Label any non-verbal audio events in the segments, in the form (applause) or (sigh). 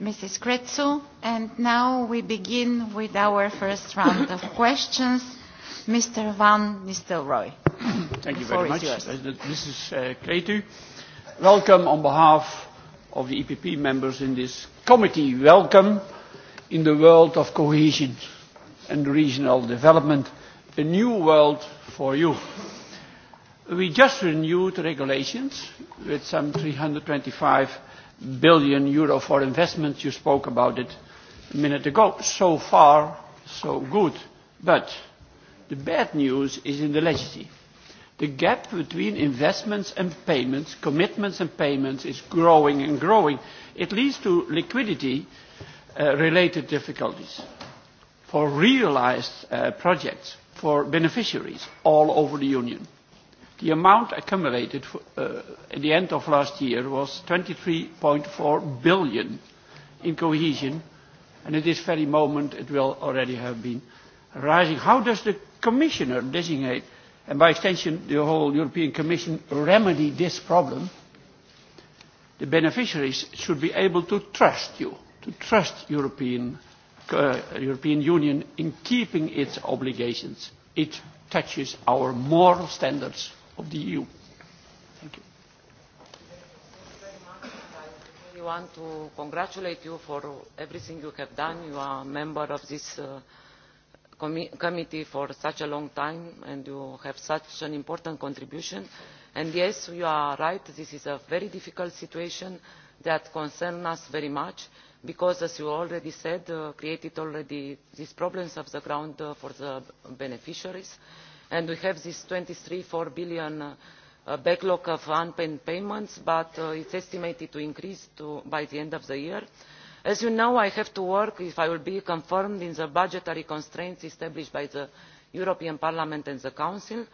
Mrs. Kretzu. And now we begin with our first round of questions. Mr. Van Nistelrooy. Thank you very much. Yours. Mrs. Uh, Kretu, welcome on behalf of the EPP members in this committee. Welcome in the world of cohesion and regional development, a new world for you. We just renewed regulations with some 325 billion euro for investment. You spoke about it a minute ago. So far, so good. But the bad news is in the legacy. The gap between investments and payments, commitments and payments, is growing and growing. It leads to liquidity uh, related difficulties for realized uh, projects, for beneficiaries all over the Union. The amount accumulated uh, at the end of last year was 23.4 billion in cohesion, and at this very moment it will already have been rising. How does the Commissioner designate, and by extension the whole European Commission, remedy this problem? The beneficiaries should be able to trust you, to trust European, uh, European Union in keeping its obligations. It touches our moral standards of the EU. Thank you. We want to congratulate you for everything you have done. You are a member of this uh, com committee for such a long time and you have such an important contribution. And yes, you are right, this is a very difficult situation that concerns us very much because, as you already said, uh, created already these problems of the ground uh, for the beneficiaries. Uh, and we have this 23.4 billion uh, uh, backlog of unpaid payments, but uh, it's estimated to increase to, by the end of the year. As you know, I have to work, if I will be confirmed, in the budgetary constraints established by the European Parliament and the Council,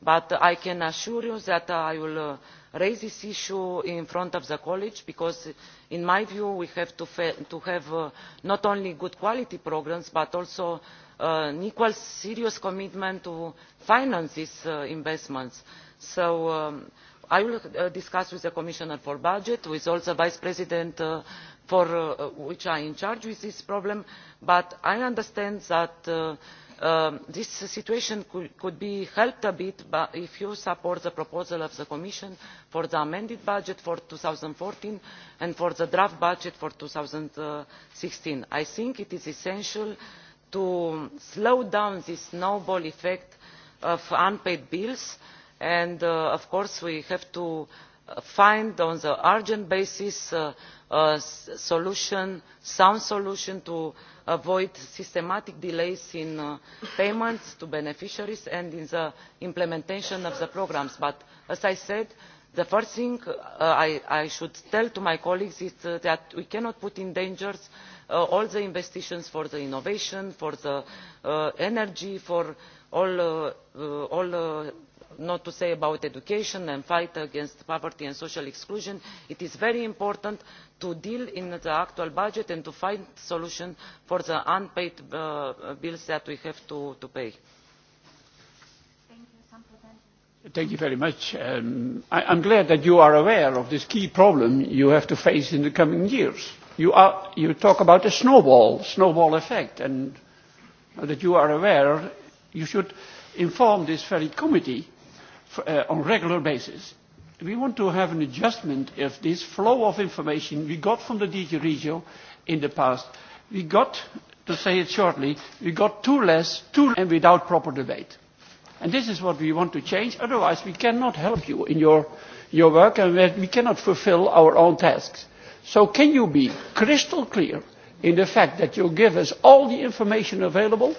but I can assure you that I will uh, raise this issue in front of the college because in my view we have to, to have uh, not only good quality programs but also uh, an equal serious commitment to finance these uh, investments. So um, I will uh, discuss with the Commissioner for Budget, with also Vice President uh, for uh, uh which I in charge with this problem, but I understand that uh, um, this situation could, could be helped a bit by, if you support the proposal of the Commission for the amended budget for 2014 and for the draft budget for 2016. I think it is essential uh, to slow down this snowball effect of unpaid bills and uh, of course we have to find on the urgent basis uh, a solution, sound solution to avoid systematic delays in uh, payments to beneficiaries and in the implementation of the programs. But as I said, the first thing uh, I, I should tell to my colleagues is uh, that we cannot put in dangers uh, uh, all the investitions for the innovation, for the uh, energy, for all, uh, uh, all uh, not to say about education and fight against poverty and social exclusion, it is very important to deal in the actual budget and to find solution for the unpaid uh, bills that we have to, to pay. Thank you very much. Um, I, I'm glad that you are aware of this key problem you have to face in the coming years you, are, you talk about a snowball, snowball effect, and that you are aware, you should inform this very committee for, uh, on regular basis. We want to have an adjustment of this flow of information we got from the DG Regio in the past. We got, to say it shortly, we got too less, too and without proper debate. And this is what we want to change, otherwise we cannot help you in your, your work and we cannot fulfill our own tasks. So can you be crystal clear in the fact that you give us all the information available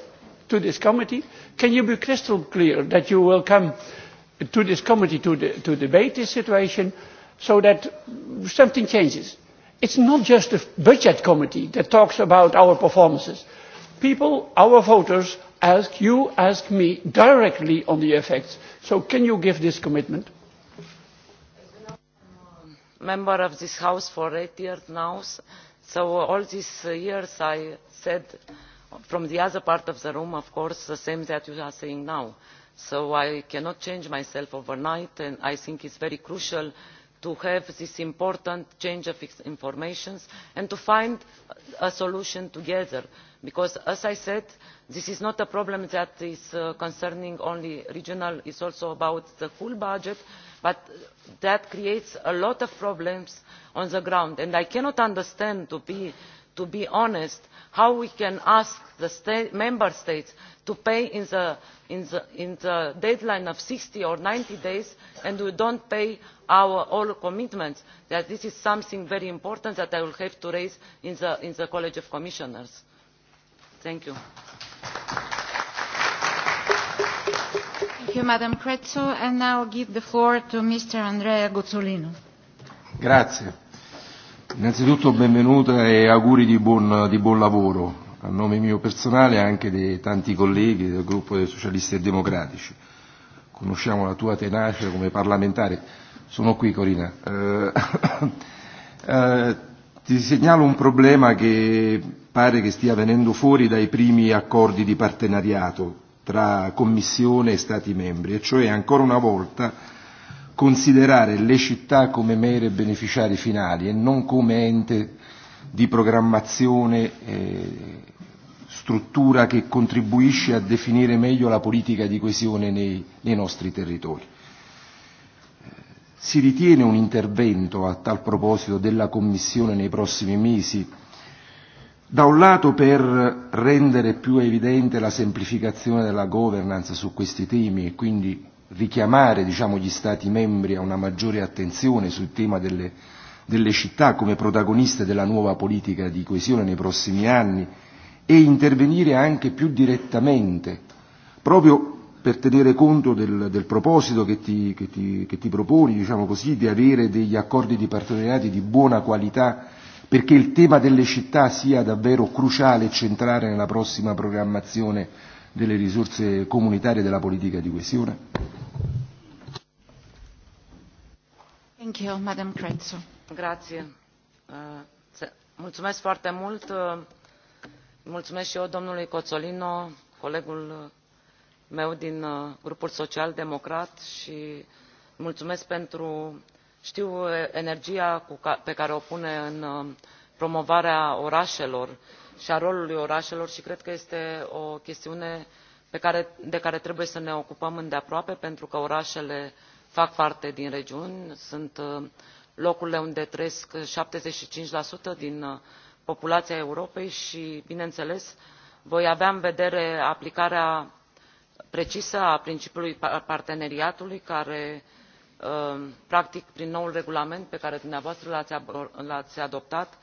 to this committee? Can you be crystal clear that you will come to this committee to, de to debate this situation so that something changes? It's not just the budget committee that talks about our performances. People, our voters, ask you, ask me directly on the effects. So can you give this commitment? member of this house for eight years now so all these years i said from the other part of the room of course the same that you are saying now so i cannot change myself overnight and i think it's very crucial to have this important change of information and to find a solution together because as i said this is not a problem that is uh, concerning only regional it is also about the full budget but that creates a lot of problems on the ground and i cannot understand to be, to be honest how we can ask the state, member states to pay in the, in, the, in the deadline of 60 or 90 days and we don't pay our all commitments that this is something very important that i will have to raise in the, in the college of commissioners thank you you, Madam Crezzo. And now I'll give the floor to Mr. Andrea Gozzolino. Grazie. Innanzitutto benvenuta e auguri di buon, di buon lavoro a nome mio personale e anche dei tanti colleghi del gruppo dei socialisti e democratici. Conosciamo la tua tenacia come parlamentare. Sono qui Corina. Eh, (coughs) eh, ti segnalo un problema che pare che stia venendo fuori dai primi accordi di partenariato tra Commissione e Stati membri, e cioè ancora una volta considerare le città come mere beneficiari finali e non come ente di programmazione, eh, struttura che contribuisce a definire meglio la politica di coesione nei, nei nostri territori. Si ritiene un intervento a tal proposito della Commissione nei prossimi mesi Da un lato per rendere più evidente la semplificazione della governance su questi temi e quindi richiamare diciamo, gli Stati membri a una maggiore attenzione sul tema delle, delle città come protagoniste della nuova politica di coesione nei prossimi anni e intervenire anche più direttamente, proprio per tenere conto del, del proposito che ti, che, ti, che ti proponi, diciamo così, di avere degli accordi di partenariati di buona qualità perché il tema delle città sia davvero cruciale e centrale nella prossima programmazione delle risorse comunitarie e della politica di coesione? Thank you, Madam Grazie. Uh, mulțumesc foarte mult. Eh, mulțumesc și eu domnului Coțolino, colegul meu din uh, grupul social-democrat și mulțumesc pentru Știu uh, energia pe care o pune în uh, promovarea orașelor și a rolului orașelor și cred că este o chestiune pe care, de care trebuie să ne ocupăm îndeaproape pentru că orașele fac parte din regiuni, sunt uh, locurile unde trăiesc 75% din populația Europei și, bineînțeles, voi avea în vedere aplicarea precisă a principiului parteneriatului care uh, Um, practic prin noul regulament pe care dumneavoastră l ați adoptat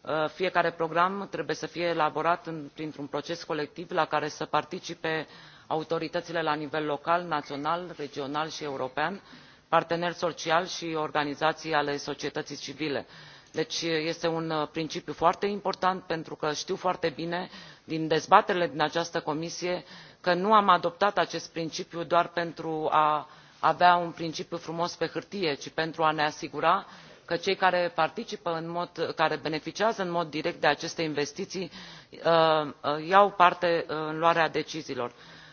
uh, fiecare program trebuie să fie elaborat printr un proces colectiv la care să participe autoritățile la nivel local național regional și european parteneri sociali și organizații ale societății civile. deci este un uh, principiu foarte important pentru că știu foarte bine din dezbaterile din această comisie că nu am adoptat acest principiu doar pentru a avea un principiu frumos pe hârtie ci pentru a ne asigura că cei care participă în mod care beneficiază în mod direct de aceste investiții uh, uh, iau parte uh, în luarea deciziilor.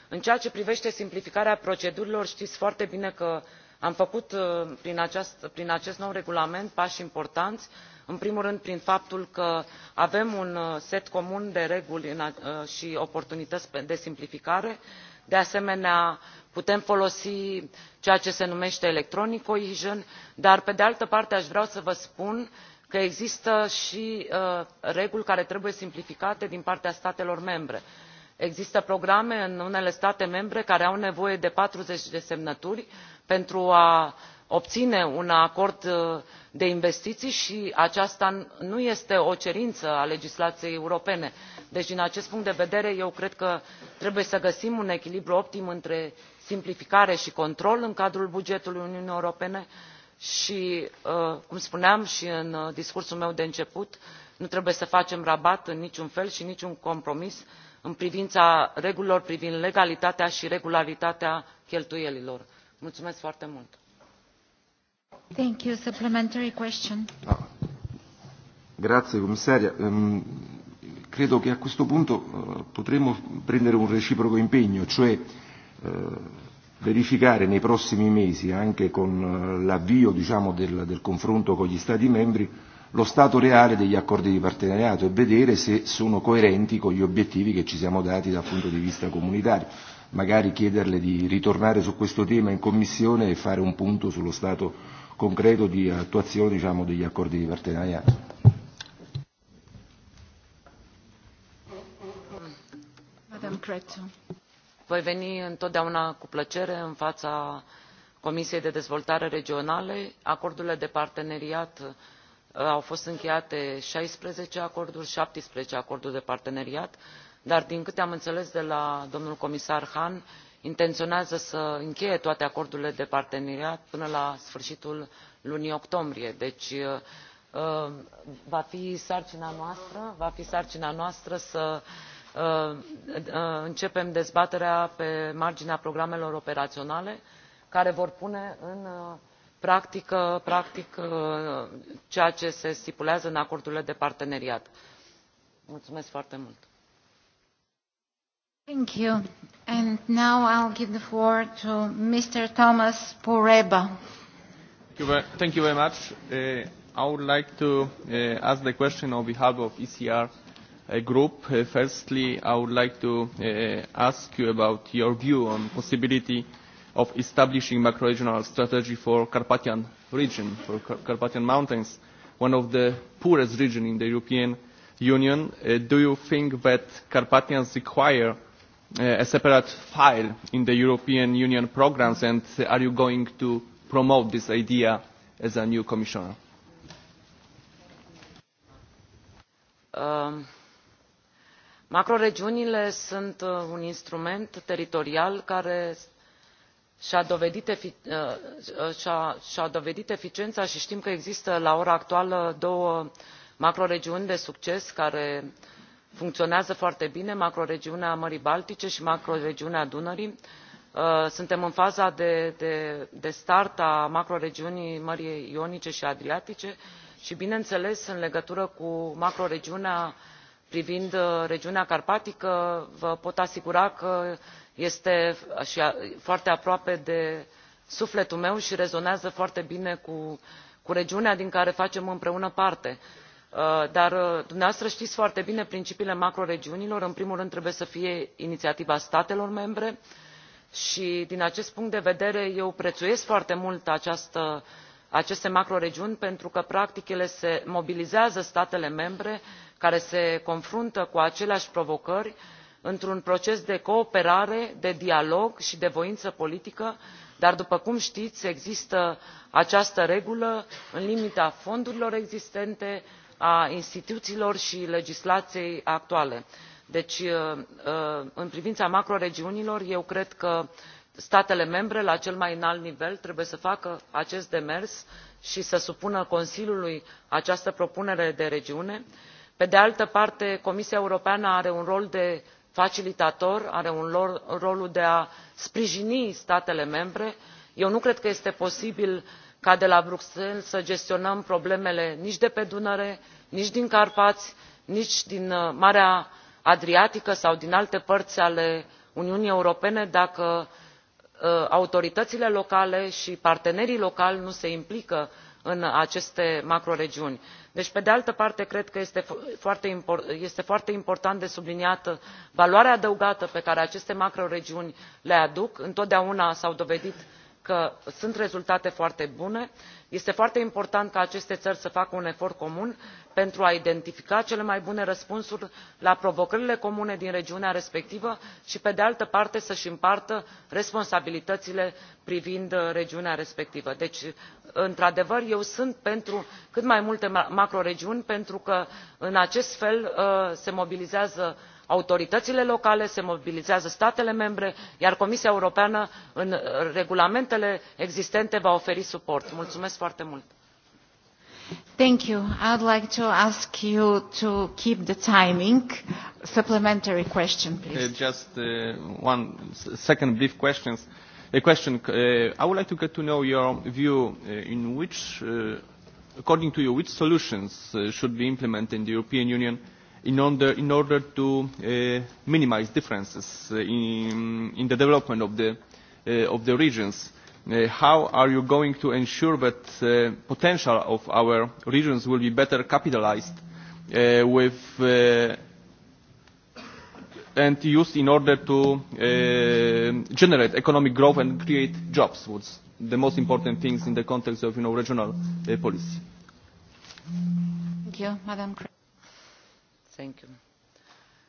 în ceea ce privește simplificarea procedurilor știți foarte bine că am făcut prin acest, prin acest nou regulament pași importanți în primul rând prin faptul că avem un set comun de reguli și oportunități de simplificare de asemenea putem folosi ceea ce se numește electronic cohesion dar pe de altă parte aș vrea să vă spun că există și uh, reguli care trebuie simplificate din partea statelor membre. există programe în unele state membre care au nevoie de patruzeci de semnături pentru a obține un acord uh, de investiții și aceasta nu este o cerință a legislației europene deci din acest punct de vedere eu cred că trebuie să găsim un echilibru optim între simplificare și control în cadrul bugetului Uniunii Europene și, uh, cum spuneam și în uh, discursul meu de început, nu trebuie să facem rabat în niciun fel și niciun compromis în privința regulilor privind legalitatea și regularitatea cheltuielilor. Mulțumesc foarte mult! Thank you. Supplementary question. Ah. Grazie commissaria. Um, ehm, credo che a questo punto uh, potremmo prendere un reciproco impegno, cioè uh, Eh, verificare nei prossimi mesi, anche con eh, l'avvio diciamo, del, del confronto con gli Stati membri, lo stato reale degli accordi di partenariato e vedere se sono coerenti con gli obiettivi che ci siamo dati dal punto di vista comunitario. Magari chiederle di ritornare su questo tema in Commissione e fare un punto sullo stato concreto di attuazione diciamo, degli accordi di partenariato. Madame Cretu voi veni întotdeauna cu plăcere în fața Comisiei de Dezvoltare Regională. Acordurile de parteneriat uh, au fost încheiate 16 acorduri, 17 acorduri de parteneriat, dar din câte am înțeles de la domnul comisar Han, intenționează să încheie toate acordurile de parteneriat până la sfârșitul lunii octombrie. Deci uh, uh, va fi sarcina noastră, va fi sarcina noastră să Uh, uh, începem dezbaterea pe marginea programelor operaționale care vor pune în uh, practică practic ceea ce se stipulează în acordurile de parteneriat. Mulțumesc foarte mult! Thank you. And now I'll give the floor to Mr. Thomas Poreba. Thank you very, thank you very much. Uh, I would like to uh, ask the question on behalf of ECR a group. Uh, firstly, I would like to uh, ask you about your view on the possibility of establishing macro-regional strategy for Carpathian region, for Car Carpathian Mountains, one of the poorest regions in the European Union. Uh, do you think that Carpathians require uh, a separate file in the European Union programs, and are you going to promote this idea as a new commissioner? Um, macroregiunile sunt uh, un instrument teritorial care și a dovedit, efic uh, uh, și și dovedit eficiența și știm că există la ora actuală două macroregiuni de succes care funcționează foarte bine macroregiunea mării baltice și macroregiunea dunării. suntem în faza de, de, de start a macroregiunii mării ionice și adriatice și bineînțeles în legătură cu macroregiunea privind uh, regiunea carpatică vă pot asigura că este foarte aproape de sufletul meu și rezonează foarte bine cu, cu regiunea din care facem împreună parte uh, dar uh, dumneavoastră știți foarte bine principiile macroregiunilor în primul rând trebuie să fie inițiativa statelor membre și din acest punct de vedere eu prețuiesc foarte mult această, aceste macroregiuni pentru că practic ele se mobilizează statele membre care se confruntă cu aceleași provocări într un proces de cooperare de dialog și de voință politică dar după cum știți există această regulă în limita fondurilor existente a instituțiilor și legislației actuale. deci uh, uh, în privința macroregiunilor eu cred că statele membre la cel mai înalt nivel trebuie să facă acest demers și să supună consiliului această propunere de regiune pe de altă parte comisia europeană are un rol de facilitator are un rolul de a sprijini statele membre eu nu cred că este posibil ca de la bruxelles să gestionăm problemele nici de pe dunăre nici din carpați nici din uh, marea adriatică sau din alte părți ale uniunii europene dacă uh, autoritățile locale și partenerii locali nu se implică în aceste macroregiuni deci pe de altă parte cred că este foarte, important de subliniat valoarea adăugată pe care aceste macroregiuni le aduc întotdeauna s au dovedit că sunt rezultate foarte bune este foarte important ca aceste țări să facă un efort comun pentru a identifica cele mai bune răspunsuri la provocările comune din regiunea respectivă și pe de altă parte să își împartă responsabilitățile privind regiunea respectivă deci într adevăr eu sunt pentru cât mai multe macroregiuni pentru că în acest fel uh, se mobilizează autoritățile locale se mobilizează statele membre iar comisia europeană în regulamentele existente va oferi suport. mulțumesc foarte mult! Thank you. like to ask you to keep the timing. Supplementary question, please. Uh, just uh, one second brief questions. Uh, a question. Uh, I would like to get to know your view uh, in which, uh, according to you, which solutions uh, should be implemented in the European Union in order, in order to uh, minimize differences uh, in, in the development of the, uh, of the regions. Uh, how are you going to ensure that uh, potential of our regions will be better capitalized uh, with uh, and used in order to uh, generate economic growth and create jobs, which the most important things in the context of you know, regional uh, policy. Thank you, Madam Thank you.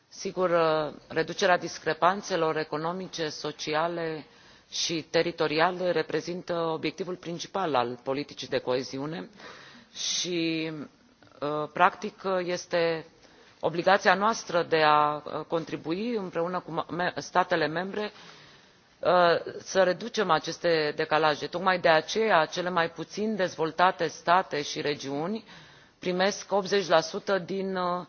Sigur, uh, reducerea discrepanțelor economice, sociale și teritoriale reprezintă obiectivul principal al politicii de coeziune și, uh, practic, uh, este obligația noastră de a uh, contribui împreună cu statele membre uh, să reducem aceste decalaje. tocmai de aceea cele mai puțin dezvoltate state și regiuni primesc optzeci uh,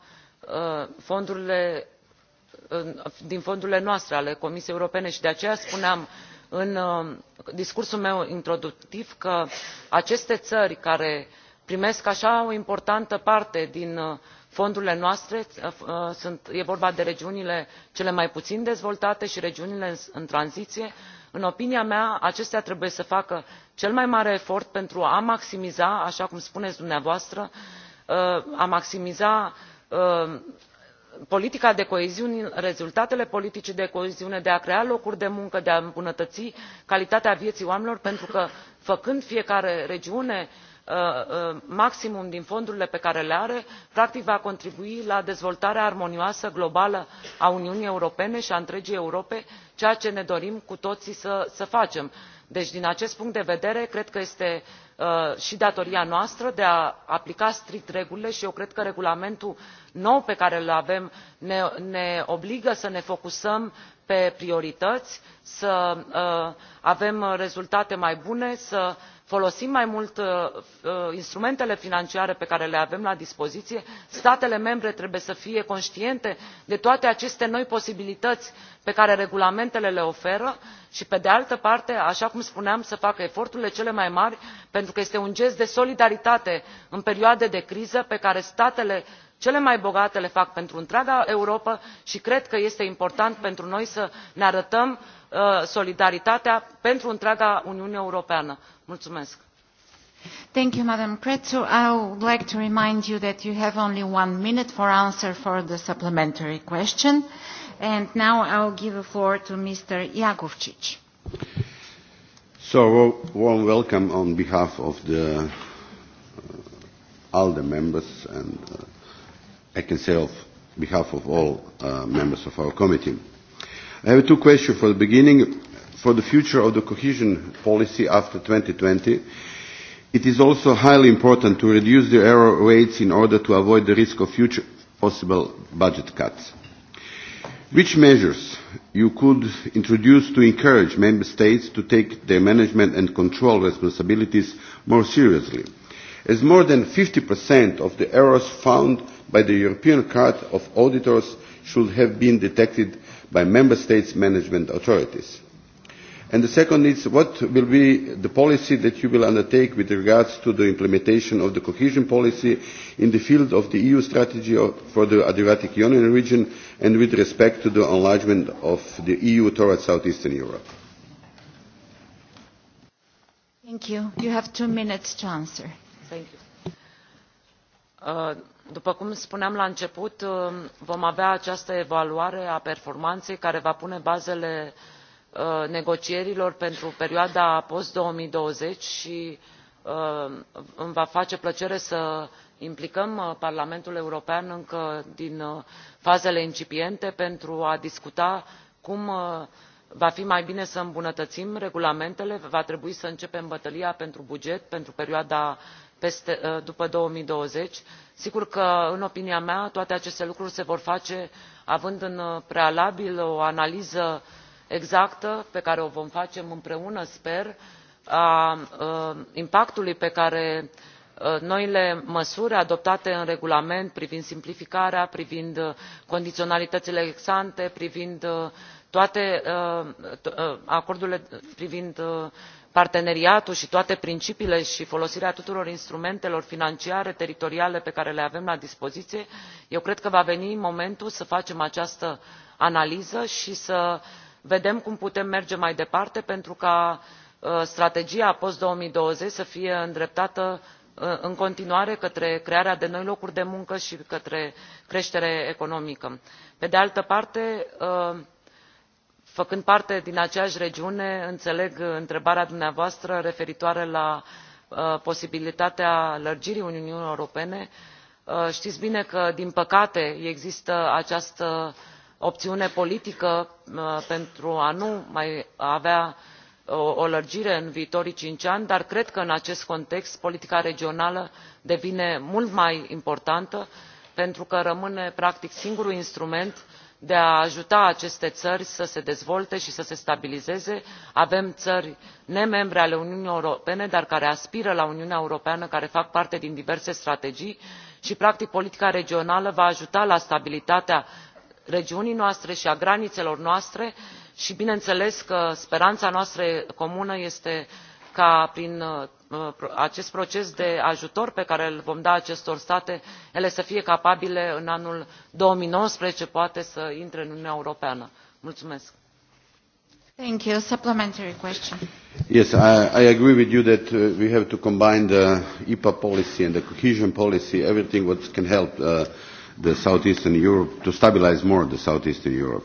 din fondurile noastre ale comisiei europene și de aceea spuneam în discursul meu introductiv că aceste țări care primesc așa o importantă parte din fondurile noastre uh, uh, sunt, e vorba de regiunile cele mai puțin dezvoltate și regiunile în, în tranziție în opinia mea acestea trebuie să facă cel mai mare efort pentru a maximiza așa cum spuneți dumneavoastră uh, a maximiza politica de coeziune rezultatele politicii de coeziune de a crea locuri de muncă de a îmbunătăți calitatea vieții oamenilor pentru că făcând fiecare regiune Uh, uh, maximum din fondurile pe care le are practic va contribui la dezvoltarea armonioasă globală a uniunii europene și a întregii europe ceea ce ne dorim cu toții să, facem. deci din acest punct de vedere cred că este uh, și datoria noastră de a aplica strict regulile și eu cred că regulamentul nou pe care îl avem ne, obligă să ne focusăm pe priorități să avem rezultate mai bune să folosim mai mult uh, uh, instrumentele financiare pe care le avem la dispoziție statele membre trebuie să fie conștiente de toate aceste noi posibilități pe care regulamentele le oferă și pe de altă parte așa cum spuneam să facă eforturile cele mai mari pentru că este un gest de solidaritate în perioade de criză pe care statele cele mai bogate le fac pentru întreaga europă și cred că este important pentru noi să ne arătăm Uh, solidaritatea pentru întreaga Uniune Europeană. Mulțumesc! Thank you, Madam Kretsu. I would like to remind you that you have only one minute for answer for the supplementary question. And now I will give the floor to Mr. Jakovcic. So, warm welcome on behalf of the, uh, all the members and uh, I can say on behalf of all uh, members of our committee. I have two questions for the beginning. For the future of the cohesion policy after 2020, it is also highly important to reduce the error rates in order to avoid the risk of future possible budget cuts. Which measures you could introduce to encourage member states to take their management and control responsibilities more seriously? As more than 50% of the errors found by the European Court of Auditors should have been detected by member states' management authorities. And the second is what will be the policy that you will undertake with regards to the implementation of the cohesion policy in the field of the EU strategy for the Adriatic Union region and with respect to the enlargement of the EU towards southeastern Europe? Thank you. You have two minutes to answer. Thank you. Uh, după cum spuneam la început uh, vom avea această evaluare a performanței care va pune bazele uh, negocierilor pentru perioada post două mii douăzeci și îmi va face plăcere să implicăm parlamentul european încă din fazele incipiente pentru a discuta cum va fi mai bine să îmbunătățim regulamentele va trebui să începem bătălia pentru buget pentru perioada peste, uh, după 2020. Sigur că, în opinia mea, toate aceste lucruri se vor face având în uh, prealabil o analiză exactă pe care o vom face împreună, sper, a uh, impactului pe care noile măsuri adoptate în regulament privind simplificarea privind condiționalitățile ex ante privind toate acordurile privind parteneriatul și toate principiile și folosirea tuturor instrumentelor financiare teritoriale pe care le avem la dispoziție eu cred că va veni momentul să facem această analiză și să vedem cum putem merge mai departe pentru ca uh, strategia post două mii douăzeci să fie îndreptată uh, în continuare către crearea de noi locuri de muncă și către creștere economică. pe de altă parte uh, făcând parte din aceeași regiune înțeleg întrebarea dumneavoastră referitoare la uh, posibilitatea lărgirii uniunii europene uh, știți bine că din păcate există această opțiune politică uh, pentru a nu mai avea o lărgire în viitorii cinci ani dar cred că în acest context politica regională devine mult mai importantă pentru că rămâne practic singurul instrument de a ajuta aceste țări să se dezvolte și să se stabilizeze avem țări nemembre ale uniunii europene dar care aspiră la uniunea europeană care fac parte din diverse strategii și practic politica regională va ajuta la stabilitatea regiunii noastre și a granițelor noastre și bineînțeles că speranța noastră comună este ca prin Uh, acest proces de ajutor pe care îl vom da acestor state ele să fie capabile în anul două mii nouăsprezece poate să intre în uniunea europeană. mulțumesc. Thank you. Supplementary question. Yes, I, I agree with you that uh, we have to combine the IPA policy and the cohesion policy, everything that can help uh, the Southeastern Europe to stabilize more the Southeastern Europe.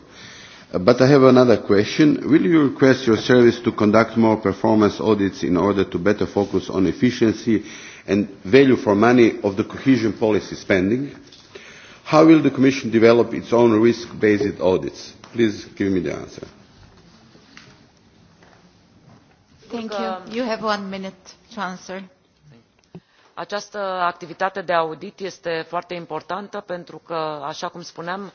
But I have another question. Will you request your service to conduct more performance audits in order to better focus on efficiency and value for money of the cohesion policy spending? How will the Commission develop its own risk-based audits? Please give me the answer. Thank you. Um, you have one minute to answer. Această activitate de audit este foarte importantă pentru că, așa cum spuneam,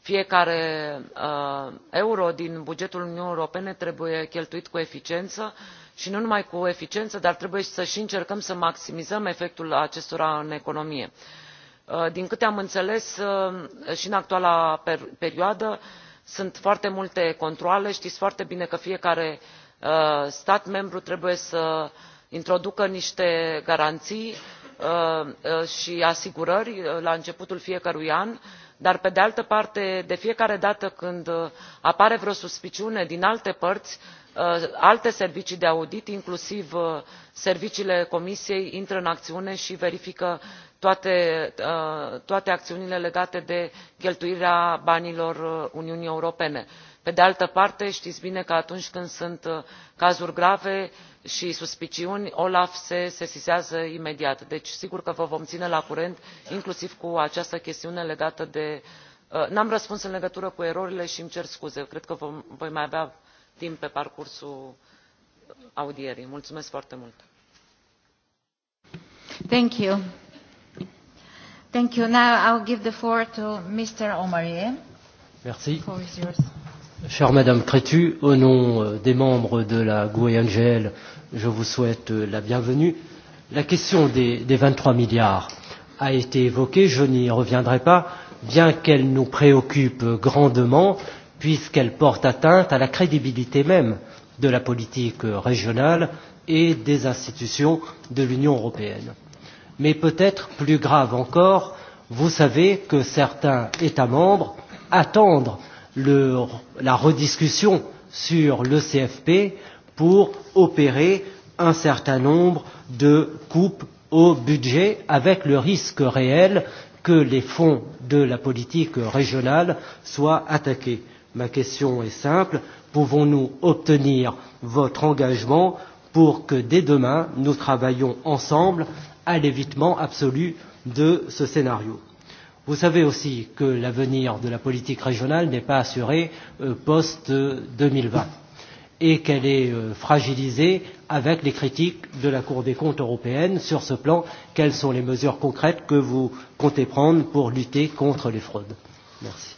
Fiecare uh, euro din bugetul Uniunii Europene trebuie cheltuit cu eficiență și nu numai cu eficiență, dar trebuie să și încercăm să maximizăm efectul acestora în economie. Uh, din câte am înțeles, uh, și în actuala per perioadă sunt foarte multe controale. Știți foarte bine că fiecare uh, stat membru trebuie să introducă niște garanții uh, uh, și asigurări uh, la începutul fiecărui an dar pe de altă parte de fiecare dată când uh, apare vreo suspiciune din alte părți uh, alte servicii de audit inclusiv uh, serviciile comisiei intră în acțiune și verifică toate, toate acțiunile legate de cheltuirea banilor uniunii europene. Pe de altă parte, știți bine că atunci când sunt uh, cazuri grave și suspiciuni, OLAF se sesizează imediat. Deci, sigur că vă vom ține la curent, inclusiv cu această chestiune legată de... Uh, n-am răspuns în legătură cu erorile și îmi cer scuze. Cred că vom, voi mai avea timp pe parcursul audierii. Mulțumesc foarte mult! Thank you. Thank you. Now I'll give the floor to Mr. Omarie. Merci. The floor is yours. Chère Madame Crétu, au nom euh, des membres de la GUE-NGL, je vous souhaite euh, la bienvenue. La question des, des 23 milliards a été évoquée, je n'y reviendrai pas, bien qu'elle nous préoccupe grandement, puisqu'elle porte atteinte à la crédibilité même de la politique régionale et des institutions de l'Union européenne. Mais peut-être plus grave encore, vous savez que certains États membres attendent le, la rediscussion sur le CFP pour opérer un certain nombre de coupes au budget avec le risque réel que les fonds de la politique régionale soient attaqués. Ma question est simple, pouvons-nous obtenir votre engagement pour que dès demain, nous travaillions ensemble à l'évitement absolu de ce scénario Vous savez aussi que l'avenir de la politique régionale n'est pas assuré euh, post-2020 euh, et qu'elle est euh, fragilisée avec les critiques de la Cour des comptes européenne sur ce plan. Quelles sont les mesures concrètes que vous comptez prendre pour lutter contre les fraudes Merci.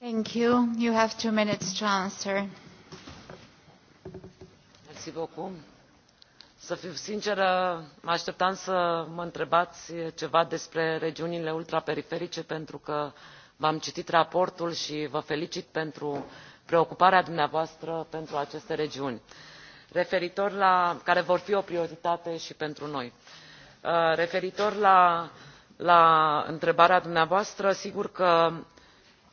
Thank you. You have two minutes to answer. Merci beaucoup. Să fiu sinceră, mă așteptam să mă întrebați ceva despre regiunile ultraperiferice pentru că v-am citit raportul și vă felicit pentru preocuparea dumneavoastră pentru aceste regiuni referitor la care vor fi o prioritate și pentru noi. Uh, referitor la, la întrebarea dumneavoastră, sigur că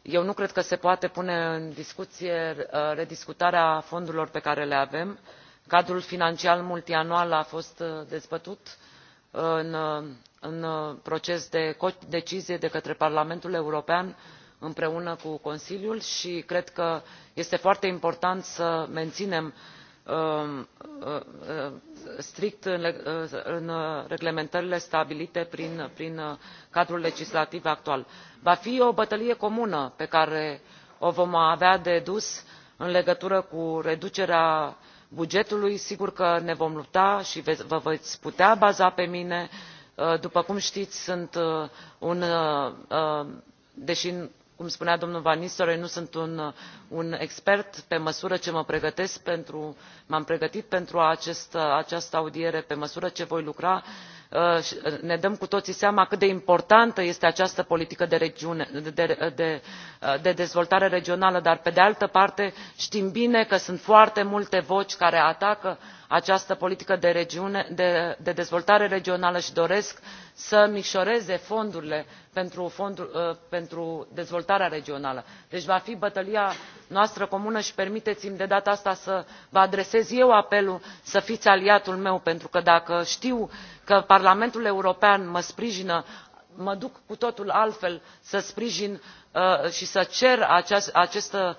eu nu cred că se poate pune în discuție uh, rediscutarea fondurilor pe care le avem, cadrul financiar multianual a fost uh, dezbătut uh, în, uh, proces de codecizie de către parlamentul european împreună cu consiliul și cred că este foarte important să menținem strict în, reglementările stabilite prin, prin cadrul legislativ actual. va fi o bătălie comună pe care o vom avea de dus în legătură cu reducerea bugetului sigur că ne vom lupta și vă veți putea baza pe mine uh, după cum știți sunt uh, un uh, deși cum spunea domnul van nistelrooij nu sunt un, un expert pe măsură ce mă pregătesc pentru m am pregătit pentru acest, această audiere pe măsură ce voi lucra Uh, ne dăm cu toții seama cât de importantă este această politică de, regiune, de, de, uh, de dezvoltare regională dar pe de altă parte știm bine că sunt foarte multe voci care atacă această politică de, dezvoltare regională și doresc să micșoreze fondurile uh, pentru, dezvoltarea regională. deci va fi bătălia noastră comună și permiteți mi de data asta să vă adresez eu apelul să fiți aliatul meu pentru că dacă știu că parlamentul european mă sprijină mă duc cu totul altfel să sprijin uh, și să cer această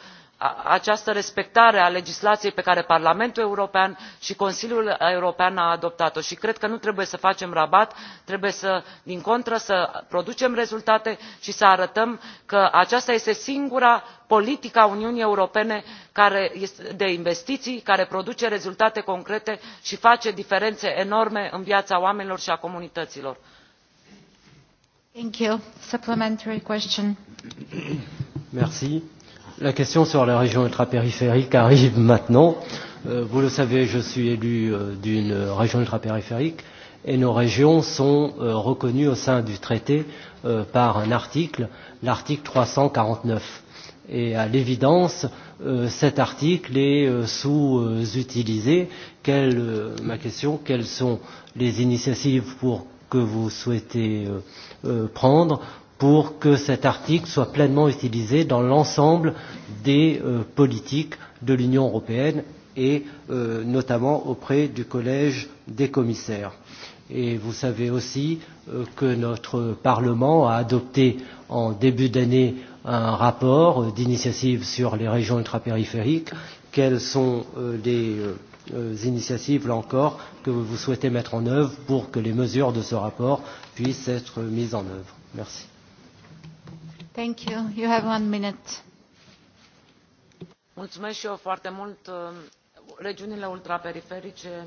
această respectare a legislației pe care parlamentul european și consiliul european au adoptat o și cred că nu trebuie să facem rabat trebuie să din contră să producem rezultate și să arătăm că aceasta este singura politică a uniunii europene de investiții care produce rezultate concrete și face diferențe enorme în viața oamenilor și a comunităților. La question sur la région ultrapériphérique arrive maintenant. Euh, vous le savez, je suis élu euh, d'une région ultrapériphérique et nos régions sont euh, reconnues au sein du traité par un article, l'article 349. Et à l'évidence, cet article est sous-utilisé. Quelle, ma question, quelles sont les initiatives pour que vous souhaitez prendre pour que cet article soit pleinement utilisé dans l'ensemble des euh, politiques de l'Union européenne et euh, notamment auprès du Collège des commissaires. Et vous savez aussi euh, que notre Parlement a adopté en début d'année un rapport euh, d'initiative sur les régions ultrapériphériques. Quelles sont euh, les euh, euh initiatives, là encore, que vous souhaitez mettre en œuvre pour que les mesures de ce rapport puissent être mises en œuvre Merci. Thank you. You have one minute. Mulțumesc și eu foarte mult. Regiunile ultraperiferice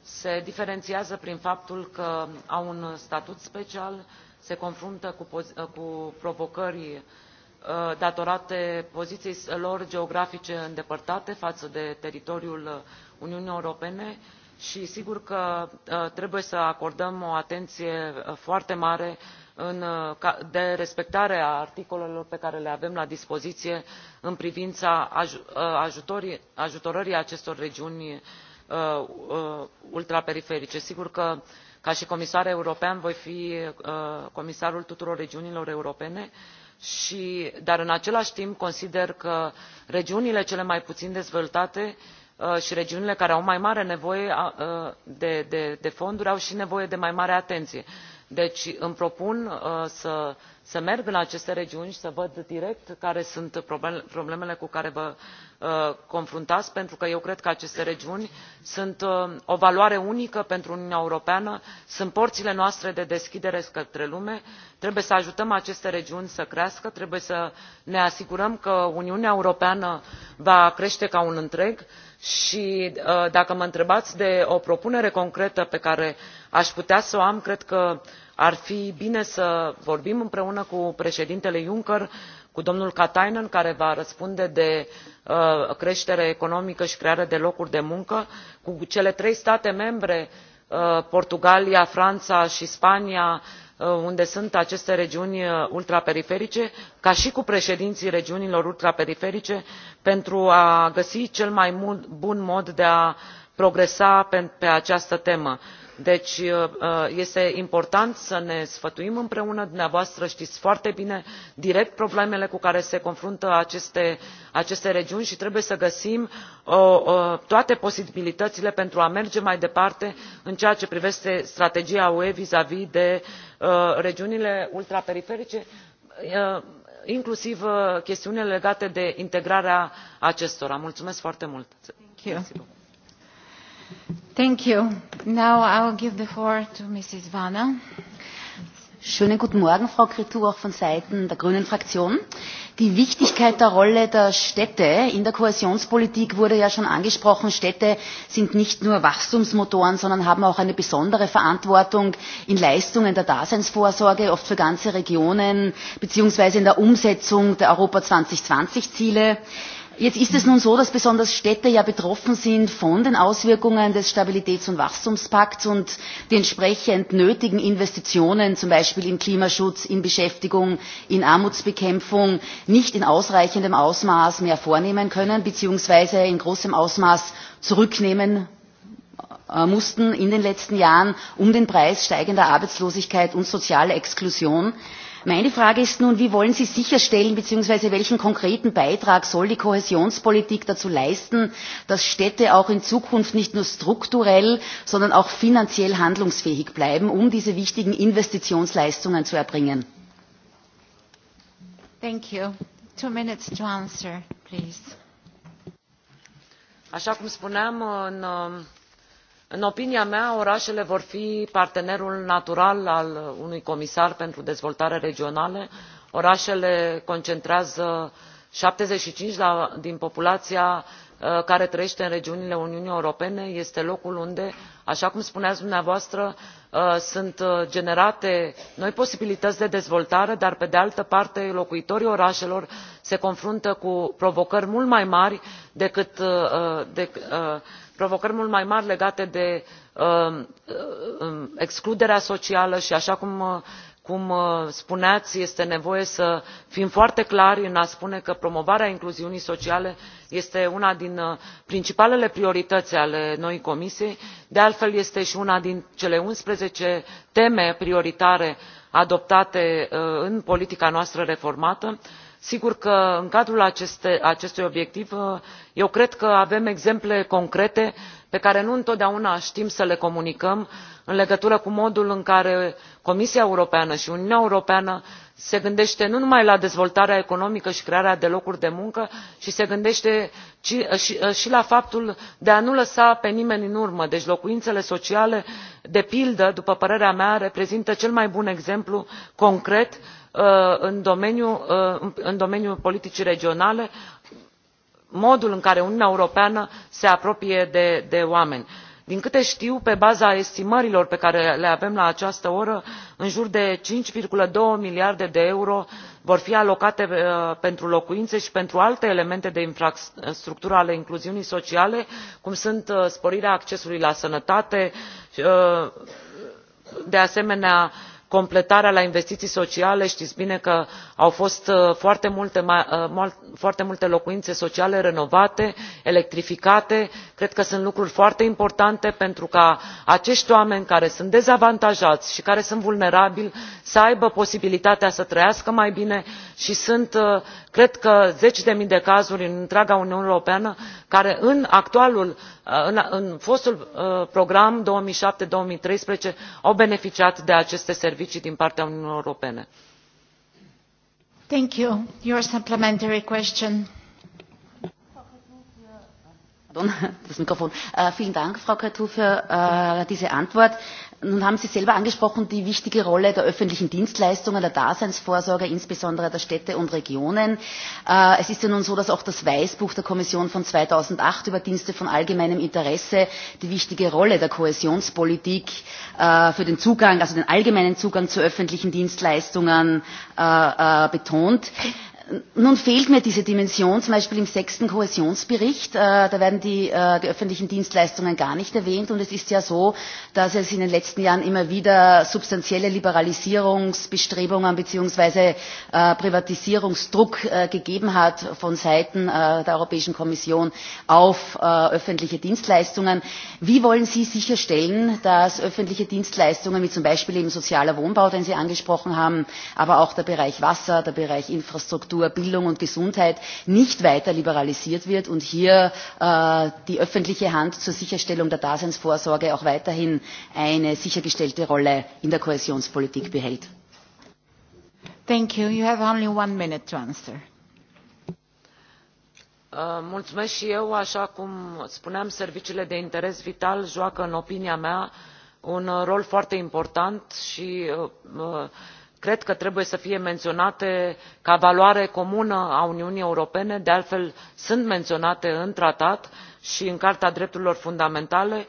se diferențiază prin faptul că au un statut special, se confruntă cu, cu provocări uh, datorate poziției lor geografice îndepărtate față de teritoriul Uniunii Europene și sigur că uh, trebuie să acordăm o atenție uh, foarte mare uh, în, de respectare a articolelor pe care le avem la dispoziție în privința ajutorării acestor regiuni ultraperiferice. sigur că ca și comisar european voi fi comisarul tuturor regiunilor europene dar în același timp consider că regiunile cele mai puțin dezvoltate și regiunile care au mai mare nevoie de fonduri au și nevoie de mai mare atenție deci îmi propun uh, să, să merg în aceste regiuni și să văd direct care sunt problemele cu care vă uh, confruntați pentru că eu cred că aceste regiuni sunt uh, o valoare unică pentru uniunea europeană sunt porțile noastre de deschidere către lume trebuie să ajutăm aceste regiuni să crească trebuie să ne asigurăm că uniunea europeană va crește ca un întreg și dacă mă întrebați de o propunere concretă pe care aș putea să o am cred că ar fi bine să vorbim împreună cu președintele juncker cu domnul katainen care va răspunde de uh, creștere economică și creare de locuri de muncă cu cele trei state membre uh, portugalia franța și spania uh, unde sunt aceste regiuni ultraperiferice ca și cu președinții regiunilor ultraperiferice pentru a găsi cel mai bun mod de a progresa pe această temă. Deci uh, uh, este important să ne sfătuim împreună, dumneavoastră știți foarte bine direct problemele cu care se confruntă aceste, aceste regiuni și trebuie să găsim uh, toate posibilitățile pentru a merge mai departe în ceea ce privește strategia UE vis-a-vis -vis de regiunile ultraperiferice inclusiv chestiunile legate de integrarea acestora. Mulțumesc foarte mult! Thank you. Thank you. Now I will give the floor to Mrs. Vanna. Schönen guten Morgen, Frau Kretu, auch von Seiten der Grünen Fraktion. Die Wichtigkeit der Rolle der Städte in der Kohäsionspolitik wurde ja schon angesprochen. Städte sind nicht nur Wachstumsmotoren, sondern haben auch eine besondere Verantwortung in Leistungen der Daseinsvorsorge, oft für ganze Regionen, beziehungsweise in der Umsetzung der Europa 2020 Ziele. Jetzt ist es nun so, dass besonders Städte ja betroffen sind von den Auswirkungen des Stabilitäts- und Wachstumspakts und die entsprechend nötigen Investitionen, zum Beispiel im Klimaschutz, in Beschäftigung, in Armutsbekämpfung, nicht in ausreichendem Ausmaß mehr vornehmen können, beziehungsweise in großem Ausmaß zurücknehmen äh, mussten in den letzten Jahren um den Preis steigender Arbeitslosigkeit und sozialer Exklusion. Meine Frage ist nun, wie wollen Sie sicherstellen, beziehungsweise welchen konkreten Beitrag soll die Kohäsionspolitik dazu leisten, dass Städte auch in Zukunft nicht nur strukturell, sondern auch finanziell handlungsfähig bleiben, um diese wichtigen Investitionsleistungen zu erbringen? Thank you. Two minutes to answer, please. Așa cum spuneam, în În opinia mea, orașele vor fi partenerul natural al unui comisar pentru dezvoltare regională. Orașele concentrează 75% la, din populația uh, care trăiește în regiunile Uniunii Europene este locul unde, așa cum spuneați dumneavoastră, uh, sunt uh, generate noi posibilități de dezvoltare, dar pe de altă parte locuitorii orașelor se confruntă cu provocări mult mai mari decât, de, provocări mult mai mari legate de um, um, excluderea socială și așa cum uh, uh, spuneați este nevoie să fim foarte clari în a spune că promovarea incluziunii sociale este una din uh, principalele priorități ale noii comisii de altfel este și una din cele unsprezece teme prioritare adoptate în politica noastră reformată și sigur că în cadrul aceste, acestui obiectiv eu cred că avem exemple concrete pe care nu întotdeauna știm să le comunicăm în legătură cu modul în care comisia europeană și uniunea europeană se gândește nu numai la dezvoltarea economică și crearea de locuri de muncă ci se gândește și, și, și la faptul de a nu lăsa pe nimeni în urmă deci locuințele sociale de pildă după părerea mea reprezintă cel mai bun exemplu concret uh, Uh, uh, în domeniul, politicii regionale modul în care uniunea europeană se apropie de, de oameni. din câte știu pe baza estimărilor pe care le avem la această oră în jur de cinci doi miliarde de euro vor fi alocate uh, pentru locuințe și pentru alte elemente de infrastructură ale incluziunii sociale cum sunt sporirea accesului la sănătate de asemenea completarea la investiții sociale știți bine că au fost uh, foarte multe, uh, foarte multe locuințe sociale renovate electrificate cred că sunt lucruri foarte importante pentru ca acești oameni care sunt dezavantajați și care sunt vulnerabili să aibă posibilitatea să trăiască mai bine și sunt uh, cred că zeci de mii de cazuri în întreaga uniune europeană care în actualul uh, în, în fostul uh, program două mii șapte două mii treisprezece au beneficiat de aceste servicii din partea uniunii europene. Thank you. Your supplementary question. Pardon, (laughs) das Mikrofon. Äh, vielen Dank, Frau Katou, für uh, diese Antwort nun haben Sie selber angesprochen die wichtige Rolle der öffentlichen Dienstleistungen, der Daseinsvorsorge, insbesondere der Städte und Regionen. Äh, es ist ja nun so, dass auch das Weißbuch der Kommission von 2008 über Dienste von allgemeinem Interesse die wichtige Rolle der Kohäsionspolitik äh, für den Zugang, also den allgemeinen Zugang zu öffentlichen Dienstleistungen äh, betont. Nun fehlt mir diese Dimension, zum Beispiel im sechsten Kohäsionsbericht, äh, da werden die, äh, die öffentlichen Dienstleistungen gar nicht erwähnt und es ist ja so, dass es in den letzten Jahren immer wieder substanzielle Liberalisierungsbestrebungen bzw. Äh, Privatisierungsdruck gegeben hat von Seiten der Europäischen Kommission auf öffentliche Dienstleistungen. Wie wollen Sie sicherstellen, dass öffentliche Dienstleistungen wie zum Beispiel eben sozialer Wohnbau, den Sie angesprochen haben, aber auch der Bereich Wasser, der Bereich Infrastruktur, Kultur, Bildung und Gesundheit nicht weiter liberalisiert wird und hier äh, die öffentliche Hand zur Sicherstellung der Daseinsvorsorge auch weiterhin eine sichergestellte Rolle in der Kohäsionspolitik behält. Thank you. You have only one minute to answer. Uh, mulțumesc și eu, așa cum spuneam, serviciile de interes vital joacă, în opinia mea, un rol foarte important și uh, uh cred că trebuie să fie menționate ca valoare comună a uniunii europene de altfel sunt menționate în tratat și în carta drepturilor fundamentale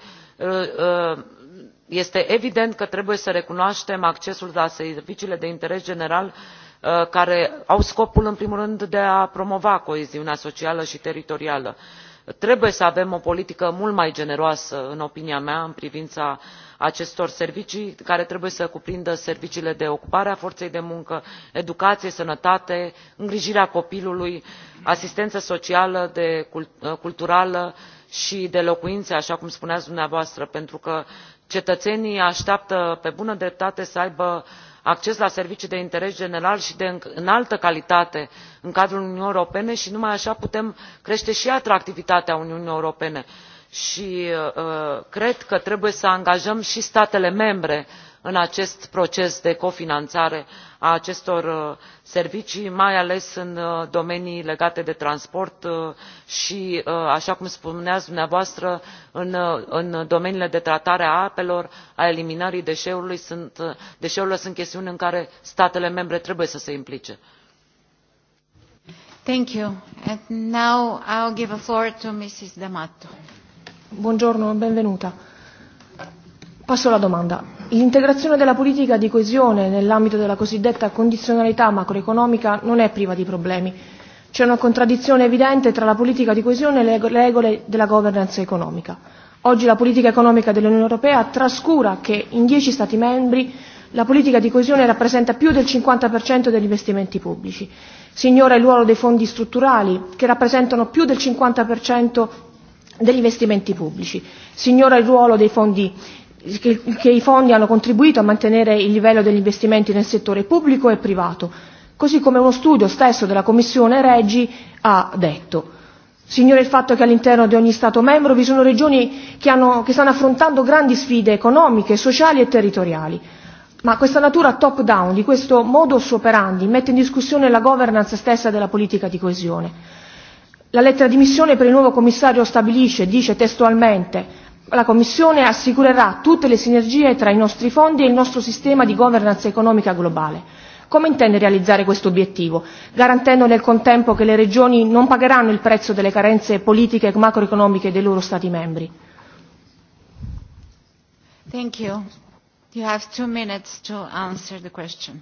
este evident că trebuie să recunoaștem accesul la serviciile de interes general care au scopul în primul rând de a promova coeziunea socială și teritorială. trebuie să avem o politică mult mai generoasă în opinia mea în privința acestor servicii care trebuie să cuprindă serviciile de ocupare a forței de muncă educație sănătate îngrijirea copilului asistență socială uh, culturală și de locuințe așa cum spuneați dumneavoastră pentru că cetățenii așteaptă pe bună dreptate să aibă acces la servicii de interes general și de înaltă calitate în cadrul uniunii europene și numai așa putem crește și atractivitatea uniunii europene și uh, cred că trebuie să angajăm și statele membre în acest proces de cofinanțare a acestor uh, servicii mai ales în uh, domenii legate de transport uh, și uh, așa cum spuneați dumneavoastră în, uh, în domeniile de tratare a apelor a eliminării deșeurilor sunt, sunt chestiuni în care statele membre trebuie să se implice. Thank you. And now I'll give a floor to Mrs. D'Amato. Buongiorno, benvenuta. Passo alla domanda. L'integrazione della politica di coesione nell'ambito della cosiddetta condizionalità macroeconomica non è priva di problemi. C'è una contraddizione evidente tra la politica di coesione e le regole della governance economica. Oggi la politica economica dell'Unione Europea trascura che in dieci Stati membri la politica di coesione rappresenta più del 50% degli investimenti pubblici. Si ignora il ruolo dei fondi strutturali, che rappresentano più del 50% degli investimenti pubblici. Signora il ruolo dei fondi che, che i fondi hanno contribuito a mantenere il livello degli investimenti nel settore pubblico e privato, così come uno studio stesso della Commissione Regi ha detto. Signore il fatto che all'interno di ogni Stato membro vi sono regioni che, hanno, che stanno affrontando grandi sfide economiche, sociali e territoriali. Ma questa natura top-down di questo modus operandi mette in discussione la governance stessa della politica di coesione La lettera di missione per il nuovo commissario stabilisce, dice testualmente, la Commissione assicurerà tutte le sinergie tra i nostri fondi e il nostro sistema di governance economica globale. Come intende realizzare questo obiettivo, garantendo nel contempo che le regioni non pagheranno il prezzo delle carenze politiche e macroeconomiche dei loro Stati membri? Thank you. You have two minutes to answer the question.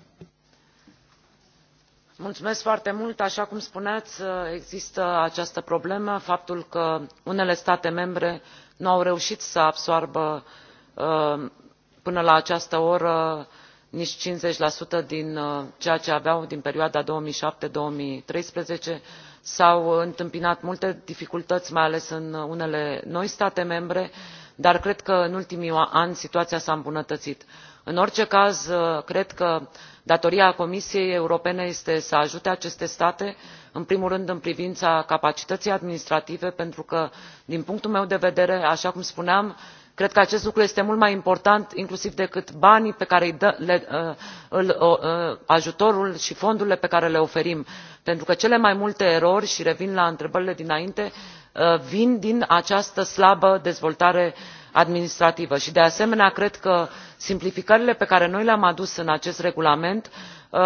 Mulțumesc foarte mult. Așa cum spuneați, uh, există această problemă, faptul că unele state membre nu au reușit să absoarbă uh, până la această oră nici 50% din uh, ceea ce aveau din perioada 2007-2013. S-au întâmpinat multe dificultăți, mai ales în unele noi state membre, dar cred că în ultimii ani situația s-a îmbunătățit. În orice caz, cred că datoria comisiei europene este să ajute aceste state în primul rând în privința capacității administrative pentru că din punctul meu de vedere așa cum spuneam cred că acest lucru este mult mai important inclusiv decât banii pe care îi dă, uh, uh, ajutorul și fondurile pe care le oferim pentru că cele mai multe erori și revin la întrebările dinainte uh, vin din această slabă dezvoltare administrativă și de asemenea cred că simplificările pe care noi le am adus în acest regulament uh,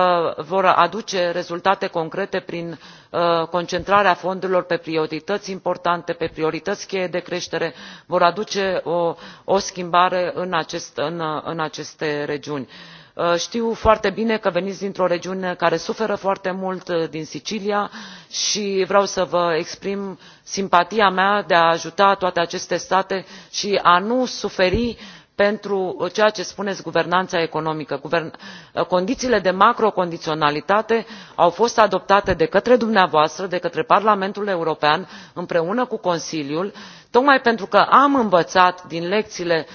vor aduce rezultate concrete prin uh, concentrarea fondurilor pe priorități importante pe priorități cheie de creștere vor aduce o, o schimbare în, acest, în, în aceste regiuni. Uh, știu foarte bine că veniți dintr o regiune care suferă foarte mult uh, din sicilia și vreau să vă exprim simpatia mea de a ajuta toate aceste state și a nu suferi pentru ceea ce spuneți guvernanța economică. Uh, condițiile de macrocondiționalitate au fost adoptate de către dumneavoastră de către parlamentul european împreună cu consiliul tocmai pentru că am învățat din lecțiile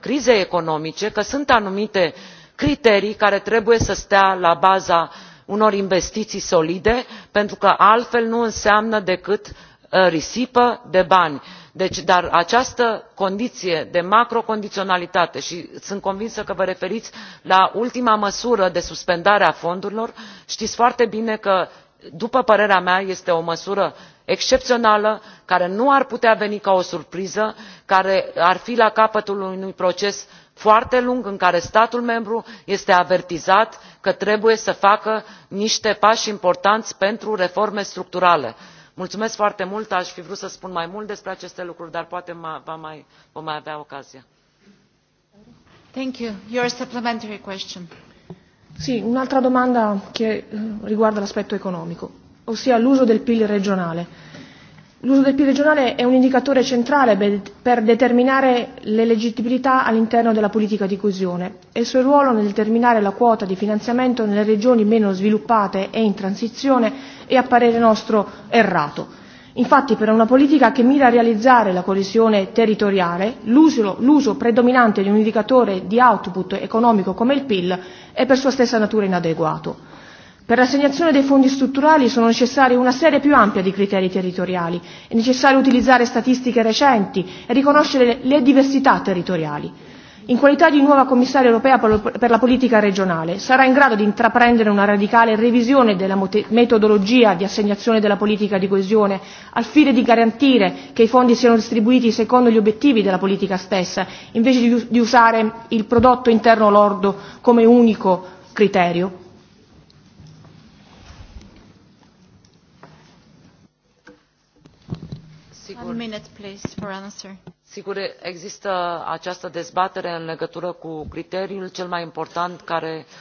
crizei economice că sunt anumite criterii care trebuie să stea la baza unor investiții solide pentru că altfel nu înseamnă decât uh, risipă de bani. Deci, dar această condiție de macrocondiționalitate și sunt convinsă că vă referiți la ultima măsură de suspendare a fondurilor știți foarte bine că după părerea mea este o măsură excepțională care nu ar putea veni ca o surpriză care ar fi la capătul unui proces foarte lung în care statul membru este avertizat că trebuie să facă niște pași importanți pentru reforme structurale. mulțumesc foarte mult aș fi vrut să spun mai mult despre aceste lucruri dar poate va mai, vom mai avea ocazia. Sì, un'altra domanda che eh, riguarda l'aspetto economico, ossia l'uso del PIL regionale L'uso del PIL regionale è un indicatore centrale per determinare le legittibilità all'interno della politica di coesione e il suo ruolo nel determinare la quota di finanziamento nelle regioni meno sviluppate e in transizione è a parere nostro errato. Infatti per una politica che mira a realizzare la coesione territoriale l'uso predominante di un indicatore di output economico come il PIL è per sua stessa natura inadeguato. Per l'assegnazione dei fondi strutturali sono necessari una serie più ampia di criteri territoriali, è necessario utilizzare statistiche recenti e riconoscere le diversità territoriali. In qualità di nuova commissaria europea per la politica regionale sarà in grado di intraprendere una radicale revisione della metodologia di assegnazione della politica di coesione al fine di garantire che i fondi siano distribuiti secondo gli obiettivi della politica stessa, invece di usare il prodotto interno lordo come unico criterio One minute, please, for answer. Sigur, există această dezbatere în legătură cu criteriul cel mai important care uh,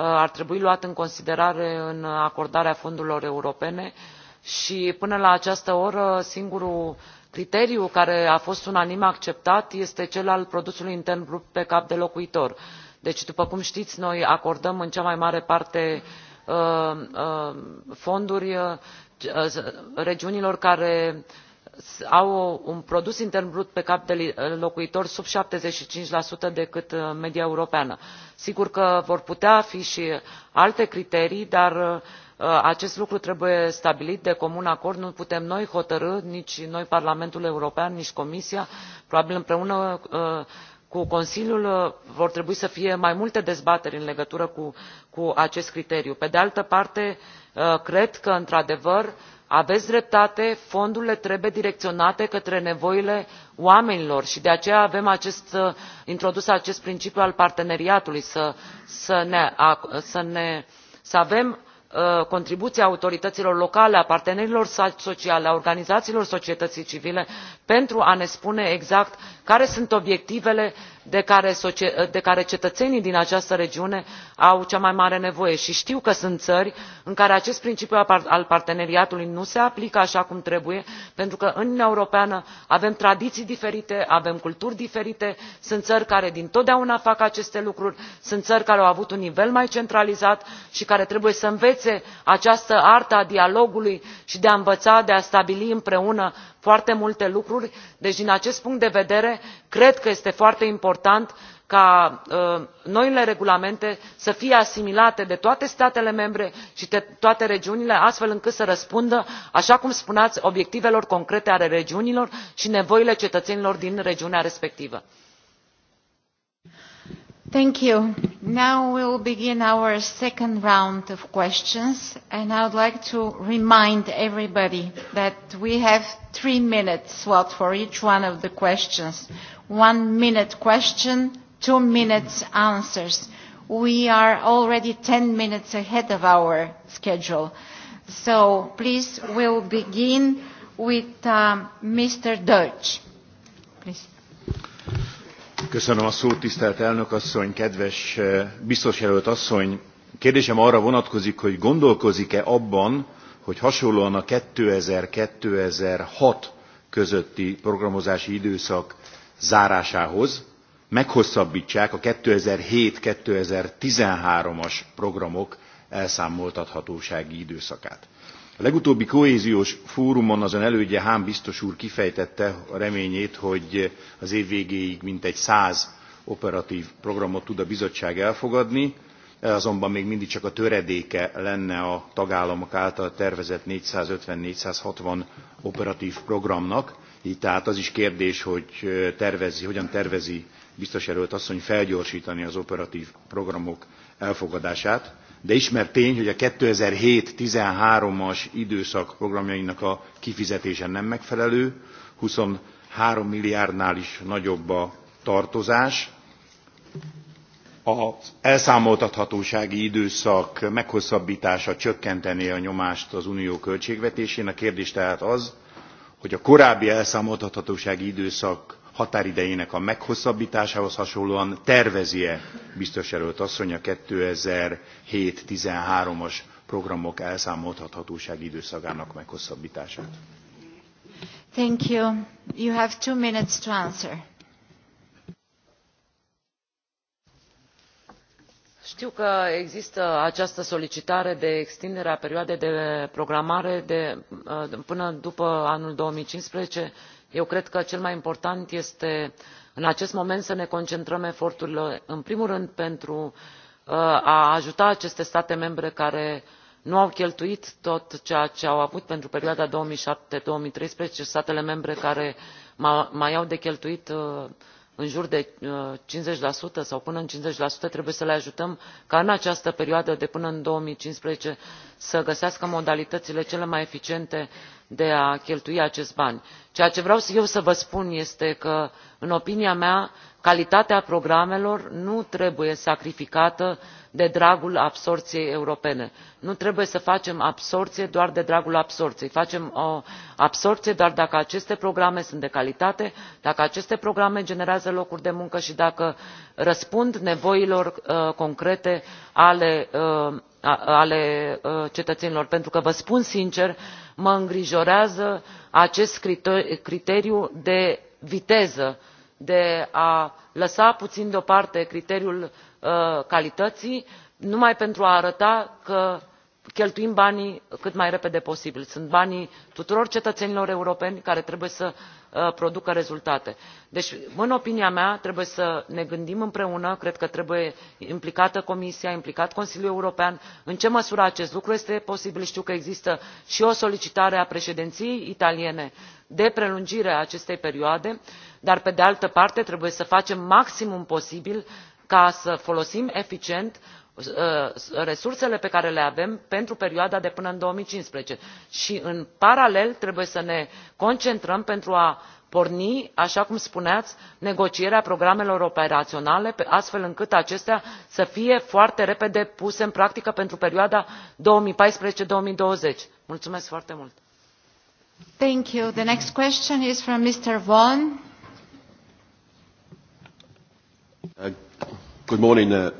ar trebui luat în considerare în acordarea fondurilor europene și până la această oră singurul criteriu care a fost unanim acceptat este cel al produsului intern brut pe cap de locuitor. deci după cum știți noi acordăm în cea mai mare parte uh, uh, fonduri regiunilor care au un produs intern brut pe cap de eh, locuitor sub șaptezeci și cinci decât eh, media europeană. sigur că vor putea fi și alte criterii dar eh, acest lucru trebuie stabilit de comun acord nu putem noi hotărâ, nici noi parlamentul european nici comisia probabil împreună cu consiliul vor trebui să fie mai multe dezbateri în legătură cu, cu acest criteriu. pe de altă parte cred că într adevăr aveți dreptate fondurile trebuie direcționate către nevoile oamenilor și de aceea avem acest, uh, introdus acest principiu al parteneriatului să, să, ne, să, ne, să avem uh, contribuția autorităților locale a partenerilor sociale, a organizațiilor societății civile pentru a ne spune exact care sunt obiectivele de care, de care cetățenii din această regiune au cea mai mare nevoie și știu că sunt țări în care acest principiu al parteneriatului nu se aplică așa cum trebuie pentru că în uniunea europeană avem tradiții diferite avem culturi diferite sunt țări care dintotdeauna fac aceste lucruri sunt țări care au avut un nivel mai centralizat și care trebuie să învețe această artă a dialogului și de a învăța de a stabili împreună foarte multe lucruri deci din acest punct de vedere cred că este foarte important ca uh, noile regulamente să fie asimilate de toate statele membre și de toate regiunile astfel încât să răspundă așa cum spuneați obiectivelor concrete ale regiunilor și nevoilor cetățenilor din regiunea respectivă. Thank you. Now we'll begin our second round of questions, and I would like to remind everybody that we have three minutes slot for each one of the questions. One minute question, two minutes answers. We are already 10 minutes ahead of our schedule. So please, we'll begin with um, uh, Mr. Deutsch. Please. Köszönöm a szót, tisztelt elnök asszony, kedves eh, biztos jelölt asszony. Kérdésem arra vonatkozik, hogy gondolkozik-e abban, hogy hasonlóan a 2000-2006 közötti programozási időszak zárásához meghosszabbítsák a 2007-2013-as programok elszámoltathatósági időszakát. A legutóbbi kohéziós fórumon azon elődje Hán biztos úr kifejtette a reményét, hogy az év végéig mintegy száz operatív programot tud a bizottság elfogadni, ez azonban még mindig csak a töredéke lenne a tagállamok által tervezett 450-460 operatív programnak, így tehát az is kérdés, hogy tervezi, hogyan tervezi biztos erőt asszony felgyorsítani az operatív programok elfogadását de ismert tény, hogy a 2007-13-as időszak programjainak a kifizetése nem megfelelő, 23 milliárdnál is nagyobb a tartozás. Az elszámoltathatósági időszak meghosszabbítása csökkentené a nyomást az unió költségvetésén. A kérdés tehát az, hogy a korábbi elszámoltathatósági időszak határidejének a meghosszabbításához hasonlóan tervezi-e biztos jelölt asszony a 2007-13-as programok elszámoltathatósági időszakának meghosszabbítását? Thank you. You have two minutes to answer. Știu că există această solicitare de extindere a perioadei de programare de, uh, până după anul 2015 eu cred că cel mai important este în acest moment să ne concentrăm eforturile în primul rând pentru uh, a ajuta aceste state membre care nu au cheltuit tot ceea ce au avut pentru perioada două mii șapte două mii treisprezece statele membre care mai au de cheltuit uh, în jur de 50% uh, sau până în 50% trebuie să le ajutăm ca în această perioadă de până în 2015 să găsească modalitățile cele mai eficiente de a cheltui acești bani. Ceea ce vreau eu să vă spun este că, în opinia mea, calitatea programelor nu trebuie sacrificată de dragul absorbției europene nu trebuie să facem absorbție doar de dragul absorbției facem o absorbție doar dacă aceste programe sunt de calitate dacă aceste programe generează locuri de muncă și dacă răspund nevoilor uh, concrete ale, uh, ale uh, cetățenilor pentru că vă spun sincer mă îngrijorează acest criteriu de viteză de a lăsa puțin deoparte criteriul uh, calității numai pentru a arăta că cheltuim banii cât mai repede posibil. sunt banii tuturor cetățenilor europeni care trebuie să uh, producă rezultate. deci în opinia mea trebuie să ne gândim împreună cred că trebuie implicată comisia implicat consiliul european în ce măsură acest lucru este posibil știu că există și o solicitare a președinției italiene de prelungire a acestei perioade uh, dar pe de altă parte trebuie să facem maximum posibil ca să folosim eficient uh, resursele pe care le avem pentru perioada de până în două mii cincisprezece și în paralel trebuie să ne concentrăm pentru a porni așa cum spuneați negocierea programelor operaționale astfel încât acestea să fie foarte repede puse în practică pentru perioada două mii paisprezece două mii douăzeci mulțumesc foarte mult. Uh, good morning, uh,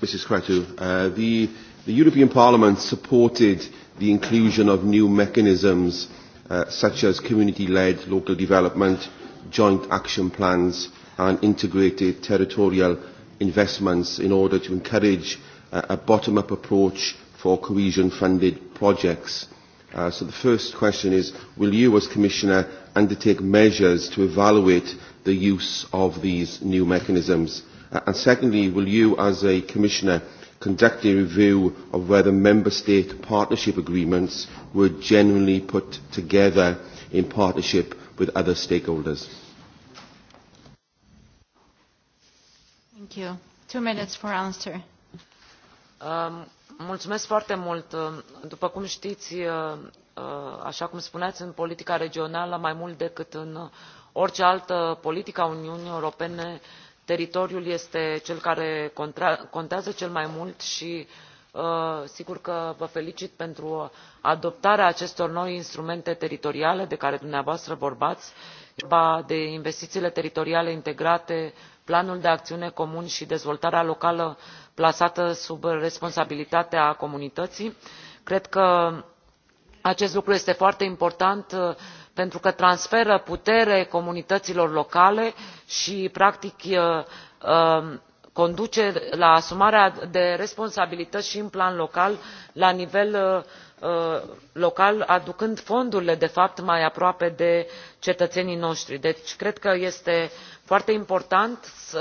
Mrs. Cretu. Uh, the, the European Parliament supported the inclusion of new mechanisms uh, such as community-led local development, joint action plans and integrated territorial investments in order to encourage uh, a bottom-up approach for cohesion-funded projects. Uh, so the first question is, will you as Commissioner undertake measures to evaluate the use of these new mechanisms? Uh, and secondly, will you as a Commissioner conduct a review of whether Member State partnership agreements were genuinely put together in partnership with other stakeholders? Thank you. Two minutes for answer. Um, mulțumesc foarte mult. Um, după cum știți, uh, uh, așa cum spuneați, în politica regională, mai mult decât în orice altă politică a Uniunii Europene, uh, teritoriul este cel care contează cel mai mult și uh, sigur că vă felicit pentru adoptarea acestor noi instrumente teritoriale de care dumneavoastră vorbați, e vorba de investițiile teritoriale integrate planul de acțiune comun și dezvoltarea locală plasată sub responsabilitatea comunității. cred că acest lucru este foarte important pentru că transferă putere comunităților locale și practic e, e, conduce la asumarea de responsabilități și în plan local la nivel e, local aducând fondurile de fapt mai aproape de cetățenii noștri. deci cred că este foarte important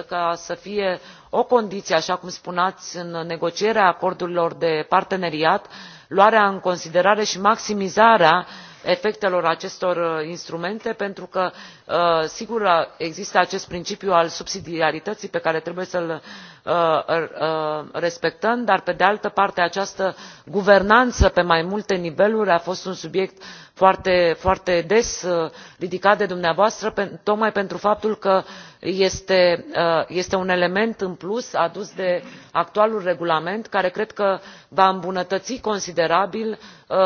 ca să fie o condiție așa cum spuneați în negocierea acordurilor de parteneriat luarea în considerare și maximizarea efectelor acestor uh, instrumente pentru că uh, sigur există acest principiu al subsidiarității pe care trebuie să l Uh, uh, respectăm dar pe de altă parte această guvernanță pe mai multe niveluri a fost un subiect foarte, foarte des uh, ridicat de dumneavoastră tocmai pentru faptul că este, este un element în plus adus de actualul regulament care cred că va îmbunătăți considerabil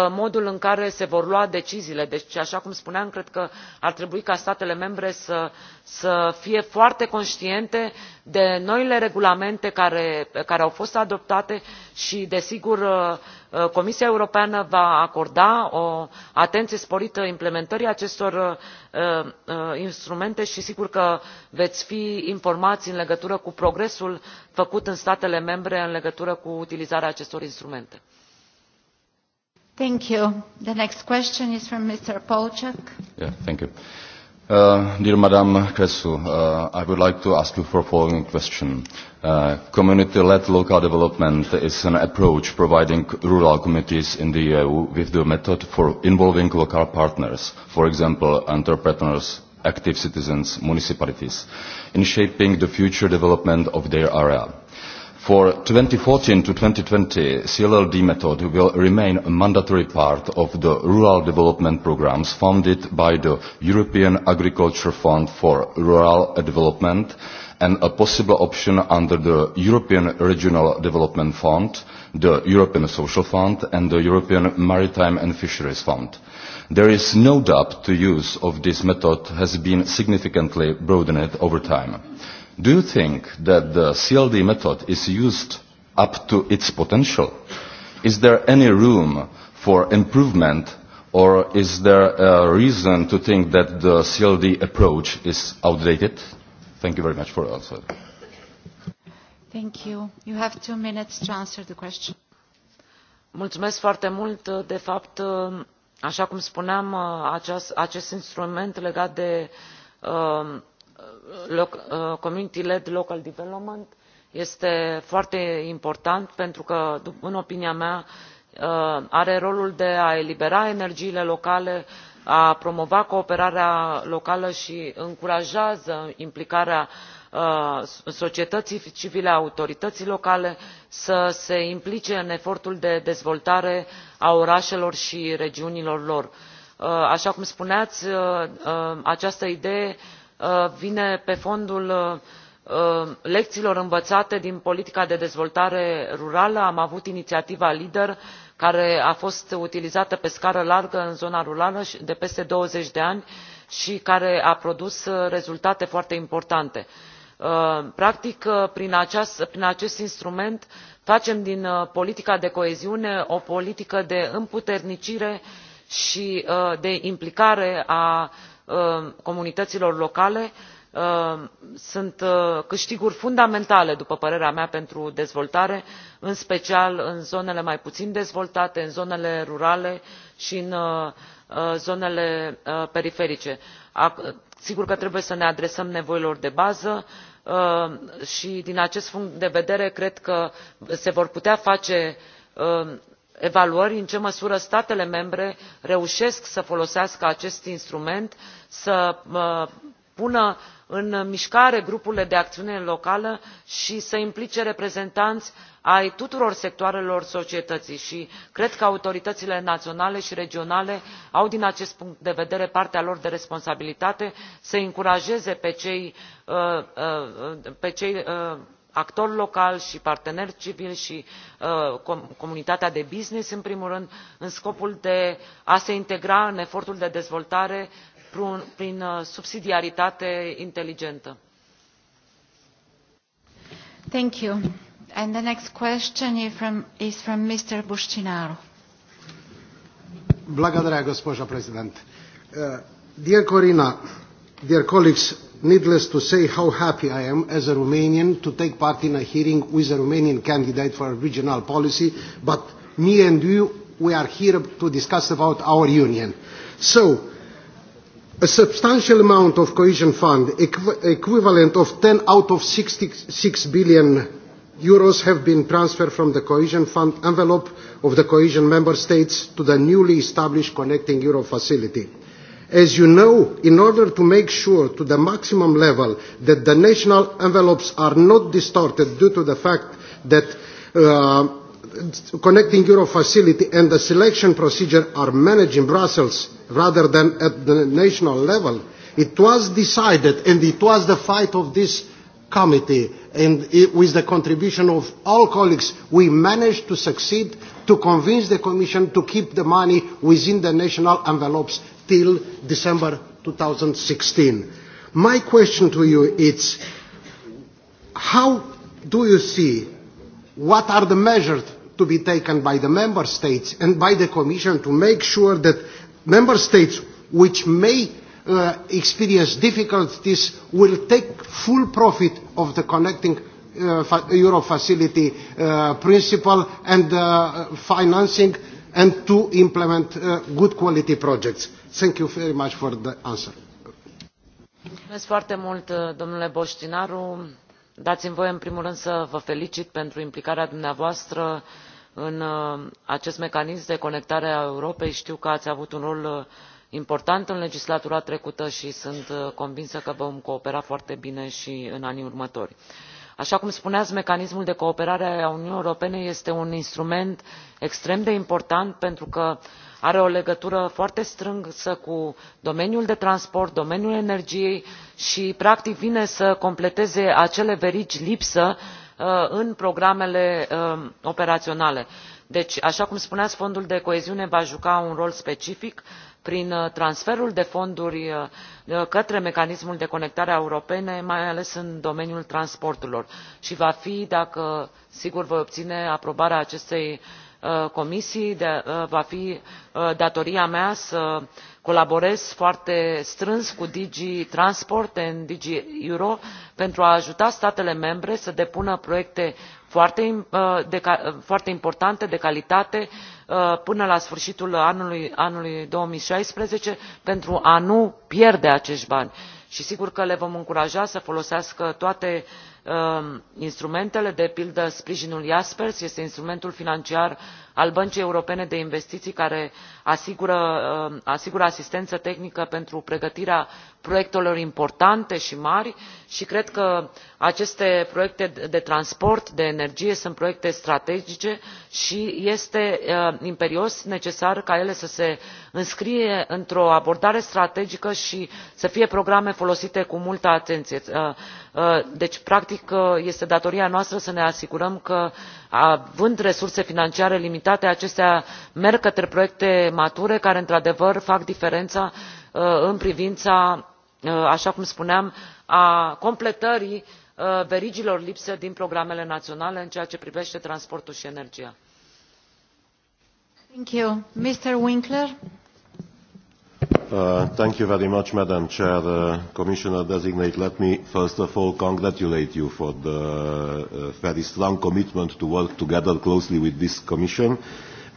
modul în care se vor lua deciziile deci așa cum spuneam cred că ar trebui ca statele membre să, să fie foarte conștiente de noile regulamente care, care au fost adoptate și desigur uh, uh, comisia europeană va acorda o atenție sporită implementării acestor uh, instrumente și sigur că veți fi informați în legătură cu progresul făcut în statele membre în legătură cu utilizarea acestor instrumente. Thank you. The next question is from Mr. Polchak. Yeah, thank you. Uh, dear Madam Kresu, uh, I would like to ask you for following question. Uh, Community-led local development is an approach providing rural communities in the EU with the method for involving local partners, for example, entrepreneurs, active citizens, municipalities, in shaping the future development of their area. For 2014 to 2020, CLLD method will remain a mandatory part of the rural development programs funded by the European Agriculture Fund for Rural Development and a possible option under the European Regional Development Fund, the European Social Fund and the European Maritime and Fisheries Fund. There is no doubt the use of this method has been significantly broadened over time. Do you think that the CLD method is used up to its potential? Is there any room for improvement or is there a reason to think that the CLD approach is outdated? Thank you very much for answering. Thank you. You have two minutes to answer the question. Mulțumesc foarte mult. De fapt, așa cum spuneam, acest, acest instrument legat de uh, loc, uh, community led local development este foarte important pentru că în opinia mea uh, are rolul de a elibera energiile locale a promova cooperarea locală și încurajează implicarea uh, societății civile a autorității locale să se implice în efortul de dezvoltare a orașelor și regiunilor lor. așa cum spuneați această idee Uh, vine pe fondul uh, lecțiilor învățate din politica de dezvoltare rurală am avut inițiativa leader care a fost utilizată pe scară largă în zona rurală de peste douăzeci de ani și care a produs uh, rezultate foarte importante. practic prin, prin acest instrument facem din politica de coeziune o politică de împuternicire și de implicare a Um, comunităților locale um, sunt uh, câștiguri fundamentale după părerea mea pentru dezvoltare în special în zonele mai puțin dezvoltate în zonele rurale și în uh, uh, zonele periferice. sigur că trebuie să ne adresăm nevoilor de bază um, și din acest punct de vedere cred că se vor putea face evaluări în ce măsură statele membre reușesc să folosească acest instrument să uh, pună în mișcare grupurile de acțiune locală și să implice reprezentanți ai tuturor sectoarelor societății și cred că autoritățile naționale și regionale au din acest punct de vedere partea lor de responsabilitate să încurajeze pe cei, uh, uh, pe cei actori locali și parteneri civili și uh, comunitatea de business în primul rând în scopul de a se integra în efortul de dezvoltare prin, prin uh, subsidiaritate inteligentă. Thank you. And the next question is from, is from Mr. Buștinaru. Благодаря, госпожа президент. Uh, dear Corina, dear colleagues, needless to say how happy I am as a Romanian to take part in a hearing with a Romanian candidate for regional policy, but me and you, we are here to discuss about our union. So, a substantial amount of cohesion fund, equ equivalent of 10 out of 66 billion euros have been transferred from the cohesion fund envelope of the cohesion member states to the newly established Connecting Europe facility. As you know, in order to make sure to the maximum level that the national envelopes are not distorted due to the fact that uh, Connecting Europe facility and the selection procedure are managed in Brussels rather than at the national level, it was decided and it was the fight of this committee and it, with the contribution of all colleagues we managed to succeed to convince the Commission to keep the money within the national envelopes till December 2016. My question to you is, how do you see what are the measures to be taken by the member states and by the commission to make sure that member states which may uh, experience difficulties will take full profit of the connecting uh, fa Euro facility uh, principle and uh, financing and to implement uh, good quality projects. Thank you very much for the answer. Mulțumesc foarte mult, uh, domnule Boștinaru. Dați-mi voie, în primul rând, să vă felicit pentru implicarea dumneavoastră în uh, acest mecanism de conectare a Europei. Știu că ați avut un rol uh, important în legislatura trecută și sunt convinsă că vom coopera foarte bine și în anii următori așa cum spuneați mecanismul de cooperare a uniunii europene este un instrument extrem de important pentru că are o legătură foarte strânsă cu domeniul de transport domeniul energiei și practic vine să completeze acele verigi lipsă uh, în programele uh, operaționale. deci așa cum spuneați fondul de coeziune va juca un rol specific prin uh, transferul de fonduri uh, către mecanismul de conectare a europene, mai ales în domeniul transporturilor. Și va fi, dacă sigur voi obține aprobarea acestei uh, comisii, va fi datoria mea să Colaborez foarte strâns cu DG Transport în DG Euro pentru a ajuta statele membre să depună proiecte foarte, uh, de, uh, foarte importante de calitate uh, până la sfârșitul anului, anului 2016 pentru a nu pierde acești bani. Și sigur că le vom încuraja să folosească toate uh, instrumentele de pildă sprijinul jaspers este instrumentul financiar al Băncii Europene de Investiții care asigură, um, asigură asistență tehnică pentru pregătirea proiectelor importante și mari și cred că aceste proiecte de transport, de energie sunt proiecte strategice și este uh, imperios necesar ca ele să se înscrie într-o abordare strategică și să fie programe folosite cu multă atenție. Uh, uh, deci, practic, este datoria noastră să ne asigurăm că având resurse financiare limitate acestea merg către proiecte mature care într adevăr fac diferența uh, în privința uh, așa cum spuneam a completării uh, verigilor lipse din programele naționale în ceea ce privește transportul și energia. Thank you. Mr. Winkler. Uh, thank you very much, Madam Chair. Uh, Commissioner Designate, let me first of all congratulate you for the uh, very strong commitment to work together closely with this Commission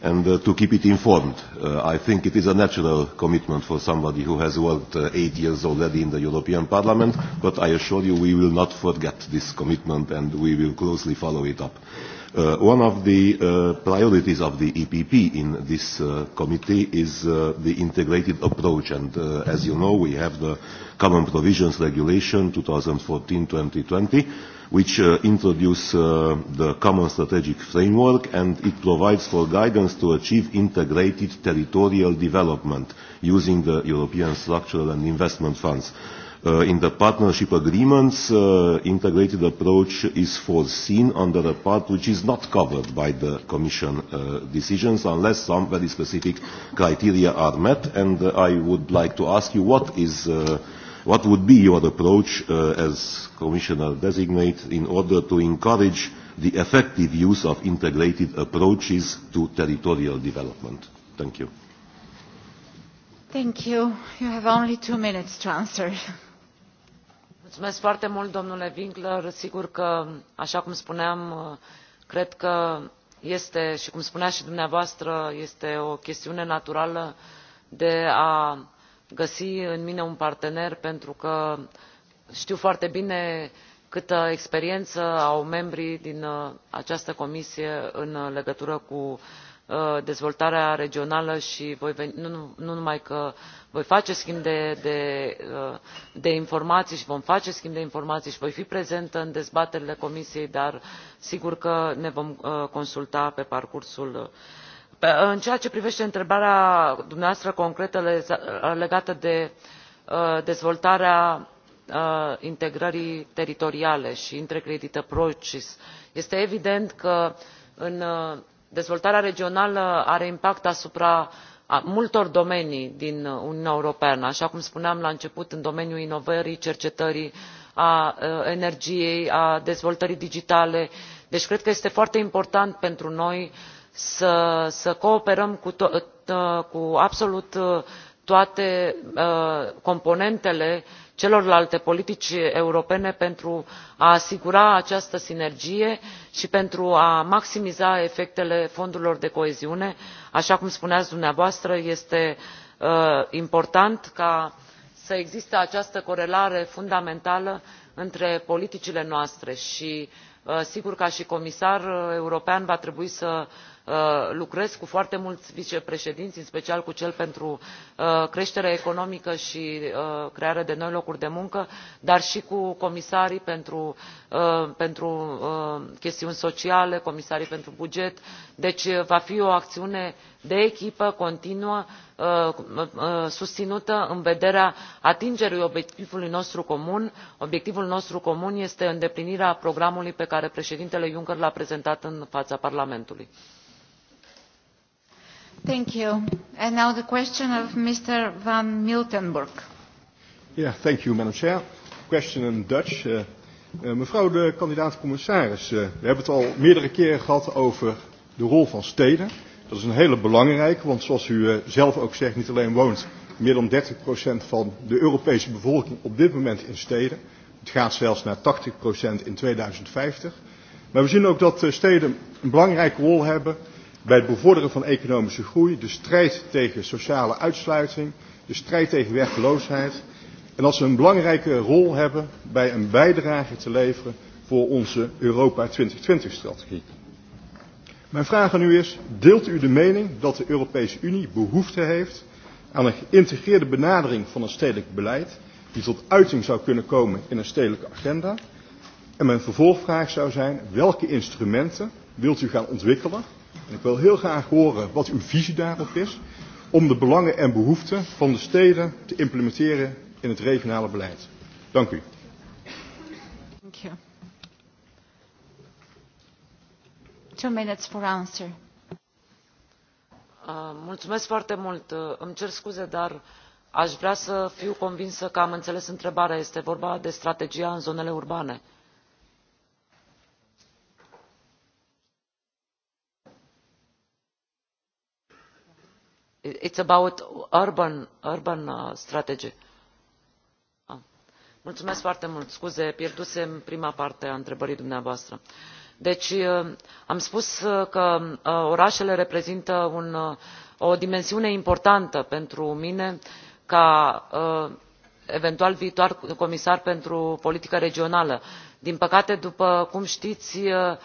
and uh, to keep it informed. Uh, I think it is a natural commitment for somebody who has worked uh, eight years already in the European Parliament, but I assure you we will not forget this commitment and we will closely follow it up. Uh, one of the uh, priorities of the EPP in this uh, committee is uh, the integrated approach and uh, as you know we have the common provisions regulation 2014-2020 which uh, introduces uh, the common strategic framework and it provides for guidance to achieve integrated territorial development using the European structural and investment funds. Uh, in the partnership agreements, uh, integrated approach is foreseen under a part which is not covered by the Commission uh, decisions unless some very specific criteria are met. And uh, I would like to ask you what is uh, what would be your approach uh, as Commissioner designate in order to encourage the effective use of integrated approaches to territorial development? Thank you. Thank you. You have only two minutes to answer. (laughs) Mulțumesc foarte mult, domnule Winkler. Sigur că, așa cum spuneam, cred că este, și cum spunea și dumneavoastră, este o chestiune naturală de a găsi în mine un partener, pentru că știu foarte bine câtă experiență au membrii din uh, această comisie în legătură cu uh, Uh, dezvoltarea regională și voi veni, nu, nu numai că voi face schimb de, de, uh, de informații și vom face schimb de informații și voi fi prezentă în dezbaterile comisiei dar sigur că ne vom uh, consulta pe parcursul în ceea ce privește întrebarea dumneavoastră concretă legată de dezvoltarea integrării teritoriale și între credită este evident că în dezvoltarea regională are impact asupra multor domenii din uniunea europeană așa cum spuneam la început în domeniul inovării cercetării a energiei a dezvoltării digitale deci cred că este foarte important pentru noi să, cooperăm cu absolut toate componentele celorlalte politici europene pentru a asigura această sinergie și pentru a maximiza efectele fondurilor de coeziune așa cum spuneați dumneavoastră este uh, important ca să existe această corelare fundamentală între politicile noastre și uh, sigur ca și comisar european va trebui să Uh, lucrez cu foarte mulți vicepreședinți în special cu cel pentru uh, creștere economică și uh, crearea de noi locuri de muncă dar și cu comisarii pentru, pentru chestiuni sociale comisarii pentru buget deci va fi o acțiune de echipă continuă susținută în vederea atingerii obiectivului nostru comun obiectivul nostru comun este îndeplinirea programului pe care președintele juncker l a prezentat în fața parlamentului. Thank you. And now the question of Mr. Van Miltenburg. Yeah, thank you, Madam Chair. Question in Dutch. Uh, uh, mevrouw de kandidaat-commissaris, uh, we hebben het al meerdere keren gehad over de rol van steden. Dat is een hele belangrijke, want zoals u uh, zelf ook zegt, niet alleen woont meer dan 30% van de Europese bevolking op dit moment in steden. Het gaat zelfs naar 80% in 2050. Maar we zien ook dat uh, steden een belangrijke rol hebben bij het bevorderen van economische groei, de strijd tegen sociale uitsluiting, de strijd tegen werkloosheid. En dat ze een belangrijke rol hebben bij een bijdrage te leveren voor onze Europa 2020-strategie. Mijn vraag aan u is, deelt u de mening dat de Europese Unie behoefte heeft aan een geïntegreerde benadering van een stedelijk beleid, die tot uiting zou kunnen komen in een stedelijke agenda? En mijn vervolgvraag zou zijn, welke instrumenten wilt u gaan ontwikkelen En Ik wil heel graag horen wat uw visie daarop is om de belangen en behoeften van de steden te implementeren in het regionale beleid. Dank u. Dank u. Two minutes for answer. Uh, mulțumesc foarte mult. Uh, îmi cer scuze, dar aș vrea să fiu convinsă că am înțeles întrebarea. Este vorba de strategia în zonele urbane. Uh, It's about urban, urban uh, strategy. Ah. Mulțumesc foarte mult. Scuze, pierdusem prima parte a întrebării dumneavoastră. Deci, uh, am spus uh, că uh, orașele reprezintă un, uh, o dimensiune importantă pentru mine ca uh, eventual viitor comisar pentru politică regională. Din păcate, după cum știți, uh,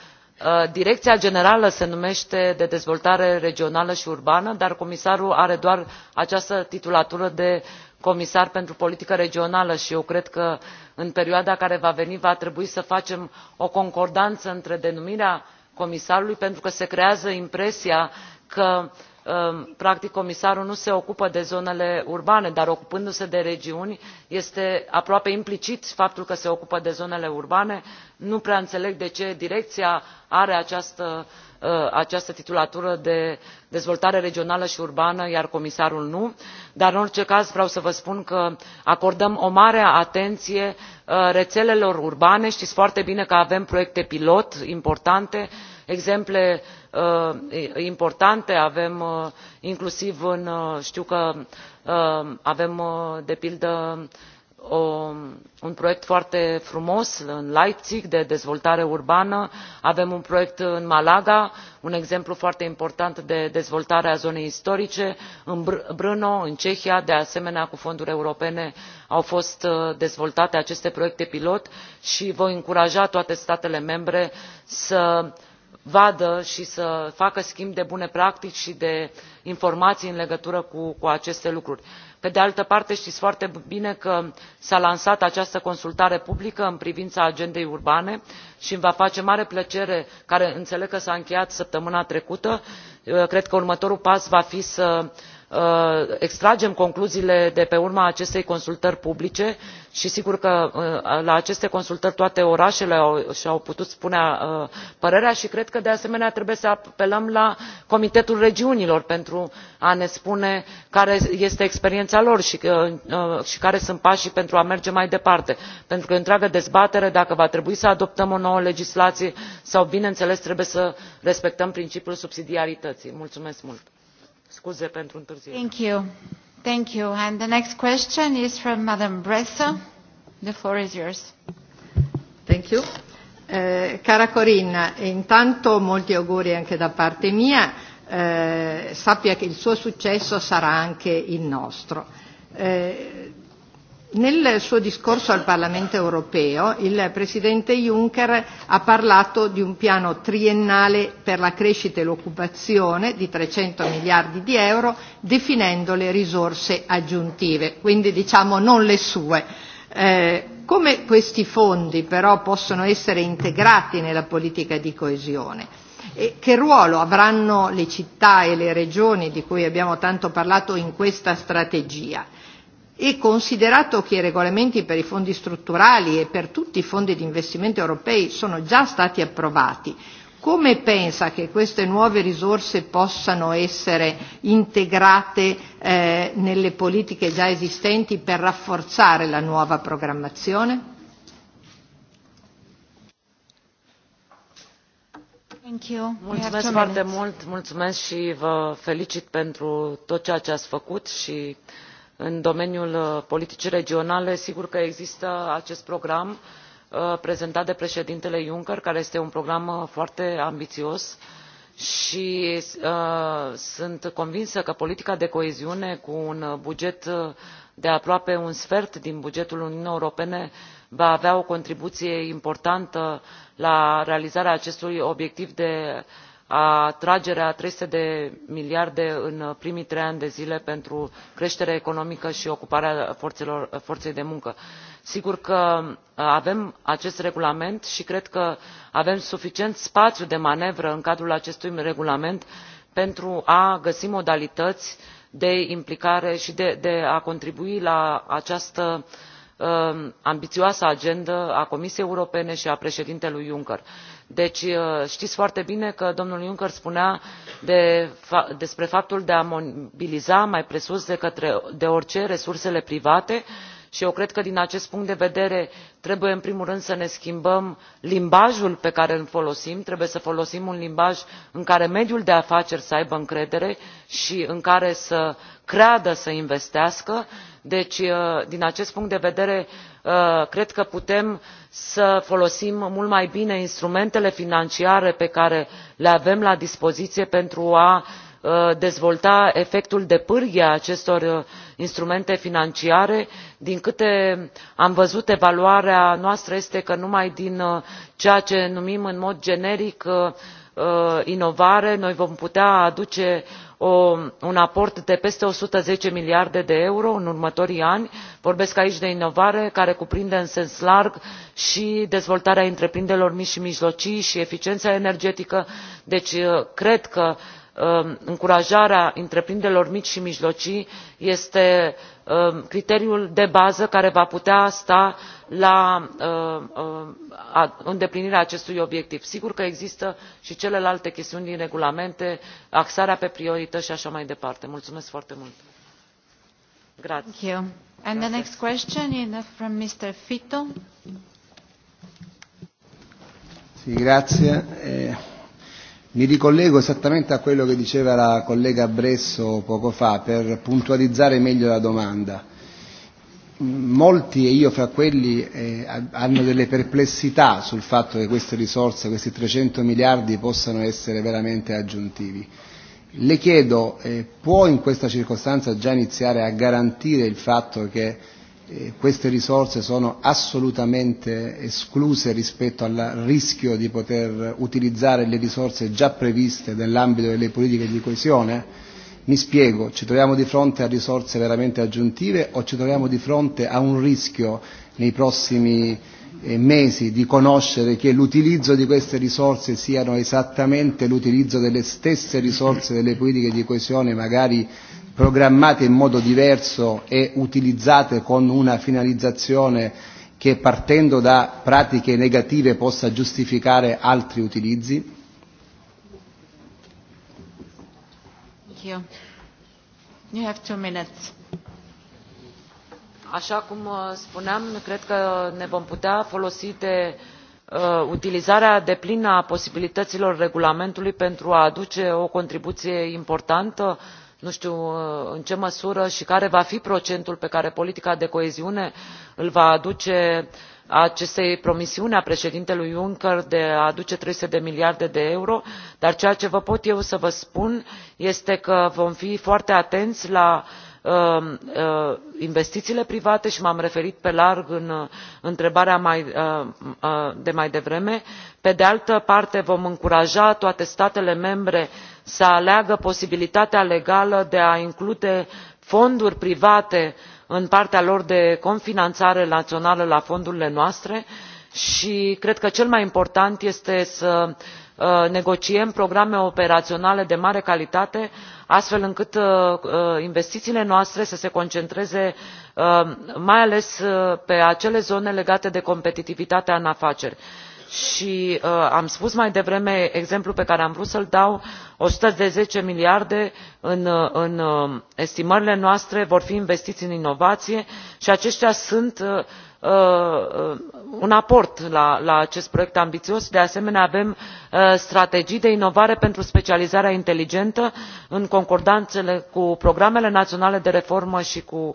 Uh, direcția generală se numește de dezvoltare regională și urbană dar comisarul are doar această titulatură de comisar pentru politică regională și eu cred că în perioada care va veni va trebui să facem o concordanță între denumirea comisarului pentru că se creează impresia că Um, practic comisarul nu se ocupă de zonele urbane dar ocupându se de regiuni este aproape implicit faptul că se ocupă de zonele urbane nu prea înțeleg de ce direcția are uh, această, titulatură de dezvoltare regională și urbană iar comisarul nu dar în orice caz vreau să vă spun că acordăm o mare atenție uh, rețelelor urbane știți foarte bine că avem proiecte pilot importante și exemple uh, importante avem uh, inclusiv în, uh, știu că uh, avem uh, de pildă o, un proiect foarte frumos în Leipzig de dezvoltare urbană, avem un proiect în Malaga, un exemplu foarte important de dezvoltare a zonei istorice, în Brno, în Cehia, de asemenea cu fonduri europene au fost uh, dezvoltate aceste proiecte pilot și voi încuraja toate statele membre să uh, vadă și să facă schimb de bune practici și de informații în legătură cu, cu aceste lucruri. Pe de altă parte, știți foarte bine că s-a lansat această consultare publică în privința agendei urbane și îmi va face mare plăcere, care înțeleg că s-a încheiat săptămâna trecută, cred că următorul pas va fi să Uh, extragem concluziile de pe urma acestei consultări publice și sigur că uh, la aceste consultări toate orașele și au putut spune uh, părerea și cred că de asemenea trebuie să apelăm la comitetul regiunilor pentru a ne spune care este experiența lor și, și care sunt pașii pentru a merge mai departe pentru că e o întreagă dezbatere dacă va trebui să adoptăm o nouă legislație sau bineînțeles trebuie să respectăm principiul subsidiarității. mulțumesc mult! Scuze pentru întârziere. Thank you. Thank you. And the next question is from Madam Bressa. The floor is yours. Thank you. Eh, cara Corinna, intanto molti auguri anche da parte mia. Eh, sappia che il suo successo sarà anche il nostro. Eh, Nel suo discorso al Parlamento europeo il Presidente Juncker ha parlato di un piano triennale per la crescita e l'occupazione di 300 miliardi di euro, definendo le risorse aggiuntive, quindi diciamo non le sue. Eh, come questi fondi però possono essere integrati nella politica di coesione? E che ruolo avranno le città e le regioni di cui abbiamo tanto parlato in questa strategia? e considerato che i regolamenti per i fondi strutturali e per tutti i fondi di investimento europei sono già stati approvati, come pensa che queste nuove risorse possano essere integrate eh, nelle politiche già esistenti per rafforzare la nuova programmazione? Mulțumesc foarte mult, mulțumesc și vă felicit pentru tot ceea ce ați făcut și uh, în domeniul uh, politicii regionale sigur că există acest program uh, prezentat de președintele juncker care este un program uh, foarte ambițios și sunt convinsă că politica de coeziune cu un buget de aproape un sfert din bugetul uniunii europene va avea o contribuție importantă la realizarea acestui obiectiv de a atragerea 300 de miliarde în primii trei ani de zile pentru creștere economică și ocuparea forțelor, forței de muncă. Sigur că uh, avem acest regulament și cred că avem suficient spațiu de manevră în cadrul acestui regulament pentru a găsi modalități de implicare și de, de a contribui la această uh, ambițioasă agendă a Comisiei Europene și a președintelui Juncker Deci uh, știți foarte bine că domnul Juncker spunea de, despre faptul de a mobiliza mai presus de, către, de orice resursele private și eu cred că din acest punct de vedere trebuie în primul rând să ne schimbăm limbajul pe care îl folosim trebuie să folosim un limbaj în care mediul de afaceri să aibă încredere și în care să creadă să investească deci uh, din acest punct de vedere Uh, cred că putem să folosim mult mai bine instrumentele financiare pe care le avem la dispoziție pentru a uh, dezvolta efectul de pârghie a acestor uh, instrumente financiare din câte am văzut evaluarea noastră este că numai din ceea ce numim în mod generic inovare noi vom putea aduce un aport de peste o sută zece miliarde de euro în următorii ani vorbesc aici de inovare care cuprinde în sens larg și dezvoltarea întreprinderilor mici și mijlocii și eficiența energetică deci cred că Um, încurajarea întreprinderilor mici și mijlocii este um, criteriul de bază care va putea sta la um, îndeplinirea acestui obiectiv. sigur că există și celelalte chestiuni din regulamente axarea pe priorități și așa mai departe. mulțumesc foarte mult. Grazie. Mi ricollego esattamente a quello che diceva la collega Bresso poco fa per puntualizzare meglio la domanda. Molti e io fra quelli eh, hanno delle perplessità sul fatto che queste risorse, questi 300 miliardi possano essere veramente aggiuntivi. Le chiedo, eh, può in questa circostanza già iniziare a garantire il fatto che eh, queste risorse sono assolutamente escluse rispetto al rischio di poter utilizzare le risorse già previste nell'ambito delle politiche di coesione? Mi spiego, ci troviamo di fronte a risorse veramente aggiuntive o ci troviamo di fronte a un rischio nei prossimi eh, mesi di conoscere che l'utilizzo di queste risorse siano esattamente l'utilizzo delle stesse risorse delle politiche di coesione magari programmate in modo diverso e utilizzate con una finalizzazione che partendo da pratiche negative possa giustificare altri utilizzi? you. have two minutes. Așa cum uh, spuneam, cred că ne vom putea folosi de uh, utilizarea plină a posibilităților regulamentului pentru a aduce o contribuție importantă uh, nu știu în ce măsură și care va fi procentul pe care politica de coeziune îl va aduce acestei promisiuni a președintelui juncker de a aduce 300 de miliarde de euro dar ceea ce vă pot eu să vă spun este că vom fi foarte atenți la um, uh, investițiile private și m am referit pe larg în uh, întrebarea mai, uh, de mai devreme pe de altă parte vom încuraja toate statele membre să aleagă posibilitatea legală de a include fonduri private în partea lor de cofinanțare națională la fondurile noastre și cred că cel mai important este să uh, negociem programe operaționale de mare calitate astfel încât uh, uh, investițiile noastre să se concentreze mai ales pe acele zone legate de competitivitatea în afaceri și uh, am spus mai devreme exemplul pe care am vrut să l dau o sută zece miliarde în, uh, în uh, estimările noastre vor fi investiți în inovație și aceștia sunt uh, uh un aport la, la acest proiect ambițios de asemenea avem uh, strategii de inovare pentru specializarea inteligentă în concordanțele cu programele naționale de reformă și cu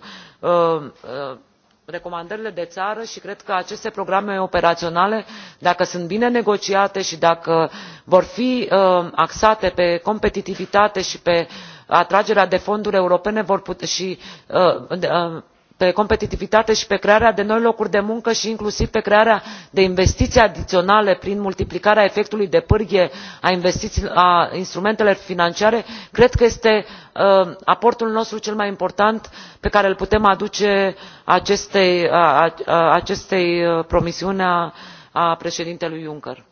recomandările de țară și cred că aceste programe operaționale dacă sunt bine negociate și dacă vor fi uh, axate pe competitivitate și pe atragerea de fonduri europene vor și uh, uh, pe competitivitate și pe crearea de noi locuri de muncă și inclusiv pe crearea de investiții adiționale prin multiplicarea efectului de pârghie a, a instrumentelor financiare cred că este uh, aportul nostru cel mai important pe care îl putem aduce acestei, uh, promisiuni a președintelui juncker.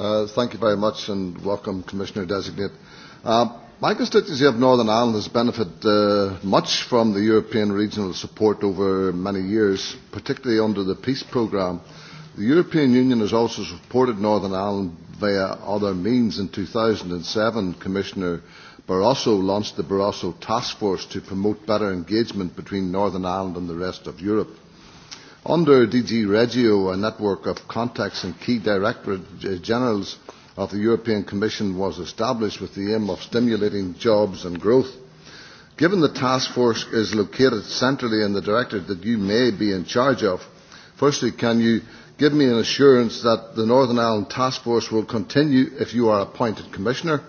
Uh, thank you very much and welcome, Commissioner Designate. Uh, my constituency of Northern Ireland has benefited uh, much from the European regional support over many years, particularly under the peace programme. The European Union has also supported Northern Ireland via other means. In 2007, Commissioner Barroso launched the Barroso Task Force to promote better engagement between Northern Ireland and the rest of Europe. Under DG Regio, a network of contacts and key directorate generals of the European Commission was established with the aim of stimulating jobs and growth. Given the task force is located centrally in the directorate that you may be in charge of, firstly, can you give me an assurance that the Northern Ireland Task Force will continue if you are appointed Commissioner?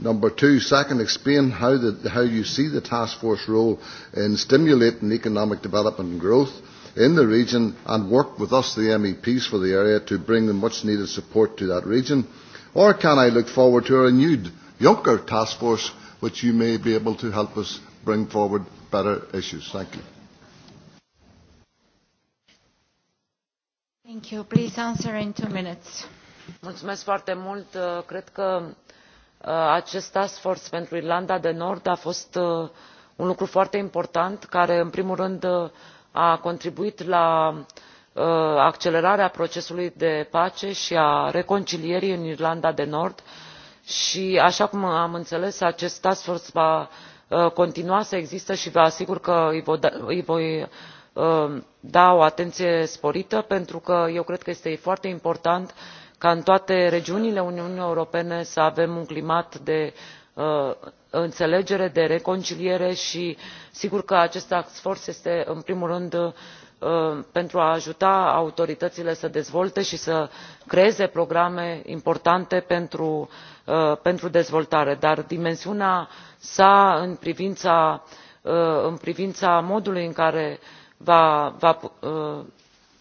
Number two, second, explain how, the, how you see the task force role in stimulating economic development and growth in the region and work with us, the MEPs for the area, to bring the much needed support to that region? Or can I look forward to a renewed Juncker task force which you may be able to help us bring forward better issues? Thank you. Thank you. Please answer in two minutes. Mulțumesc foarte mult. Cred că uh, acest task force pentru Irlanda de Nord a fost uh, un lucru foarte important care, în primul rând, uh, a contribuit la uh, accelerarea procesului de pace și a reconcilierii în irlanda de nord și așa cum am înțeles acest task force va uh, continua să existe și vă asigur că îi voi, uh, da o atenție sporită pentru că eu cred că este foarte important ca în toate regiunile uniunii europene să avem un climat de Uh, înțelegere de reconciliere și sigur că acest task force este în primul rând uh, pentru a ajuta autoritățile să dezvolte și să creeze programe importante pentru, uh, dezvoltare dar dimensiunea sa în privința, modului în care va,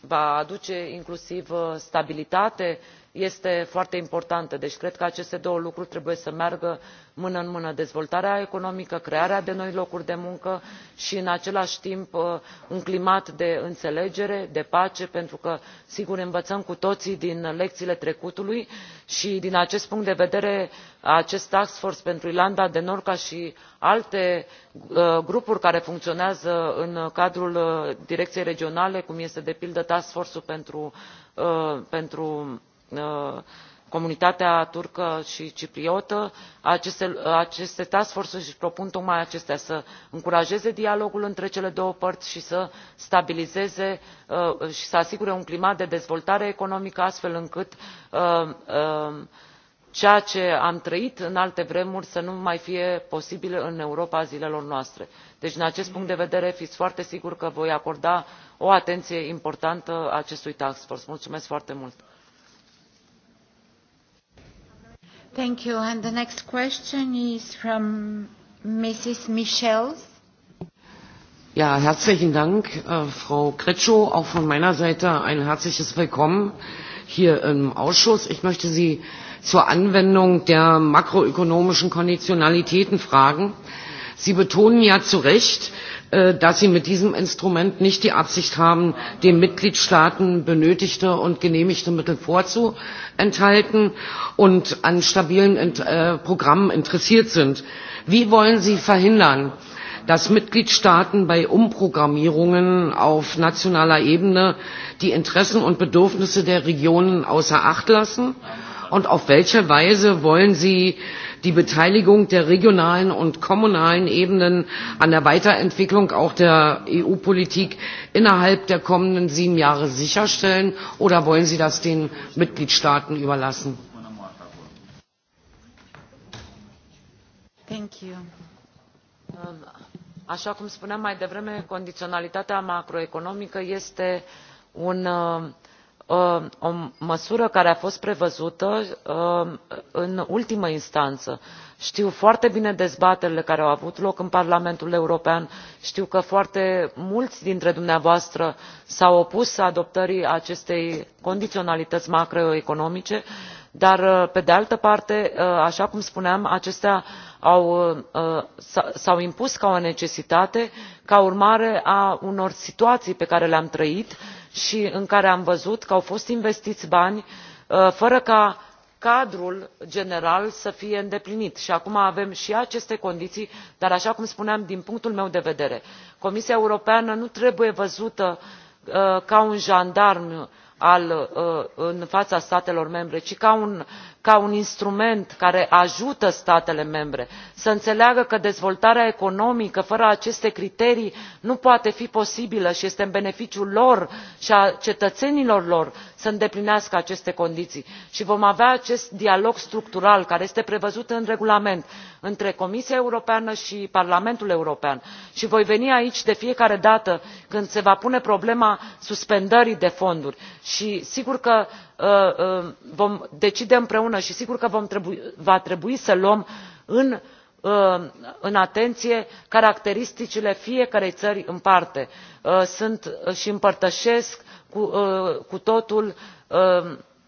va aduce inclusiv stabilitate este foarte importantă deci cred că aceste două lucruri trebuie să meargă mână în mână dezvoltarea economică crearea de noi locuri de muncă și în același timp uh, un climat de înțelegere de pace pentru că sigur învățăm cu toții din lecțiile trecutului și din acest punct de vedere acest task force pentru irlanda de nord ca și alte uh, grupuri care funcționează în cadrul uh, direcției regionale cum este de pildă task force ul pentru, pentru Uh, comunitatea turcă și cipriotă, aceste, aceste task force își propun tocmai acestea, să încurajeze dialogul între cele două părți și să stabilizeze uh, și să asigure un climat de dezvoltare economică, astfel încât uh, uh, ceea ce am trăit în alte vremuri să nu mai fie posibil în Europa zilelor noastre. Deci, din acest punct de vedere, fiți foarte sigur că voi acorda o atenție importantă acestui task force. Mulțumesc foarte mult! Thank you. And the next question is from Mrs. Michels. Ja, herzlichen Dank, äh, Frau Kretschow. Auch von meiner Seite ein herzliches Willkommen hier im Ausschuss. Ich möchte Sie zur Anwendung der makroökonomischen Konditionalitäten fragen. Äh, Sie betonen ja zu Recht, äh, dass Sie mit diesem Instrument nicht die Absicht haben, den Mitgliedstaaten benötigte und genehmigte Mittel vorzuenthalten und an stabilen äh, Programmen interessiert sind. Wie wollen Sie verhindern, dass Mitgliedstaaten bei Umprogrammierungen auf nationaler Ebene die Interessen und Bedürfnisse der Regionen außer Acht lassen? Und auf welche Weise wollen Sie die Beteiligung der regionalen und kommunalen Ebenen an der Weiterentwicklung auch der EU-Politik innerhalb der kommenden sieben Jahre sicherstellen oder wollen Sie das den Mitgliedstaaten überlassen? Thank you. Um, așa cum spuneam mai devreme, condiționalitatea macroeconomică este un uh, Um, o măsură care a fost prevăzută um, în ultimă instanță. Știu foarte bine dezbaterile care au avut loc în Parlamentul European, știu că foarte mulți dintre dumneavoastră s-au opus adoptării acestei condiționalități macroeconomice, dar uh, pe de altă parte, uh, așa cum spuneam, acestea uh, s-au impus ca o necesitate ca urmare a unor situații pe care le-am trăit și în care am văzut că au fost investiți bani uh, fără ca cadrul general să fie îndeplinit și acum avem și aceste condiții dar așa cum spuneam din punctul meu de vedere comisia europeană nu trebuie văzută uh, ca un jandarm al, uh, în fața statelor membre ci ca un, ca un instrument care ajută statele membre să înțeleagă că dezvoltarea economică fără aceste criterii nu poate fi posibilă și este în beneficiul lor și a cetățenilor lor să îndeplinească aceste condiții și vom avea acest dialog structural care este prevăzut în regulament între comisia europeană și parlamentul european și voi veni aici de fiecare dată când se va pune problema suspendării de fonduri și sigur că uh, uh, vom decide împreună și sigur că vom trebui, va trebui să luăm în, uh, în atenție caracteristicile fiecărei țări în parte. sunt și împărtășesc cu, cu totul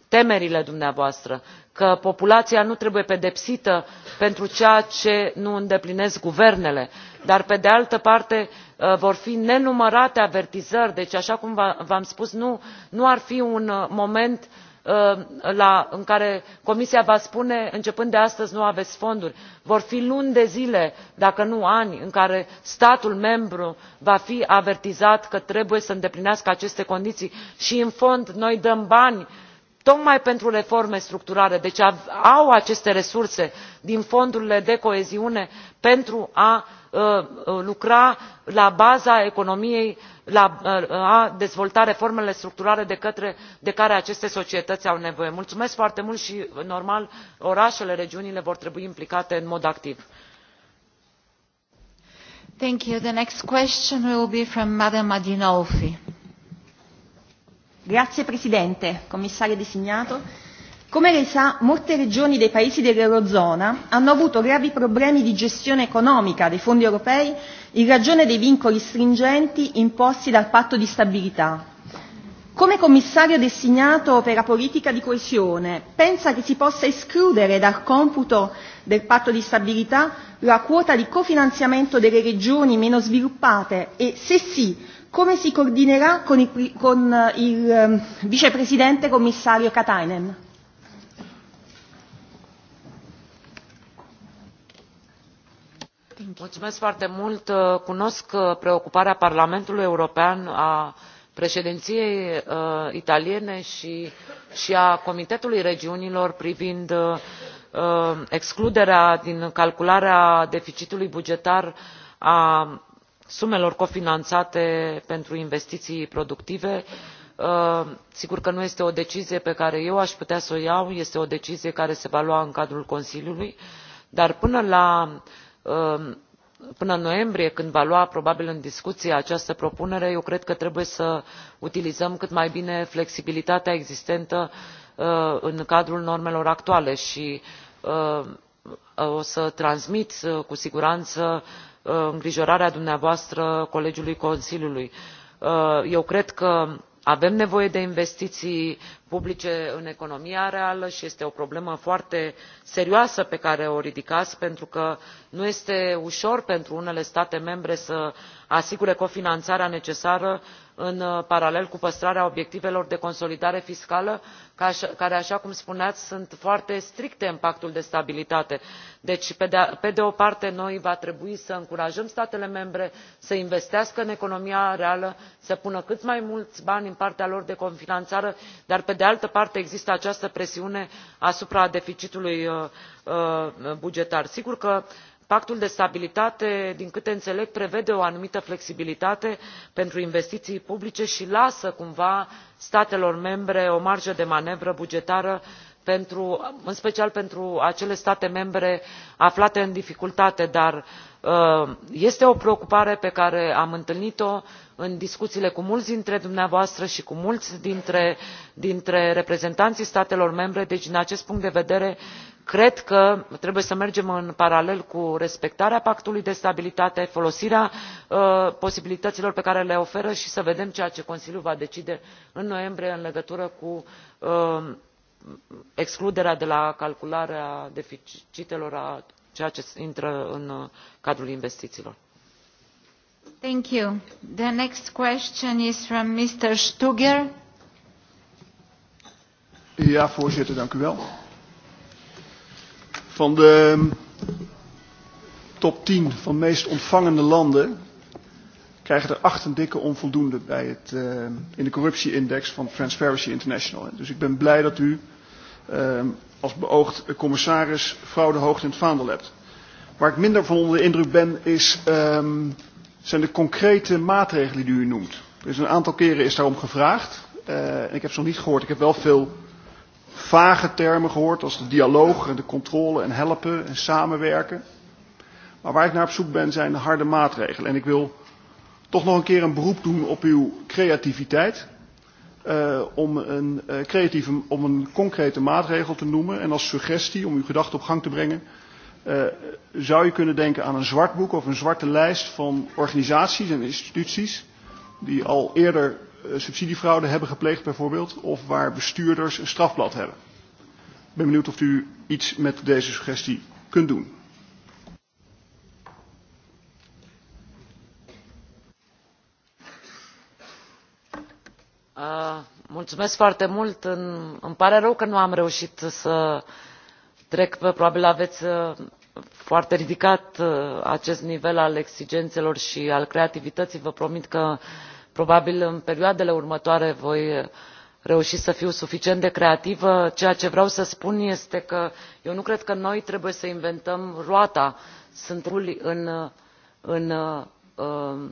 temerile dumneavoastră că populația nu trebuie pedepsită pentru ceea ce nu îndeplinesc guvernele dar pe de altă parte uh, vor fi nenumărate avertizări deci așa cum v am spus nu, ar fi un uh, moment uh, în care comisia va spune începând de astăzi nu aveți fonduri vor fi luni de zile dacă nu ani în care statul membru va fi avertizat că trebuie să îndeplinească aceste condiții și în fond noi dăm bani tocmai pentru reforme structurale deci au aceste resurse din fondurile de coeziune pentru a uh, uh, lucra la baza economiei la uh, a dezvolta reformele structurale de, către, de care aceste societăți au nevoie. mulțumesc foarte mult și normal orașele regiunile vor trebui implicate în mod activ. question Grazie Presidente, Commissario designato. Come lei sa, molte regioni dei paesi dell'Eurozona hanno avuto gravi problemi di gestione economica dei fondi europei in ragione dei vincoli stringenti imposti dal patto di stabilità. Come commissario designato per la politica di coesione, pensa che si possa escludere dal computo del patto di stabilità la quota di cofinanziamento delle regioni meno sviluppate e, se sì, Come si coordinerà con eh, il, con ehm, il vicepresidente commissario Katainen? Mulțumesc foarte mult. Cunosc eh, preocuparea Parlamentului European a președinției uh, italiene și, și a Comitetului Regiunilor privind uh, excluderea din calcularea deficitului bugetar a sumelor cofinanțate pentru investiții productive uh, sigur că nu este o decizie pe care eu aș putea să o iau este o decizie care se va lua în cadrul consiliului dar până uh, în noiembrie când va lua probabil în discuție această propunere eu cred că trebuie să utilizăm cât mai bine flexibilitatea existentă uh, în cadrul normelor actuale și o să transmit cu siguranță Uh, îngrijorarea dumneavoastră colegiului Consiliului. Uh, eu cred că avem nevoie de investiții publice în economia reală și este o problemă foarte serioasă pe care o ridicați pentru că nu este ușor pentru unele state membre să asigure cofinanțarea necesară în uh, paralel cu păstrarea obiectivelor de consolidare fiscală care așa cum spuneați sunt foarte stricte în pactul de stabilitate. deci pe de, o parte noi va trebui să încurajăm statele membre să investească în economia reală să pună cât mai mulți bani din partea lor de cofinanțare dar pe de altă parte există această presiune asupra deficitului uh, uh, bugetar. sigur că pactul de stabilitate din câte înțeleg prevede o anumită flexibilitate pentru investiții publice și lasă cumva statelor membre o marjă de manevră bugetară în special pentru acele state membre aflate în dificultate dar uh, este o preocupare pe care am întâlnit o în discuțiile cu mulți dintre dumneavoastră și cu mulți dintre, reprezentanții statelor membre deci din acest punct de vedere cred că trebuie să mergem în paralel cu respectarea pactului de stabilitate folosirea uh, posibilităților pe care le oferă și să vedem ceea ce consiliul va decide în noiembrie în legătură cu uh, excluderea de la calcularea deficitelor a ceea ce intră în uh, cadrul investițiilor. Thank you. The next question is from Mr. Stuger. Ja, voorzitter, dank u wel. Van de um, top 10 van meest ontvangende landen krijgen er acht een dikke onvoldoende bij het, uh, in de corruptieindex van Transparency International. Dus ik ben blij dat u uh, als beoogd commissaris fraude hoogte in het vaandel hebt. Waar ik minder van onder de indruk ben is um, zijn de concrete maatregelen die u noemt. Dus een aantal keren is daarom gevraagd. Uh, en ik heb ze nog niet gehoord. Ik heb wel veel vage termen gehoord als de dialoog en de controle en helpen en samenwerken. Maar waar ik naar op zoek ben zijn de harde maatregelen. En ik wil toch nog een keer een beroep doen op uw creativiteit. Uh, om, een, uh, creatieve, om een concrete maatregel te noemen en als suggestie om uw gedachten op gang te brengen Eh, zou je kunnen denken aan een zwart boek of een zwarte lijst van organisaties en instituties die al eerder uh, subsidiefraude hebben gepleegd bijvoorbeeld, of waar bestuurders een strafblad hebben. Ik ben benieuwd of u iets met deze suggestie kunt doen. Uh, mulțumesc foarte mult. Îmi pare rău că nu am reușit să trec, probabil aveți foarte ridicat uh, acest nivel al exigențelor și al creativității vă promit că probabil în perioadele următoare voi reuși să fiu suficient de creativă. ceea ce vreau să spun este că eu nu cred că noi trebuie să inventăm roata sunt ruli în, în, uh,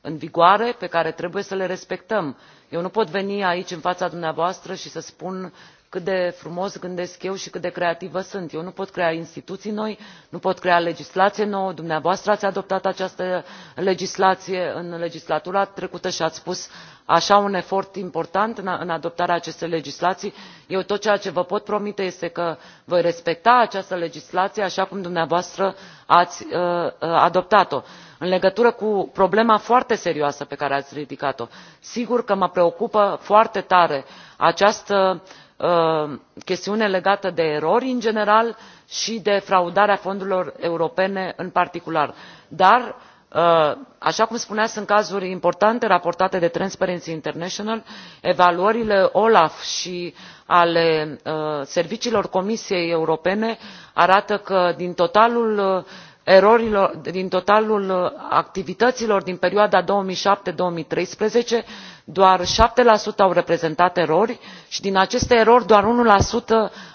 în vigoare pe care trebuie să le respectăm. eu nu pot veni aici în fața dumneavoastră și să spun cât de frumos gândesc eu și cât de creativă sunt. Eu nu pot crea instituții noi, nu pot crea legislație nouă. Dumneavoastră ați adoptat această legislație în legislatura trecută și ați spus așa un efort important în adoptarea acestei legislații. Eu tot ceea ce vă pot promite este că voi respecta această legislație așa cum dumneavoastră ați uh, uh, adoptat o în legătură cu problema foarte serioasă pe care ați ridicat o sigur că mă preocupă foarte tare această uh, Uh, chestiune legată de erori în general și de fraudarea fondurilor europene în particular dar uh, așa cum spunea sunt cazuri importante raportate de transparency international evaluările olaf și ale uh, serviciilor comisiei europene arată că din totalul erorilor din totalul uh, activităților din perioada două mii șapte două mii treisprezece doar șapte au reprezentat erori și din aceste erori doar unu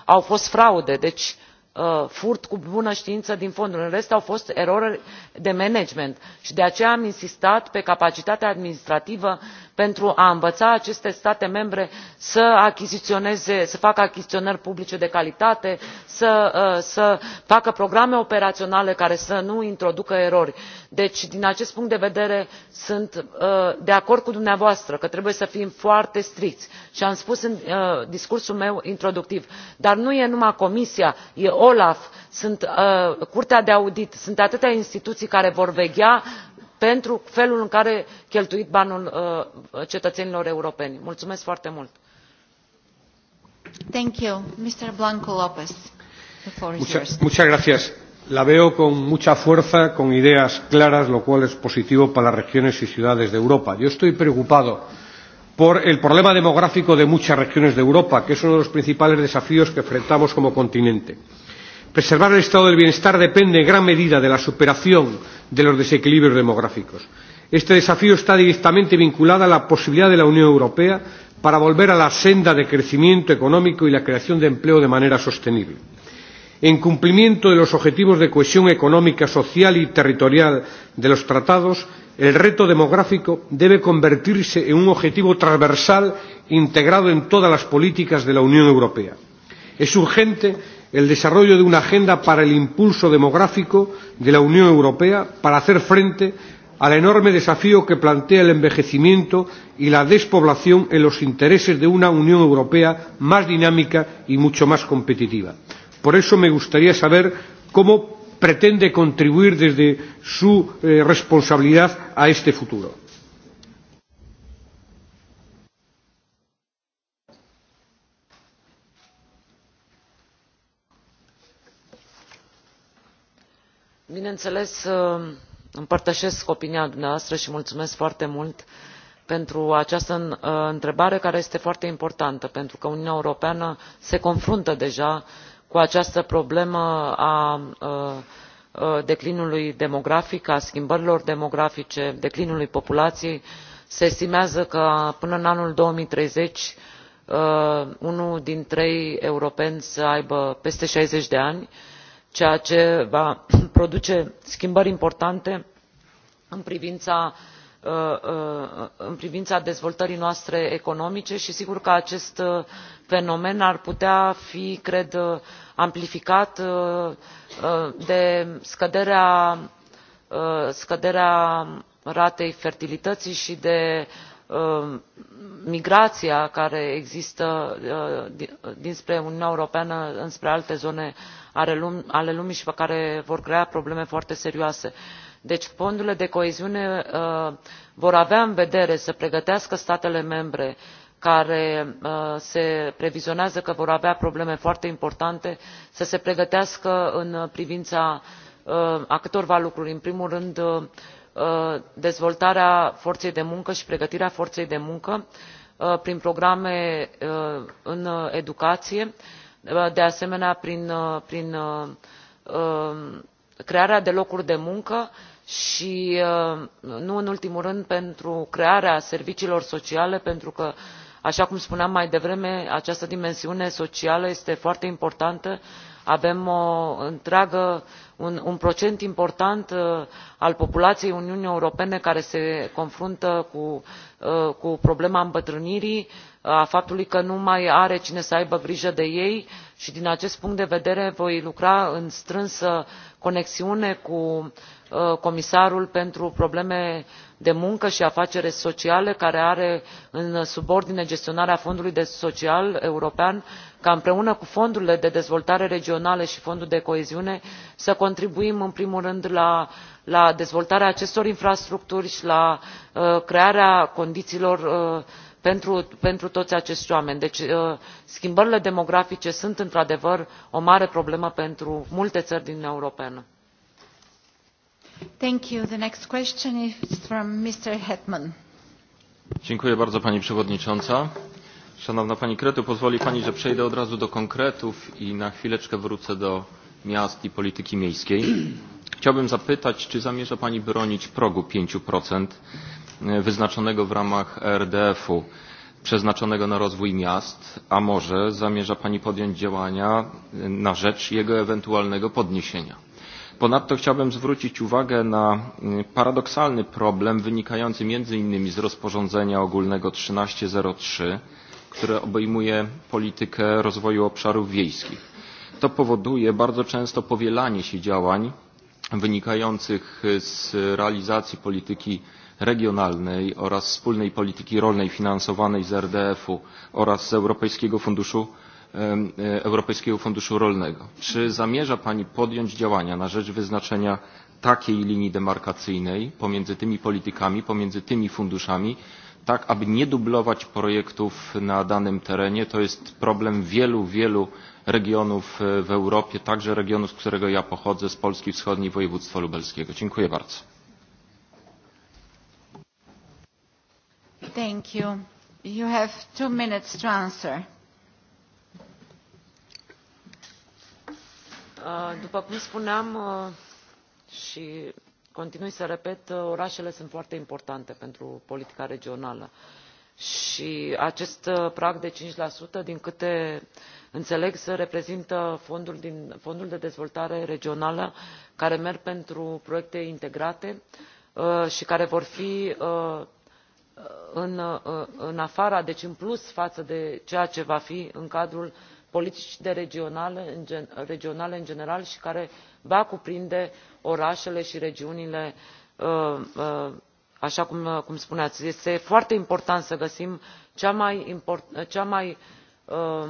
au fost fraude deci uh, furt cu bună știință din fonduri în rest au fost erori de management și de aceea am insistat pe capacitatea administrativă pentru a învăța aceste state membre să achiziționeze să facă achiziționări publice de calitate uh, să, facă programe operaționale care să nu introducă erori. deci din acest punct de vedere sunt uh, de acord cu dumneavoastră că trebuie să fim foarte stricți și am spus în uh, discursul meu introductiv dar nu e numai comisia e olaf sunt curtea de audit sunt atâtea instituții care vor veghea pentru felul în care cheltuit banul uh, cetățenilor europeni. Mulțumesc foarte mult! Thank you. Mr. Blanco López. the Mucha, Muchas gracias. La veo con mucha fuerza, con ideas claras, lo cual es positivo para las regiones y ciudades de Europa. Yo estoy preocupado por el problema demográfico de muchas regiones de Europa, que es uno de los principales desafíos que enfrentamos como continente. Preservar el estado del bienestar depende en gran medida de la superación de los desequilibrios demográficos. Este desafío está directamente vinculado a la posibilidad de la Unión Europea para volver a la senda de crecimiento económico y la creación de empleo de manera sostenible. En cumplimiento de los objetivos de cohesión económica, social y territorial de los tratados, el reto demográfico debe convertirse en un objetivo transversal integrado en todas las políticas de la Unión Europea. Es urgente el desarrollo de una agenda para el impulso demográfico de la Unión Europea para hacer frente al enorme desafío que plantea el envejecimiento y la despoblación en los intereses de una Unión Europea más dinámica y mucho más competitiva. Por eso me gustaría saber cómo pretende contribuir desde su eh, responsabilidad a este futuro. Bineînțeles, um, împărtășesc opinia dumneavoastră și mulțumesc foarte mult pentru această uh, întrebare care este foarte importantă pentru că Uniunea Europeană se confruntă deja cu această problemă a uh, uh, declinului demografic, a schimbărilor demografice, declinului populației. Se estimează că până în anul 2030 unul din trei europeni să aibă peste 60 de ani, ceea ce va (clears throat) produce schimbări importante în privința, uh, uh, în privința dezvoltării noastre economice și sigur că acest uh, fenomen ar putea fi cred amplificat de scăderea, scăderea ratei fertilității și de migrația care există dinspre Uniunea Europeană înspre alte zone uh, ale, lum ale lumii și pe care vor crea probleme foarte serioase. Deci fondurile de coeziune uh, vor avea în vedere să pregătească statele membre care uh, se previzionează că vor avea probleme foarte importante să se pregătească în privința uh, a câtorva lucruri. În primul rând, uh, dezvoltarea forței de muncă și pregătirea forței de muncă uh, prin programe uh, în educație de asemenea prin, uh, prin uh, um, crearea de locuri de muncă și uh, nu în ultimul rând pentru crearea serviciilor sociale pentru că așa cum spuneam mai devreme această dimensiune socială este foarte importantă avem o întreagă, un, un procent important al populației uniunii europene care se confruntă cu, cu problema îmbătrânirii a faptului că nu mai are cine să aibă grijă de ei și din acest punct de vedere voi lucra în strânsă conexiune cu uh, comisarul pentru probleme de muncă și afacere sociale care are în subordine gestionarea fondului social european ca împreună cu fondurile de dezvoltare regională și fondul de coeziune să contribuim în primul rând la, la dezvoltarea acestor infrastructuri și la uh, crearea condițiilor uh, pentru, pentru toți acești oameni. Deci uh, schimbările demografice sunt într-adevăr o mare problemă pentru multe țări din Europeană. Thank you. The next question is from Mr. Hetman. Dziękuję bardzo Pani Przewodnicząca. Szanowna Pani Kretu, pozwoli Pani, że przejdę od razu do konkretów i na chwileczkę wrócę do miast i polityki miejskiej. Chciałbym zapytać, czy zamierza Pani bronić progu 5% wyznaczonego w ramach RDF-u przeznaczonego na rozwój miast, a może zamierza Pani podjąć działania na rzecz jego ewentualnego podniesienia. Ponadto chciałbym zwrócić uwagę na paradoksalny problem wynikający m.in. z rozporządzenia ogólnego 1303, które obejmuje politykę rozwoju obszarów wiejskich. To powoduje bardzo często powielanie się działań wynikających z realizacji polityki Regionalnej oraz Wspólnej Polityki Rolnej finansowanej z RDF-u oraz z Europejskiego Funduszu e, Europejskiego Funduszu Rolnego. Czy zamierza Pani podjąć działania na rzecz wyznaczenia takiej linii demarkacyjnej pomiędzy tymi politykami, pomiędzy tymi funduszami, tak aby nie dublować projektów na danym terenie. To jest problem wielu, wielu regionów e, w Europie, także regionu, z którego ja pochodzę, z Polski Wschodniej, województwa lubelskiego. Dziękuję bardzo. Thank you. You have two minutes to answer. Uh, după cum spuneam uh, și continui să repet, uh, orașele sunt foarte importante pentru politica regională. Și acest prag de 5%, din câte înțeleg, se reprezintă fondul, din, fondul de dezvoltare regională care merg pentru proiecte integrate și care vor fi în, în afara, deci în plus față de ceea ce va fi în cadrul politicii de regionale, în gen, regionale în general și care va cuprinde orașele și regiunile, uh, uh, așa cum, cum spuneați. Este foarte important să găsim cea mai, import, cea mai, uh,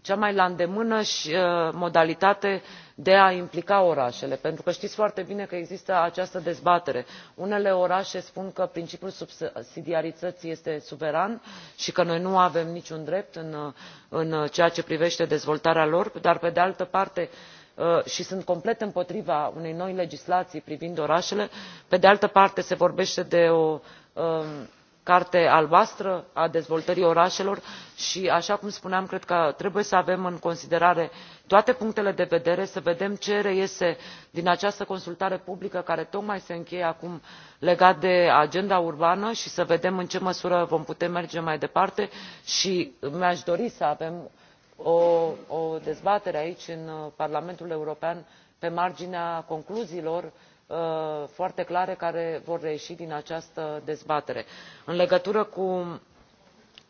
cea mai la îndemână și modalitate de a implica orașele pentru că știți foarte bine că există această dezbatere unele orașe spun că principiul subsidiarității este suveran și că noi nu avem niciun drept în, în ceea ce privește dezvoltarea lor dar pe de altă parte uh, și sunt complet împotriva unei noi legislații privind orașele pe de altă parte se vorbește de o um, carte albastră a dezvoltării orașelor și așa cum spuneam cred că trebuie să avem în considerare toate punctele de vedere să vedem ce reiese din această consultare publică care tocmai se încheie acum legat de agenda urbană și să vedem în ce măsură vom putea merge mai departe și mi aș dori să avem o, o dezbatere aici în parlamentul european pe marginea concluziilor Uh, foarte clare care vor reieși din această dezbatere. în legătură cu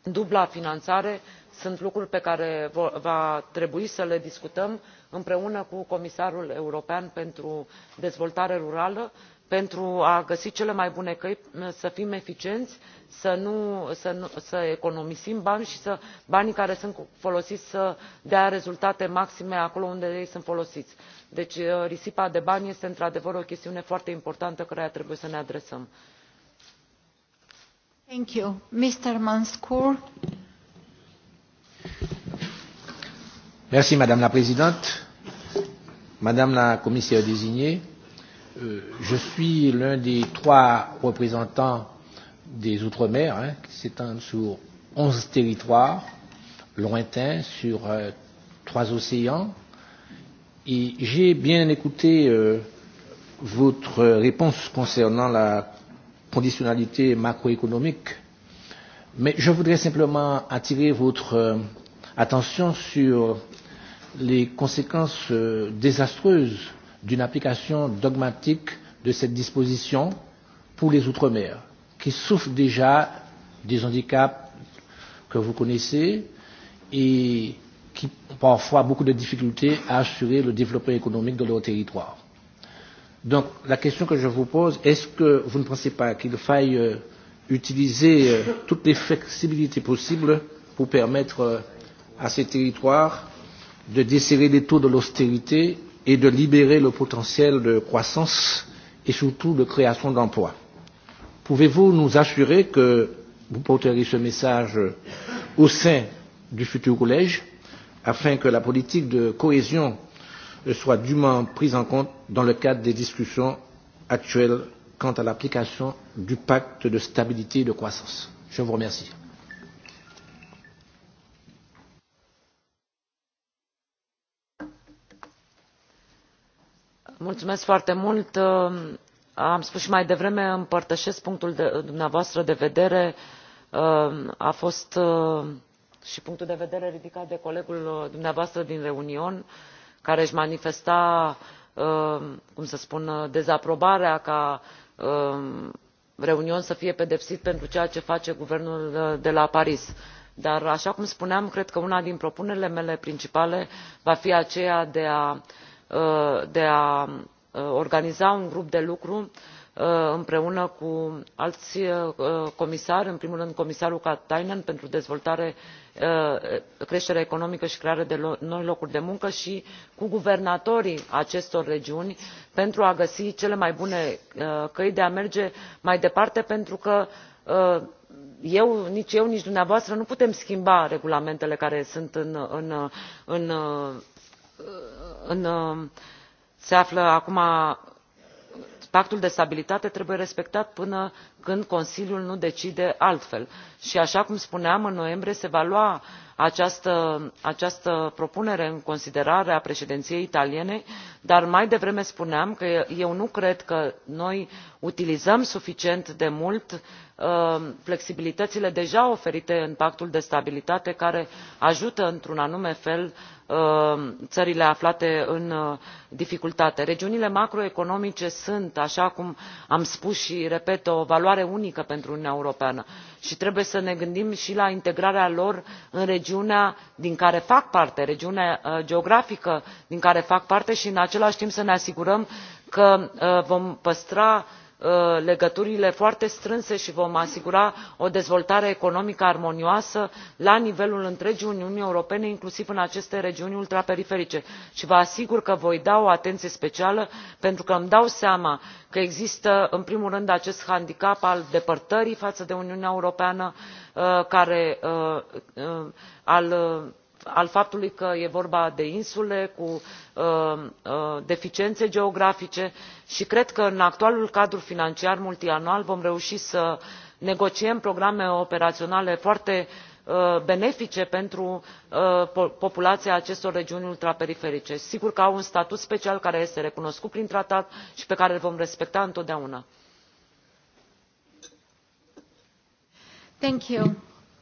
dubla finanțare sunt lucruri pe care va trebui să le discutăm împreună cu comisarul european pentru dezvoltare rurală pentru a găsi cele mai bune căi să fim eficienți să, nu, să, nu, să economisim bani și să banii care sunt folosiți să dea rezultate maxime acolo unde ei sunt folosiți deci uh, risipa de bani este într adevăr o chestiune foarte importantă căreia trebuie să ne adresăm. Thank you. Mr. Manscour. Merci, Madame la Présidente. Madame la Commissaire désignée, euh, je suis l'un des trois représentants des Outre-mer, hein, qui s'étendent sur 11 territoires lointains, sur euh, trois océans, J'ai bien écouté euh, votre réponse concernant la conditionnalité macroéconomique, mais je voudrais simplement attirer votre euh, attention sur les conséquences euh, désastreuses d'une application dogmatique de cette disposition pour les Outre-mer, qui souffrent déjà des handicaps que vous connaissez et qui parfois beaucoup de difficultés à assurer le développement économique de leur territoire. Donc la question que je vous pose, est-ce que vous ne pensez pas qu'il faille euh, utiliser euh, toutes les flexibilités possibles pour permettre euh, à ces territoires de desserrer les taux de l'austérité et de libérer le potentiel de croissance et surtout de création d'emplois. Pouvez-vous nous assurer que vous porterez ce message euh, au sein du futur collège afin que la politique de cohésion soit dûment prise en compte dans le cadre des discussions actuelles quant à l'application du pacte de stabilité et de croissance. Je vous remercie. Mulțumesc foarte mult. Am spus și mai devreme, împărtășesc punctul de, dumneavoastră de vedere. A fost și punctul de vedere ridicat de colegul uh, dumneavoastră din reunion care își manifesta uh, cum să spun uh, dezaprobarea ca reunion să fie pedepsit pentru ceea ce face guvernul de la paris dar așa cum spuneam cred că una din propunerile mele principale va fi aceea de a, de a organiza un grup de lucru împreună cu alți comisari în primul rând comisarul katainen pentru dezvoltare Uh, creștere economică și creare de noi locuri de muncă și cu guvernatorii acestor regiuni pentru a găsi cele mai bune uh, căi de a merge mai departe pentru că uh, eu nici eu nici dumneavoastră nu putem schimba regulamentele care sunt în, în, în, în se află acum pactul de stabilitate trebuie respectat până când consiliul nu decide altfel și așa cum spuneam în noiembrie se va lua această, propunere în considerare a președinției italiene dar mai devreme spuneam că eu nu cred că noi utilizăm suficient de mult uh, flexibilitățile deja oferite în pactul de stabilitate care ajută într un anume fel Uh, țările aflate în uh, dificultate. regiunile macroeconomice sunt așa cum am spus și repet o valoare unică pentru uniunea europeană și trebuie să ne gândim și la integrarea lor în regiunea din care fac parte regiunea uh, geografică din care fac parte și în același timp să ne asigurăm că vom păstra Uh, legăturile foarte strânse și vom asigura o dezvoltare economică armonioasă la nivelul întregii uniuni europene inclusiv în aceste regiuni ultraperiferice și vă asigur că voi da o atenție specială pentru că îmi dau seama că există în primul rând acest handicap al depărtării față de uniunea europeană uh, care uh, al al faptului că e vorba de insule cu uh, uh, deficiențe geografice și cred că în actualul cadru financiar multianual vom reuși să negociem programe operaționale foarte uh, benefice pentru populația acestor regiuni ultraperiferice. sigur că au un statut special care este recunoscut prin tratat și pe care îl vom respecta întotdeauna. Thank you.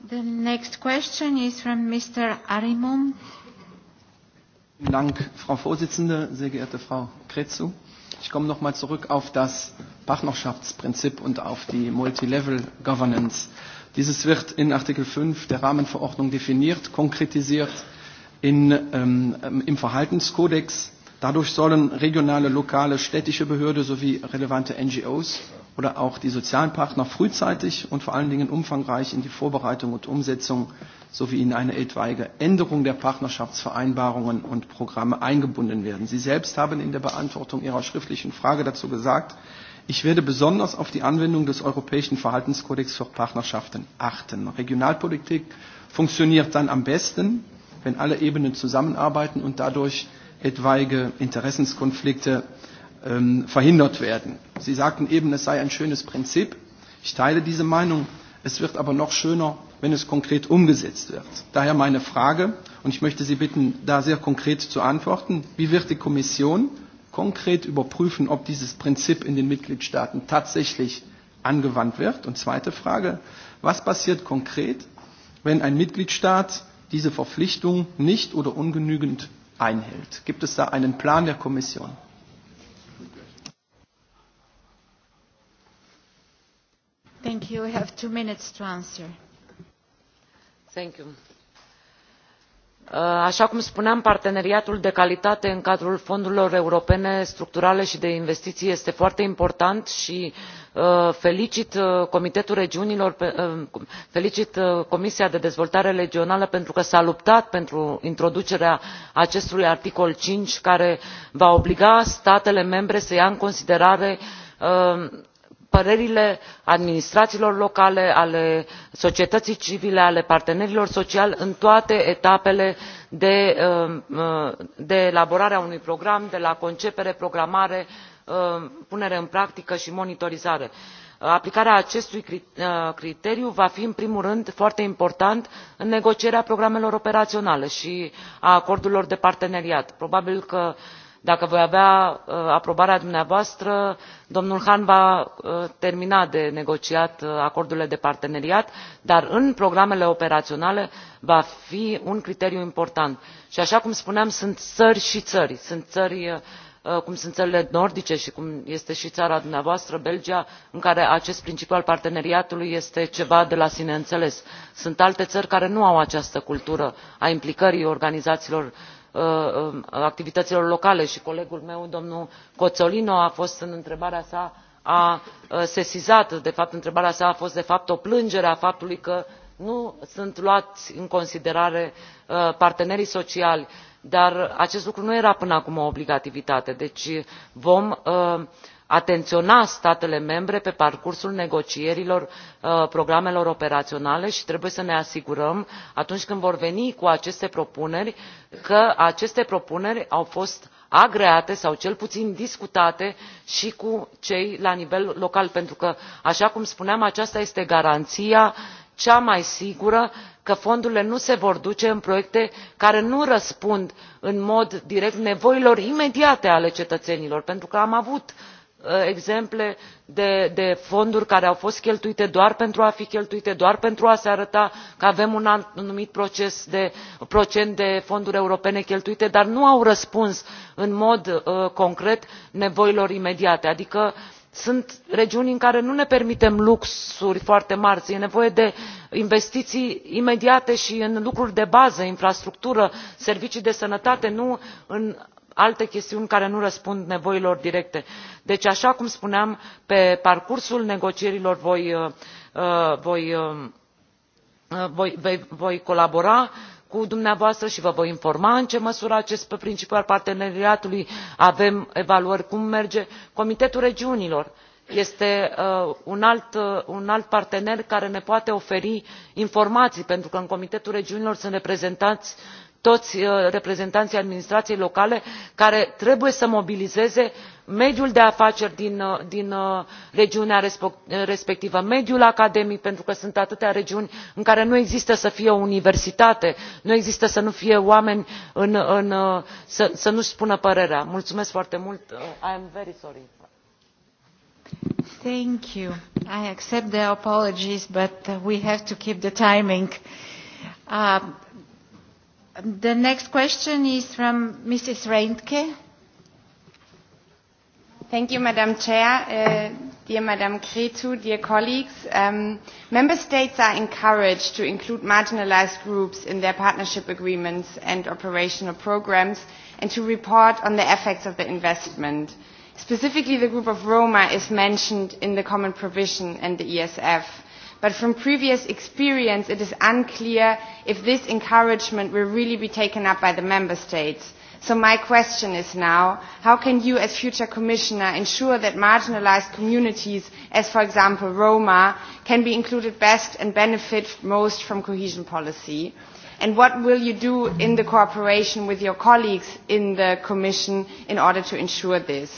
The next question is from Mr. Arimum. Dank, Frau Vorsitzende, sehr geehrte Frau Kretzu. Ich komme noch mal zurück auf das Partnerschaftsprinzip und auf die Multilevel Governance. Dieses wird in Artikel 5 der Rahmenverordnung definiert, konkretisiert in, ähm, im Verhaltenskodex. Dadurch sollen regionale, lokale, städtische Behörde sowie relevante NGOs oder auch die sozialen Partner frühzeitig und vor allen Dingen umfangreich in die Vorbereitung und Umsetzung sowie in eine etwaige Änderung der Partnerschaftsvereinbarungen und Programme eingebunden werden. Sie selbst haben in der Beantwortung Ihrer schriftlichen Frage dazu gesagt, ich werde besonders auf die Anwendung des Europäischen Verhaltenskodex für Partnerschaften achten. Regionalpolitik funktioniert dann am besten, wenn alle Ebenen zusammenarbeiten und dadurch etwaige Interessenskonflikte äh, ähm, verhindert werden. Sie sagten eben, es sei ein schönes Prinzip. Ich teile diese Meinung. Es wird aber noch schöner, wenn es konkret umgesetzt wird. Daher meine Frage, und ich möchte Sie bitten, da sehr konkret zu antworten. Wie wird die Kommission konkret überprüfen, ob dieses Prinzip in den Mitgliedstaaten tatsächlich angewandt wird? Und zweite Frage, was passiert konkret, wenn ein Mitgliedstaat diese Verpflichtung nicht oder ungenügend einhält? Gibt es da einen Plan der Kommission? Thank you. We have two minutes to answer. Thank you. Uh, așa cum spuneam, parteneriatul de calitate în cadrul fondurilor europene structurale și de investiții este foarte important și uh, felicit uh, Comitetul Regiunilor, felicit Comisia de Dezvoltare Regională pentru că s-a luptat pentru introducerea acestui articol 5 care va obliga statele membre să ia în considerare părerile administrațiilor locale ale societății civile ale partenerilor sociali în toate etapele de, uh, uh, elaborare a unui program de la concepere programare uh, punere în practică și monitorizare aplicarea acestui criteriu va fi în primul rând foarte importantă în negocierea programelor operaționale și a acordurilor de parteneriat. probabil că Dacă voi avea uh, aprobarea dumneavoastră, domnul Han va uh, termina de negociat uh, acordurile de parteneriat, dar în programele operaționale va fi un criteriu important. Și așa cum spuneam, sunt țări și țări. Sunt țări cum sunt țările nordice și cum este și țara dumneavoastră belgia în care acest principiu al parteneriatului este ceva de la sine înțeles. sunt alte țări care nu au această cultură a implicării organizațiilor Uh, um, activităților locale și colegul meu, domnul Cozzolino, a fost în întrebarea sa, a uh, sesizat, de fapt întrebarea sa a fost de fapt o plângere a faptului că nu sunt luați în considerare uh, partenerii sociali, dar acest lucru nu era până acum o obligativitate. Deci vom atenționa statele membre pe parcursul negocierilor uh, programelor operaționale și trebuie să ne asigurăm atunci când vor veni cu aceste propuneri că aceste propuneri au fost agreate sau cel puțin discutate și cu cei la nivel local pentru că așa cum spuneam aceasta este garanția cea mai sigură că fondurile nu se vor duce în proiecte care nu răspund în mod direct nevoilor imediate ale cetățenilor pentru că am avut Uh, exemple de, de fonduri care au fost cheltuite doar pentru a fi cheltuite, doar pentru a se arăta că avem un anumit proces de, procent de fonduri europene cheltuite, dar nu au răspuns în mod uh, concret nevoilor imediate. Adică sunt regiuni în care nu ne permitem luxuri foarte mari e nevoie de investiții imediate și în lucruri de bază infrastructură servicii de sănătate nu în alte chestiuni care nu răspund nevoilor directe. deci așa cum spuneam pe parcursul negocierilor voi, uh, uh, uh, voi, voi, voi colabora cu dumneavoastră și vă voi informa în ce măsură acest principiu al parteneriatului avem evaluări cum merge. comitetul regiunilor este uh, un, alt, uh, un alt partener care ne poate oferi informații pentru că în comitetul regiunilor sunt reprezentați uh, toți uh, reprezentanții administrației locale care trebuie să mobilizeze mediul de afaceri din, uh, uh, regiunea respectivă mediul academic pentru că sunt atâtea regiuni în care nu există să fie o universitate nu există să nu fie oameni să, să nu și spună părerea. mulțumesc foarte mult i am very sorry. Thank you. I accept the apologies, but we have to keep the timing. Uh, The next question is from Mrs. Reintke. Thank you, Madam Chair, uh, dear Madam Cretu, dear colleagues. Um, member States are encouraged to include marginalized groups in their partnership agreements and operational programs and to report on the effects of the investment. Specifically, the group of Roma is mentioned in the common provision and the ESF. But from previous experience, it is unclear if this encouragement will really be taken up by the Member States. So my question is now, how can you as future commissioner ensure that marginalized communities, as for example Roma, can be included best and benefit most from cohesion policy? And what will you do in the cooperation with your colleagues in the Commission in order to ensure this?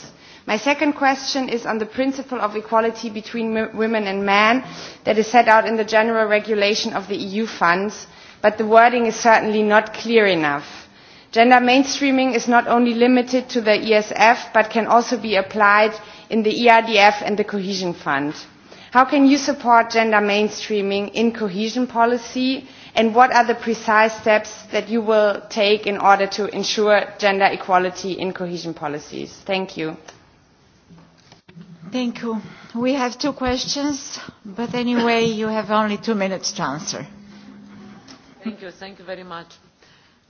My second question is on the principle of equality between women and men that is set out in the general regulation of the EU funds, but the wording is certainly not clear enough. Gender mainstreaming is not only limited to the ESF, but can also be applied in the ERDF and the Cohesion Fund. How can you support gender mainstreaming in cohesion policy, and what are the precise steps that you will take in order to ensure gender equality in cohesion policies? Thank you. Thank you. We have two questions, but anyway, you have only two minutes to answer. Thank you, thank you very much.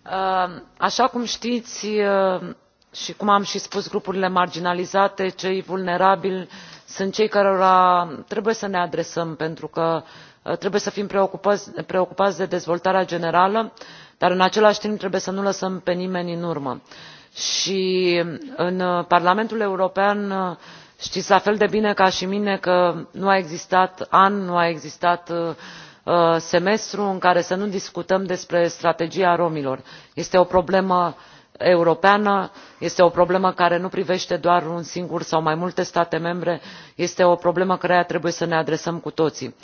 Uh, așa cum știți uh, și cum am și spus, grupurile marginalizate, cei vulnerabili, sunt cei cărora trebuie să ne adresăm, pentru că uh, trebuie să fim preocupați, preocupați de dezvoltarea generală, dar în același timp trebuie să nu lăsăm pe nimeni în urmă. Și în Parlamentul European uh, Știți la fel de bine ca și mine că nu a existat an, nu a existat uh, uh, semestru în care să nu discutăm despre strategia romilor. Este o problemă europeană este o problemă care nu privește doar un singur sau mai multe state membre este o problemă care trebuie să ne adresăm cu toții.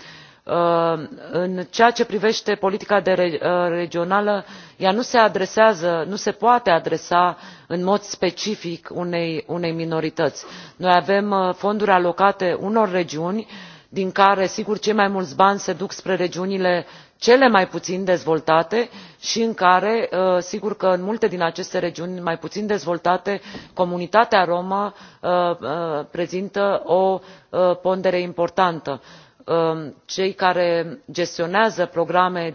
Uh, în ceea ce privește politica de uh, regională ea nu se adresează nu se poate adresa în mod specific unei, unei minorități. noi avem uh, fonduri alocate unor regiuni din care sigur cei mai mulți bani se duc spre regiunile cele mai puțin dezvoltate și în care sigur că în multe din aceste regiuni mai puțin dezvoltate comunitatea romă prezintă o pondere importantă Um, cei care gestionează programe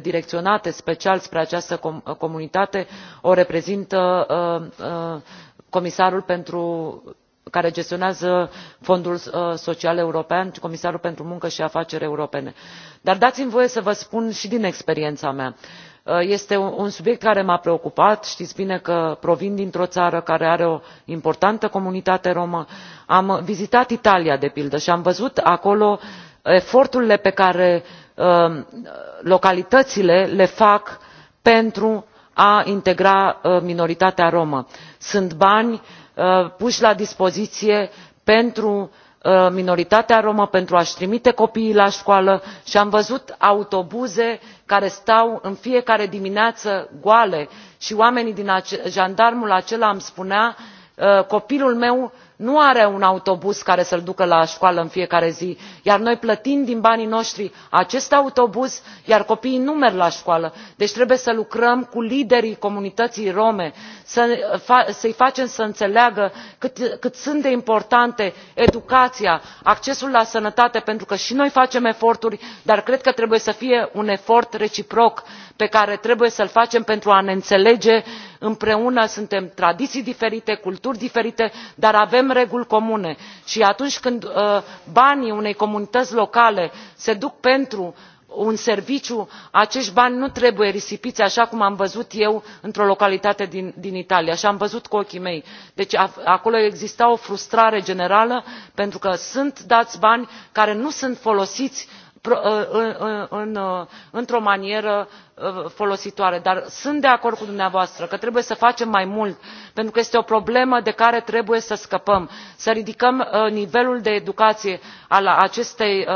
direcționate special spre această comunitate o reprezintă uh, uh, comisarul pentru care gestionează fondul uh, social european comisarul pentru muncă și afaceri europene. dar dați mi voie să vă spun și din experiența mea că Uh, este un subiect care m a preocupat știți bine că provin dintr o țară care are o importantă comunitate romă am vizitat italia de pildă și am văzut acolo eforturile pe care uh, localitățile le fac pentru a integra uh, minoritatea romă. sunt bani puși la dispoziție pentru Uh, minoritatea romă pentru a și trimite copiii la școală și am văzut autobuze care stau în fiecare dimineață goale și oamenii din jandarmul acela îmi spunea uh, copilul meu nu are un autobuz care să l ducă la școală în fiecare zi iar noi plătim din banii noștri acest autobuz iar copiii nu merg la școală deci trebuie să lucrăm cu liderii comunității rome să îi facem să înțeleagă cât, sunt de importante educația accesul la sănătate pentru că și noi facem eforturi dar cred că trebuie să fie un efort reciproc pe care trebuie să l facem pentru a ne înțelege împreună suntem tradiții diferite culturi diferite dar avem avem reguli comune și atunci când uh, banii unei comunități locale se duc pentru un serviciu acești bani nu trebuie risipiți așa cum am văzut eu într o localitate din, din italia și am văzut cu ochii mei deci a, acolo exista o frustrare generală pentru că sunt dați bani care nu sunt folosiți în, într-o manieră folositoare. Dar sunt de acord cu dumneavoastră că trebuie să facem mai mult, pentru că este o problemă de care trebuie să scăpăm, să ridicăm nivelul de educație al acestei,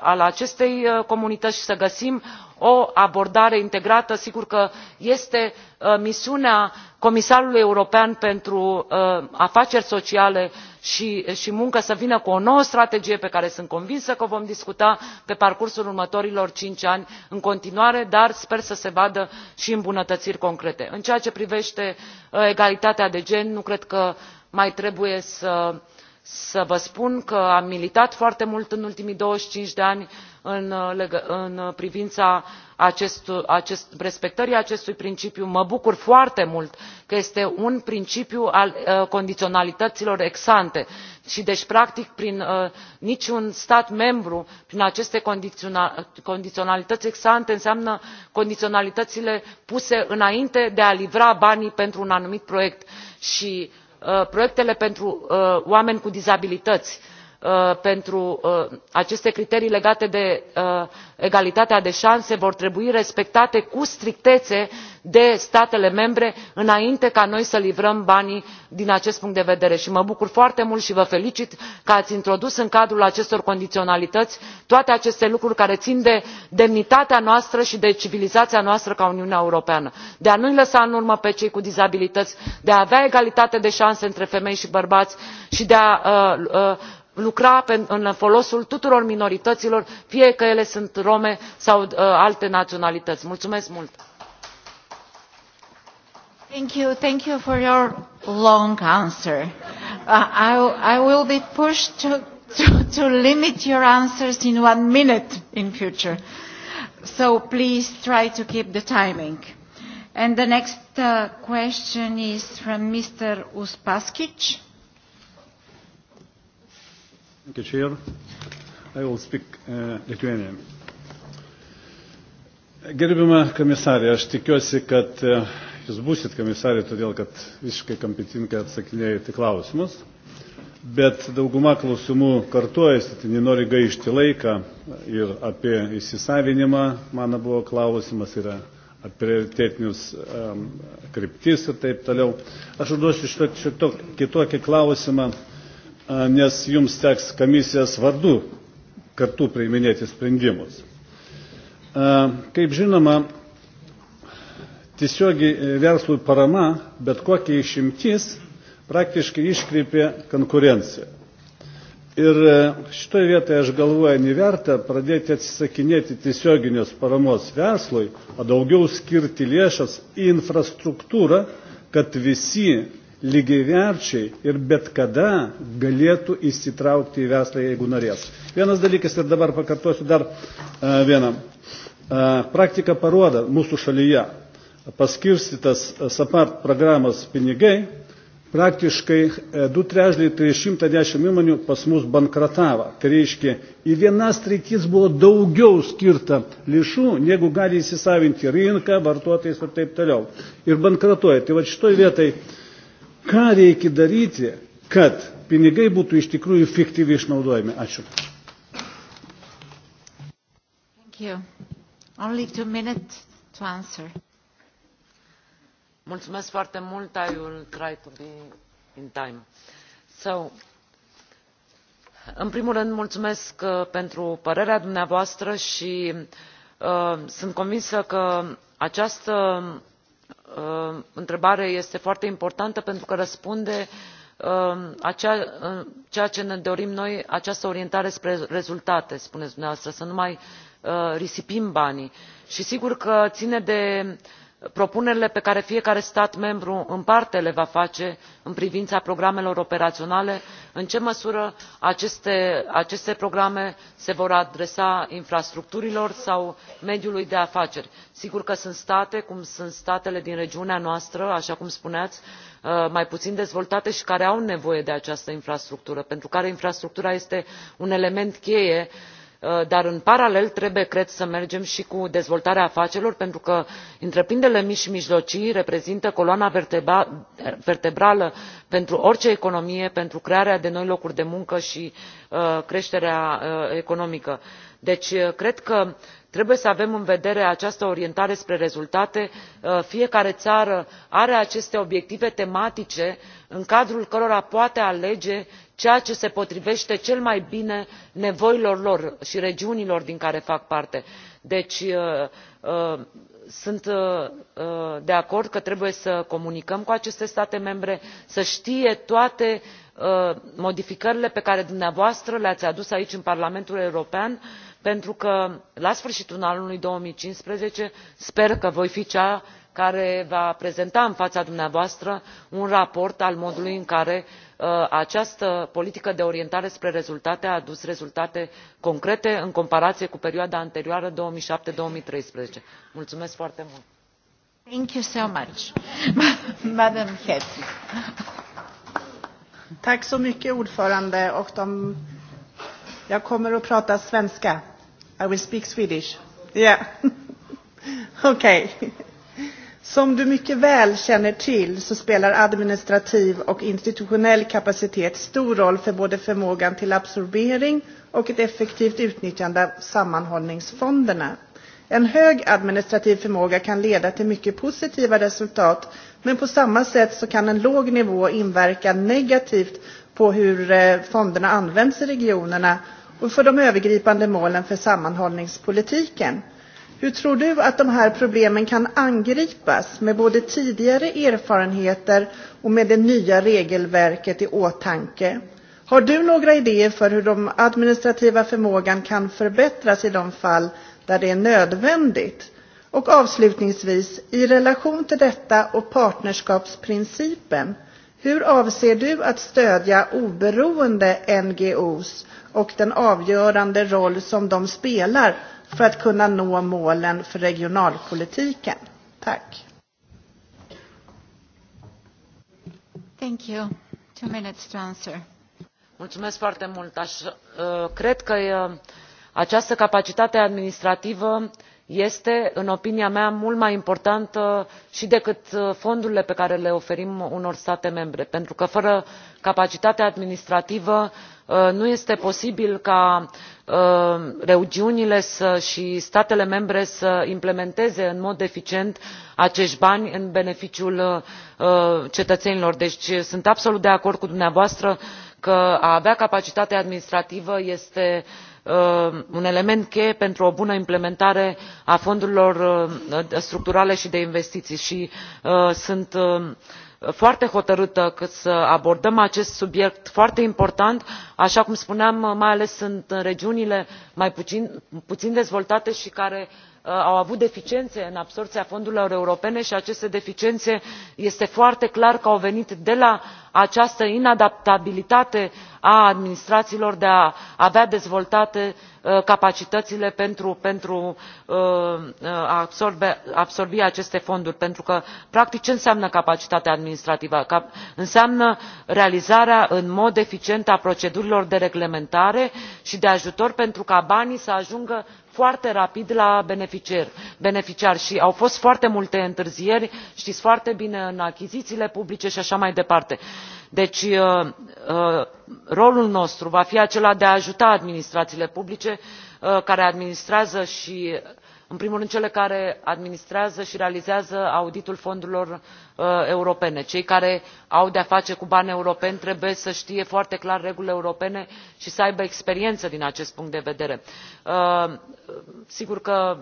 al acestei comunități și să găsim o abordare integrată sigur că este uh, misiunea comisarului european pentru uh, afaceri sociale și, muncă să vină cu o nouă strategie pe care sunt convinsă că o vom discuta pe parcursul următorilor cinci ani în continuare dar sper să se vadă și îmbunătățiri concrete. în ceea ce privește uh, egalitatea de gen nu cred că mai trebuie să să vă spun că am militat foarte mult în ultimii 25 de ani în, uh, în uh, privința acest, uh, acest, respectării acestui principiu. Mă bucur foarte mult că este un principiu al uh, condiționalităților exante și deci practic prin uh, niciun stat membru prin aceste condiționalități exante înseamnă condiționalitățile puse înainte de a livra banii pentru un anumit proiect și Uh, proiectele pentru uh, oameni cu dizabilități Uh, pentru uh, aceste criterii legate de uh, egalitatea de șanse vor trebui respectate cu strictețe de statele membre înainte ca noi să livrăm banii din acest punct de vedere și mă bucur foarte mult și vă felicit că ați introdus în cadrul acestor condiționalități toate aceste lucruri care țin de demnitatea noastră și de civilizația noastră ca uniune europeană de a nu i lăsa în urmă pe cei cu dizabilități de a avea egalitate de șanse între femei și bărbați și de a uh, uh, lucra în folosul tuturor minorităților fie că ele sunt rome sau uh, alte naționalități. mulțumesc mult! Thank you, thank you for your long answer. Uh, I, I will be pushed to, to, to limit your answers in one minute in future. So please try to keep the timing. And the next uh, question is from Mr. Uspaskic. Thank you, Chair. I will speak uh, Lithuanian. Gerbima komisarė, aš tikiuosi, kad uh, jūs būsit komisarė, todėl kad visiškai kompetinkai atsakinėjate klausimus, bet dauguma klausimų kartuojasi, tai nenori gaišti laiką ir apie įsisavinimą, mano buvo klausimas, yra apie prioritetinius um, kryptis ir taip toliau. Aš užduosiu šitokį kitokį klausimą nes jums teks komisijos vardu kartu priiminėti sprendimus. Kaip žinoma, tiesiogi verslui parama, bet kokia išimtis praktiškai iškreipė konkurenciją. Ir e, šitoje vietoje aš galvoju, neverta pradėti atsisakinėti tiesioginės paramos verslui, o daugiau skirti lėšas į infrastruktūrą, kad visi lygiaverčiai ir bet kada galėtų įsitraukti į verslą, jeigu norės. Vienas dalykas ir dabar pakartosiu dar e, vieną. E, praktika parodo mūsų šalyje paskirstytas SAPART programos pinigai, praktiškai 2 e, trešdaliai 310 įmonių pas mus bankratavo. Tai reiškia, į vienas streikis buvo daugiau skirta lėšų, negu gali įsisavinti rinką, vartotojais ir taip toliau. Ir bankratuoja. Tai va šitoj vietai ką reikia daryti, kad pinigai būtų iš tikrųjų fiktyviai išnaudojami. Ačiū. Thank you. Only two minutes to answer. Mulțumesc foarte mult. I will try to be in time. So, în primul rând, mulțumesc uh, pentru părerea dumneavoastră și uh, sunt convinsă că această Um, întrebare este foarte importantă pentru că răspunde um, acea, um, ceea ce ne dorim noi, această orientare spre rezultate, spuneți dumneavoastră, să nu mai uh, risipim banii. Și sigur că ține de propunerile pe care fiecare stat membru în parte le va face în privința programelor operaționale în ce măsură aceste, programe se vor adresa infrastructurilor sau mediului de afaceri. sigur că sunt state cum sunt statele din regiunea noastră așa cum spuneați uh, mai puțin dezvoltate și care au nevoie de această infrastructură pentru care infrastructura este un element cheie Uh, dar în paralel trebuie cred să mergem și cu dezvoltarea afacerilor pentru că întreprinderile mici și mijlocii reprezintă coloana vertebrală pentru orice economie pentru crearea de noi locuri de muncă și uh, creșterea uh, economică. deci cred că trebuie să avem în vedere această orientare spre rezultate fiecare țară are aceste obiective tematice în cadrul cărora poate alege ceea ce se potrivește cel mai bine nevoilor lor și regiunilor din care fac parte. deci uh, uh, sunt uh, de acord că trebuie să comunicăm cu aceste state membre să știe toate modificările pe care dumneavoastră le ați adus aici în parlamentul european pentru că la sfârșitul anului două mii cincisprezece sper că voi fi cea care va prezenta în fața dumneavoastră un raport al modului în care uh, această politică de orientare spre rezultate a adus rezultate concrete în comparație cu perioada anterioară două mii șapte două mii treisprezece mulțumesc foarte mult. Thank you so much. (laughs) Madam Tack så mycket ordförande och de... jag kommer att prata svenska. I will speak Swedish. Yeah. (laughs) Okay. Som du mycket väl känner till så spelar administrativ och institutionell kapacitet stor roll för både förmågan till absorbering och ett effektivt utnyttjande av sammanhållningsfonderna. En hög administrativ förmåga kan leda till mycket positiva resultat men på samma sätt så kan en låg nivå inverka negativt på hur eh, fonderna används i regionerna och för de övergripande målen för sammanhållningspolitiken. Hur tror du att de här problemen kan angripas med både tidigare erfarenheter och med det nya regelverket i åtanke? Har du några idéer för hur de administrativa förmågan kan förbättras i de fall där det är nödvändigt? Och avslutningsvis, i relation till detta och partnerskapsprincipen, hur avser du att stödja oberoende NGOs och den avgörande roll som de spelar för att kunna nå målen för regionalpolitiken? Tack. Thank you. Two minutes to answer. Mulțumesc foarte mult. Aș, uh, cred că uh, această capacitate administrativă este în opinia mea mult mai importantă și decât uh, fondurile pe care le oferim unor state membre pentru că fără capacitate administrativă uh, nu este posibil ca Um, regiunile și statele membre să implementeze în mod eficient acești bani în beneficiul uh, cetățenilor. deci sunt absolut de acord cu dumneavoastră că a avea capacitate administrativă este uh, un element cheie pentru o bună implementare a fondurilor uh, structurale și de investiții și sunt foarte hotărâtă să abordăm acest subiect foarte important așa cum spuneam mai ales în regiunile mai puțin, puțin dezvoltate și care uh, au avut deficiențe în absorbția fondurilor europene și aceste deficiențe este foarte clar că au venit de la această inadaptabilitate a administrațiilor de a avea dezvoltate uh, capacitățile pentru, pentru uh, uh, a absorbe, absorbi aceste fonduri pentru că practic ce înseamnă capacitatea administrativă? înseamnă realizarea în mod eficient a procedurilor de reglementare și de ajutor pentru ca banii să ajungă foarte rapid la beneficiar, beneficiar și au fost foarte multe întârzieri știți foarte bine în achizițiile publice și așa mai departe. Deci, uh, uh, rolul nostru va fi acela de a ajuta administrațiile publice uh, care administrează și în primul rând cele care administrează și realizează auditul fondurilor europene cei care au de a face cu bani europeni trebuie să știe foarte clar regulile europene și să aibă experiență din acest punct de vedere. sigur că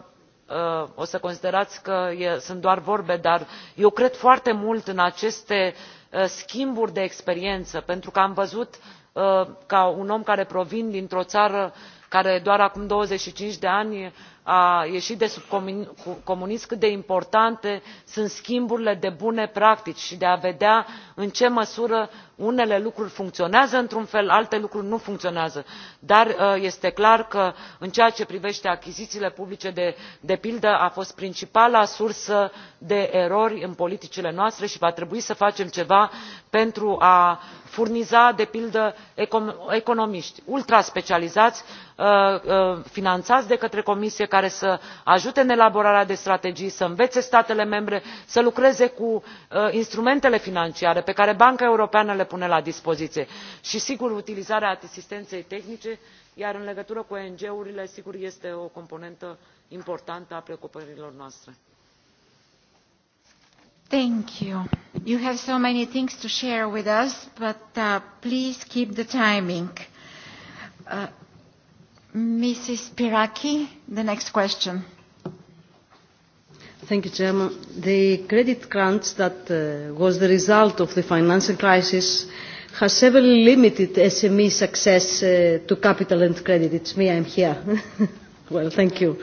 o să considerați că e, sunt doar vorbe dar eu cred foarte mult în aceste Uh, schimburi de experiență pentru că am văzut uh, ca un om care provin dintr o țară care doar acum douăzeci și cinci de ani a ieșit de sub comunism cât de importante sunt schimburile de bune practici și de a vedea în ce măsură unele lucruri funcționează într un fel alte lucruri nu funcționează dar uh, este clar că în ceea ce privește achizițiile publice de, de pildă a fost principala sursă de erori în politicile noastre și va trebui să facem ceva pentru a furniza de pildă economiști ultraspecializați uh, uh, finanțați de către comisie care să ajute în elaborarea de strategii să învețe statele membre să lucreze cu instrumentele financiare pe care banca europeană le pune la dispoziție și sigur utilizarea asistenței tehnice iar în legătură cu ong urile sigur este o componentă importantă a preocupărilor noastre. Thank you. You have so many things to share with us, but uh, please keep the timing. Uh, Mrs. Piraki, the next question. Thank you, Chairman. The credit crunch that uh, was the result of the financial crisis has severely limited SME success uh, to capital and credit. It's me, I'm here. (laughs) well, thank you.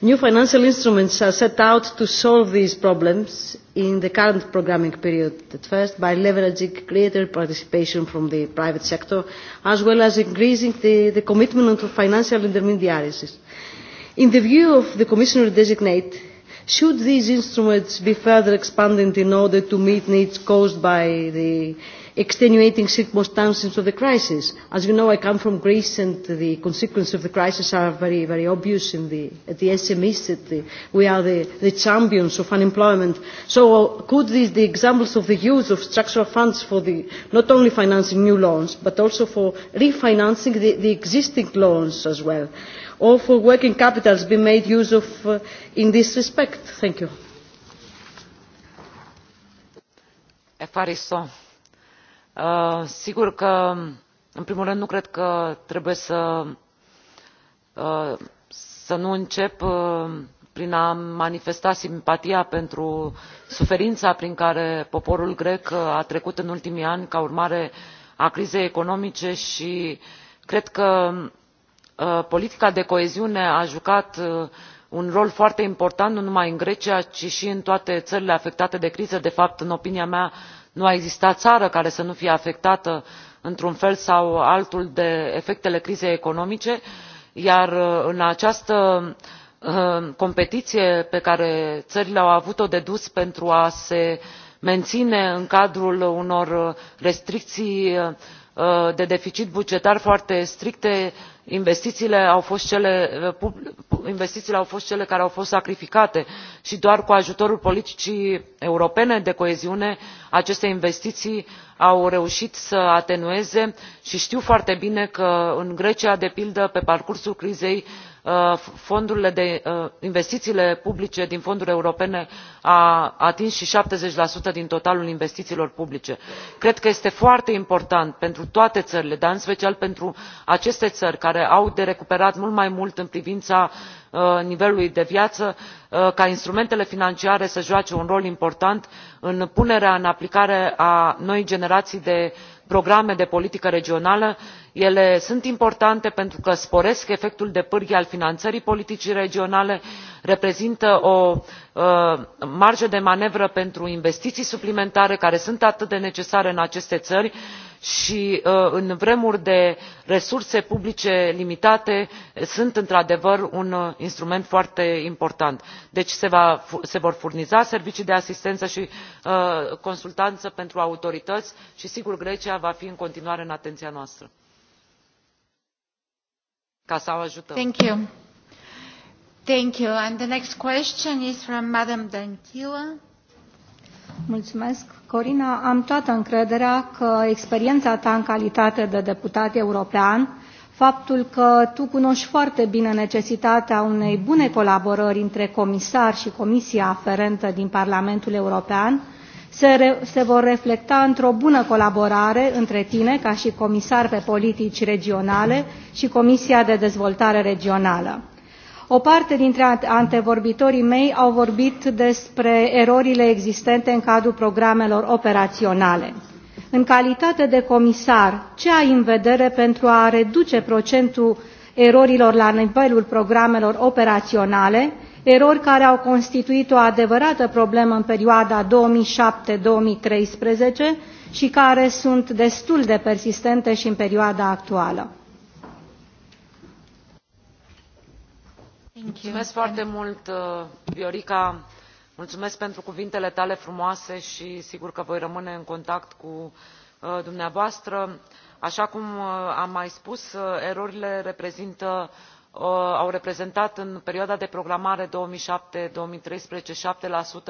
New financial instruments are set out to solve these problems in the current programming period at first by leveraging greater participation from the private sector as well as increasing the, the commitment of financial intermediaries. In the view of the Commissioner-designate, Should these instruments be further expanded in order to meet needs caused by the extenuating circumstances of the crisis? As you know, I come from Greece and the consequences of the crisis are very, very obvious in the, at the SMEs. That the, we are the, the champions of unemployment. So uh, could these, the examples of the use of structural funds for the, not only financing new loans, but also for refinancing the, the existing loans as well? or for working capitals be made use of uh, in this respect? Thank you. E uh, sigur că, în primul rând, nu cred că trebuie să, uh, să nu încep uh, prin a manifesta simpatia pentru suferința prin care poporul grec a trecut în ultimii ani ca urmare a crizei economice și cred că Uh, politica de coeziune a jucat uh, un rol foarte important nu numai în grecia ci și în toate țările afectate de criză de fapt în opinia mea nu a existat țară care să nu fie afectată într un fel sau altul de efectele crizei economice iar uh, în această competiție pe care țările au avut o de dus pentru a se menține în cadrul unor restricții Uh, de deficit bugetar foarte stricte uh, investițiile au fost cele, care au fost sacrificate și doar cu ajutorul politicii europene de coeziune aceste investiții au reușit să atenueze și știu foarte bine că în grecia de pildă pe parcursul crizei Uh, de uh, investițiile publice din fonduri europene a atins și șaptezeci din totalul investițiilor publice. cred că este foarte important pentru toate țările dar în special pentru aceste țări care au de recuperat mult mai mult în privința uh, nivelului de viață ca instrumentele financiare să joace un rol important în punerea în aplicare a noii generații de programe de politică regională și ele sunt importante pentru că sporesc efectul de pârghie al finanțării politicii regionale reprezintă o uh, marjă de manevră pentru investiții suplimentare care sunt atât de necesare în aceste țări și uh, în vremuri de resurse publice limitate sunt într adevăr un uh, instrument foarte important deci se, vor furniza servicii de asistență și consultanță pentru autorități și sigur grecia va fi în continuare în atenția noastră. Thank you. Thank you. And the next question is from Madam Dantila. Mulțumesc. Corina, am toată încrederea că experiența ta în calitate de deputat european, faptul că tu cunoști foarte bine necesitatea unei bune colaborări între comisar și comisia aferentă din Parlamentul European, se, re, se vor reflecta într-o bună colaborare între tine ca și comisar pe politici regionale și Comisia de Dezvoltare Regională. O parte dintre antevorbitorii mei au vorbit despre erorile existente în cadrul programelor operaționale. În calitate de comisar, ce ai în vedere pentru a reduce procentul erorilor la nivelul programelor operaționale erori care au constituit o adevărată problemă în perioada 2007-2013 și care sunt destul de persistente și în perioada actuală. Mulțumesc foarte mult, uh, Viorica. Mulțumesc pentru cuvintele tale frumoase și sigur că voi rămâne în contact cu uh, dumneavoastră. Așa cum uh, am mai spus, erorile reprezintă Uh, au reprezentat în perioada de programare două mii șapte două mii treisprezece șapte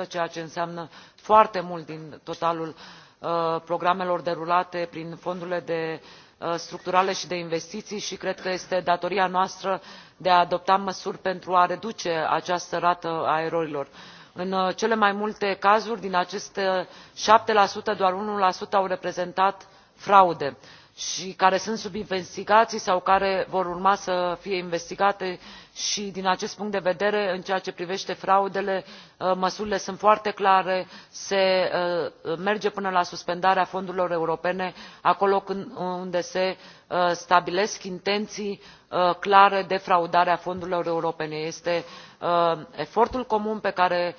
ceea ce înseamnă foarte mult din totalul uh, programelor derulate prin fondurile uh, structurale și de investiții și cred că este datoria noastră de a adopta măsuri pentru a reduce această rată a erorilor. în cele mai multe cazuri din aceste șapte doar unu au reprezentat fraude și care sunt sub investigații sau care vor urma să fie investigate și din acest punct de vedere în ceea ce privește fraudele uh, măsurile sunt foarte clare se uh, merge până la suspendarea fondurilor europene acolo unde se uh, stabilesc intenții clare de fraudare a fondurilor europene. este efortul comun pe care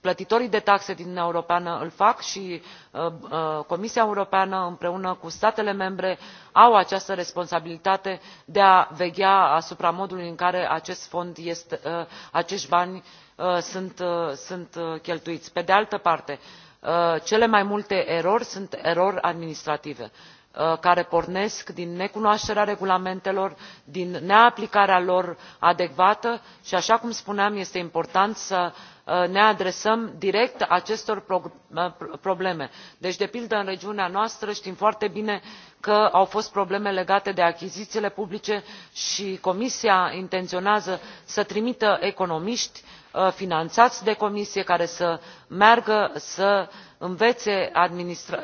plătitorii de taxe din uniunea europeană îl fac și uh, uh, comisia europeană împreună cu statele membre au această responsabilitate de a veghea asupra modului în care acest fond uh, acești bani sunt, sunt cheltuiți. pe de altă parte cele mai multe erori sunt erori administrative care pornesc din necunoașterea regulamentelor din neaplicarea lor adecvată și așa cum spuneam este important să Uh, ne adresăm direct acestor uh, probleme. deci de pildă în regiunea noastră știm foarte bine că au fost probleme legate de achizițiile publice și comisia intenționează să trimită economiști Uh, finanțați de comisie care să meargă să învețe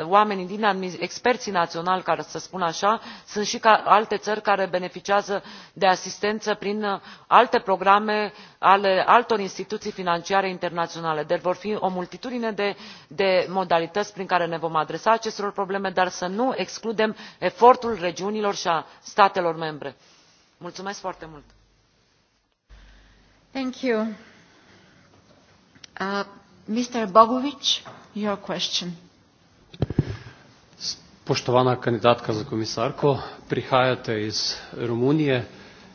oamenii din experții naționali care să spun așa sunt și alte țări care beneficiază de asistență prin uh, alte programe ale altor instituții financiare internaționale deci vor fi o multitudine de, de modalități prin care ne vom adresa acestor probleme dar să nu excludem efortul regiunilor și a statelor membre. mulțumesc foarte mult! Thank you. Uh, Mr. Bogovic, your question. Poštovana kandidatka za komisarko, prihajate iz Romunije,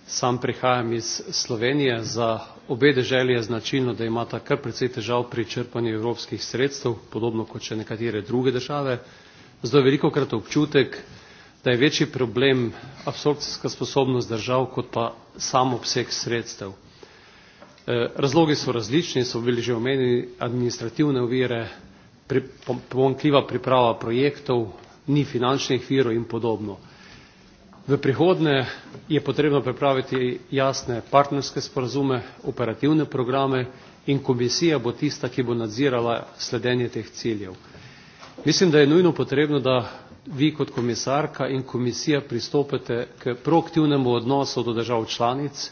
sam prihajam iz Slovenije. Za obe deželi je značilno, da imata kar precej težav pri črpanju evropskih sredstev, podobno kot še nekatere druge države. je veliko krat občutek, da je večji problem absorpcijska sposobnost držav kot pa sam obseg sredstev. Eh, razlogi so različni, so bili že meni administrativne ovire, pomankljiva priprava projektov, ni finančnih virov in podobno. V prihodne je potrebno pripraviti jasne partnerske sporazume, operativne programe in komisija bo tista, ki bo nadzirala sledenje teh ciljev. Mislim, da je nujno potrebno, da vi kot komisarka in komisija pristopite k proaktivnemu odnosu do držav članic,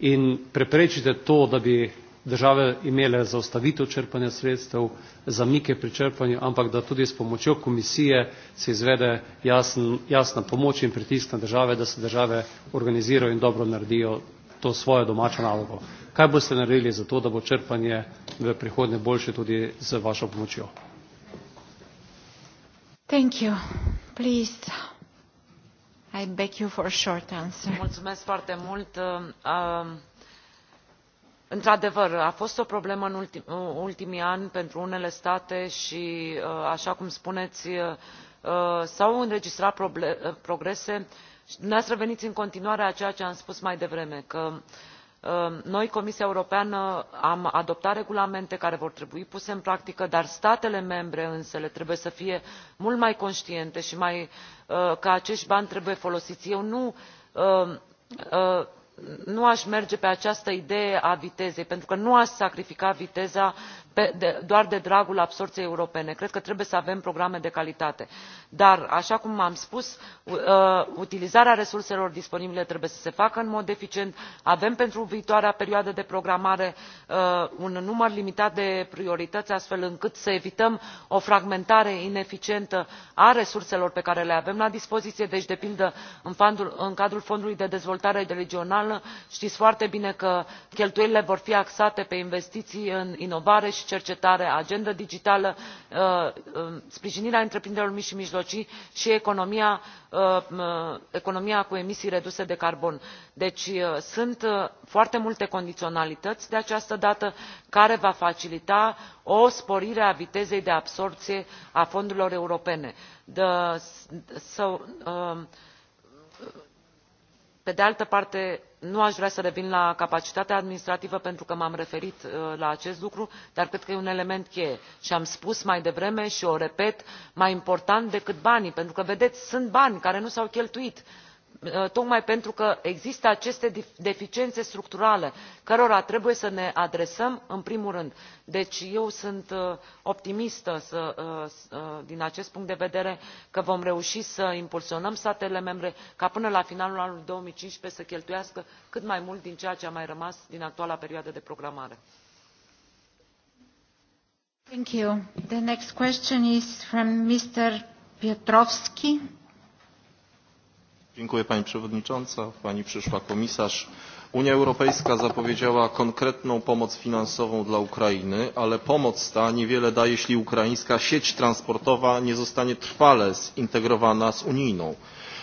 in preprečite to, da bi države imele zaustavitev črpanja sredstev, zamike pri črpanju, ampak da tudi s pomočjo komisije se izvede jasn, jasna pomoč in pritisk na države, da se države organizirajo in dobro naredijo to svojo domačo nalogo. Kaj boste naredili za to, da bo črpanje v prihodnje boljše tudi z vašo pomočjo? Thank you. Please, I beg you for a short answer. Mulțumesc foarte mult. Um, într-adevăr, a fost o problemă în ultimii ani pentru unele state și, uh, așa cum spuneți, uh, s-au înregistrat uh, progrese. Dumneavoastră veniți în continuare a ceea ce am spus mai devreme, că uh, Ehm, noi comisia europeană am adoptat regulamente care vor trebui puse în practică dar statele membre însele trebuie să fie mult mai conștiente și ehm, că acești bani trebuie folosiți. eu nu, ehm, nu aș merge pe această idee a vitezei pentru că nu aș sacrifica viteza pe, doar de dragul absorției europene. cred că trebuie să avem programe de calitate dar așa cum am spus uh, utilizarea resurselor disponibile trebuie să se facă în mod eficient avem pentru viitoarea perioadă de programare uh, un număr limitat de priorități astfel încât să evităm o fragmentare ineficientă a resurselor pe care le avem la dispoziție deci de pildă în, fondul, în cadrul fondului de dezvoltare regională știți foarte bine că cheltuielile vor fi axate pe investiții în inovare și și cercetare agenda digitală sprijinirea întreprinderilor mici și mijlocii și economia, economia cu emisii reduse de carbon. deci sunt foarte multe condiționalități de această dată care va facilita o sporire a vitezei de absorbție a fondurilor europene. so, um, Pe de altă parte, nu aș vrea să revin la capacitatea administrativă pentru că m-am referit uh, la acest lucru, dar cred că e un element cheie. Și am spus mai devreme și o repet, mai important decât banii, pentru că, vedeți, sunt bani care nu s-au cheltuit Uh, tocmai pentru că există aceste deficiențe structurale cărora trebuie să ne adresăm în primul rând. deci eu sunt uh, optimistă uh, din acest punct de vedere că vom reuși să impulsionăm statele membre ca până la finalul anului două mii cincisprezece să cheltuiască cât mai mult din ceea ce a mai rămas din actuala perioadă de programare. Dziękuję Pani Przewodnicząca, Pani przyszła komisarz. Unia Europejska zapowiedziała konkretną pomoc finansową dla Ukrainy, ale pomoc ta niewiele da, jeśli ukraińska sieć transportowa nie zostanie trwale zintegrowana z unijną.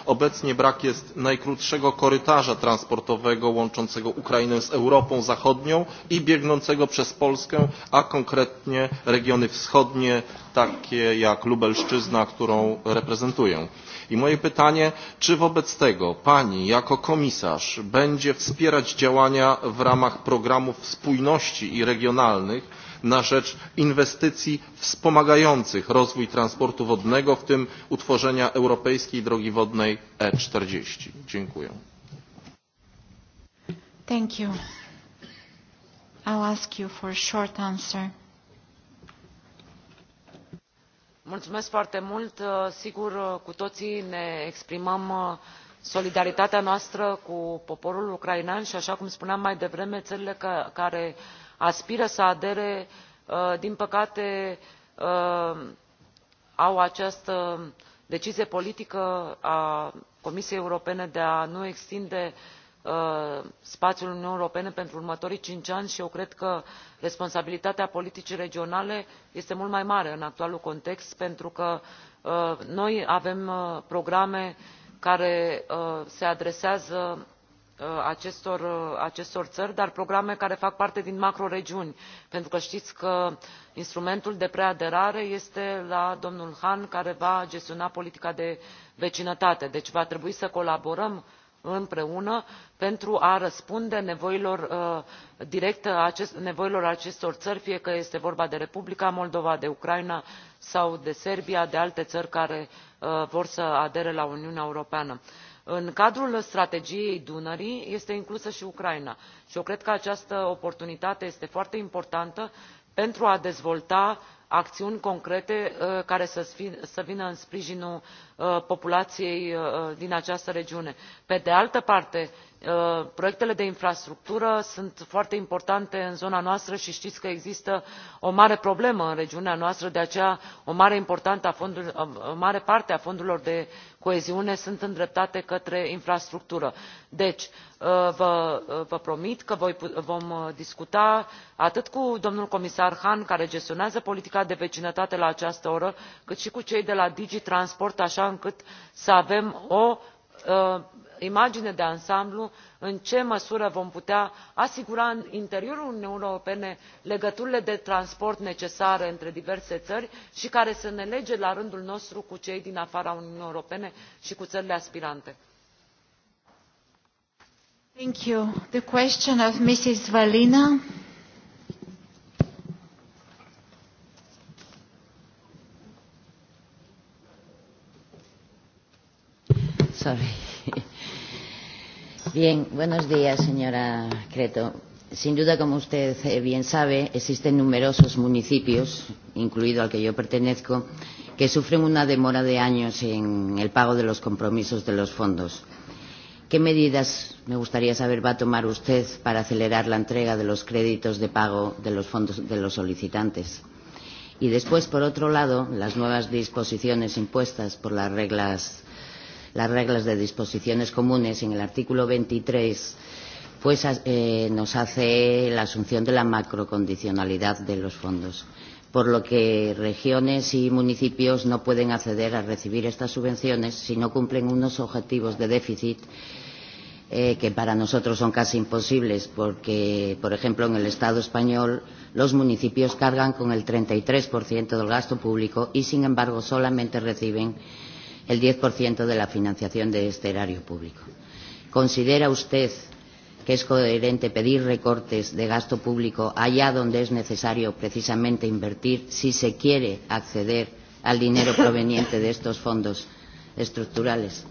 Obecnie brak jest najkrótszego korytarza transportowego łączącego Ukrainę z Europą Zachodnią i biegnącego przez Polskę, a konkretnie regiony wschodnie, takie jak Lubelszczyzna, którą reprezentuję. I moje pytanie, czy wobec tego Pani jako komisarz będzie wspierać działania w ramach programów spójności i regionalnych, na rzecz inwestycji wspomagających rozwój transportu wodnego, w tym utworzenia europejskiej drogi wodnej E40. Dziękuję. Thank you. I'll ask you for a short answer. Mulțumesc foarte mult. Sigur, cu toții ne exprimăm solidaritatea noastră cu poporul ucrainean și, așa cum spuneam mai devreme, țările care aspiră să adere, uh, din păcate, uh, au această decizie politică a Comisiei Europene de a nu extinde uh, spațiul Uniunii Europene pentru următorii cinci ani și eu cred că responsabilitatea politicii regionale este mult mai mare în actualul context pentru că noi avem programe care se adresează Uh, acestor, uh, acestor țări, dar programe care fac parte din macroregiuni, pentru că știți că instrumentul de preaderare este la domnul Han, care va gestiona politica de vecinătate. Deci va trebui să colaborăm împreună pentru a răspunde nevoilor uh, directe acest, nevoilor acestor țări fie că este vorba de republica moldova de ucraina sau de serbia de alte țări care uh, vor să adere la uniunea europeană. În cadrul strategiei Dunării este inclusă și Ucraina și eu cred că această oportunitate este foarte importantă pentru a dezvolta acțiuni concrete uh, care să, vină în sprijinul Uh, populației uh, uh, din această regiune. pe de altă parte proiectele de infrastructură sunt foarte importante în zona noastră și știți că există o mare problemă în regiunea noastră de aceea o mare, a o mare parte a fondurilor de coeziune sunt îndreptate către infrastructură. deci vă, vă promit că voi, vom discuta atât cu domnul comisar hahn care gestionează politica de vecinătate la această oră cât și cu cei de la digitransport. transport așa așa încât să avem o imagine de ansamblu în ce măsură vom putea asigura în interiorul uniunii europene legăturile de transport necesare între diverse țări și care să ne lege la rândul nostru cu cei din afara uniunii europene și cu țările aspirante. Thank you. The question of Mrs. Valina. sorry. Bien, buenos días, señora Creto. Sin duda, como usted eh, bien sabe, existen numerosos municipios, incluido al que yo pertenezco, que sufren una demora de años en el pago de los compromisos de los fondos. ¿Qué medidas, me gustaría saber, va a tomar usted para acelerar la entrega de los créditos de pago de los fondos de los solicitantes? Y después, por otro lado, las nuevas disposiciones impuestas por las reglas las reglas de disposiciones comunes en el artículo 23 pues eh, nos hace la asunción de la macrocondicionalidad de los fondos, por lo que regiones y municipios no pueden acceder a recibir estas subvenciones si no cumplen unos objetivos de déficit eh, que para nosotros son casi imposibles, porque, por ejemplo, en el Estado español los municipios cargan con el 33% del gasto público y, sin embargo, solamente reciben el 10% de la financiación de este erario público. ¿Considera usted que es coherente pedir recortes de gasto público allá donde es necesario precisamente invertir si se quiere acceder al dinero (laughs) proveniente de estos fondos estructurales?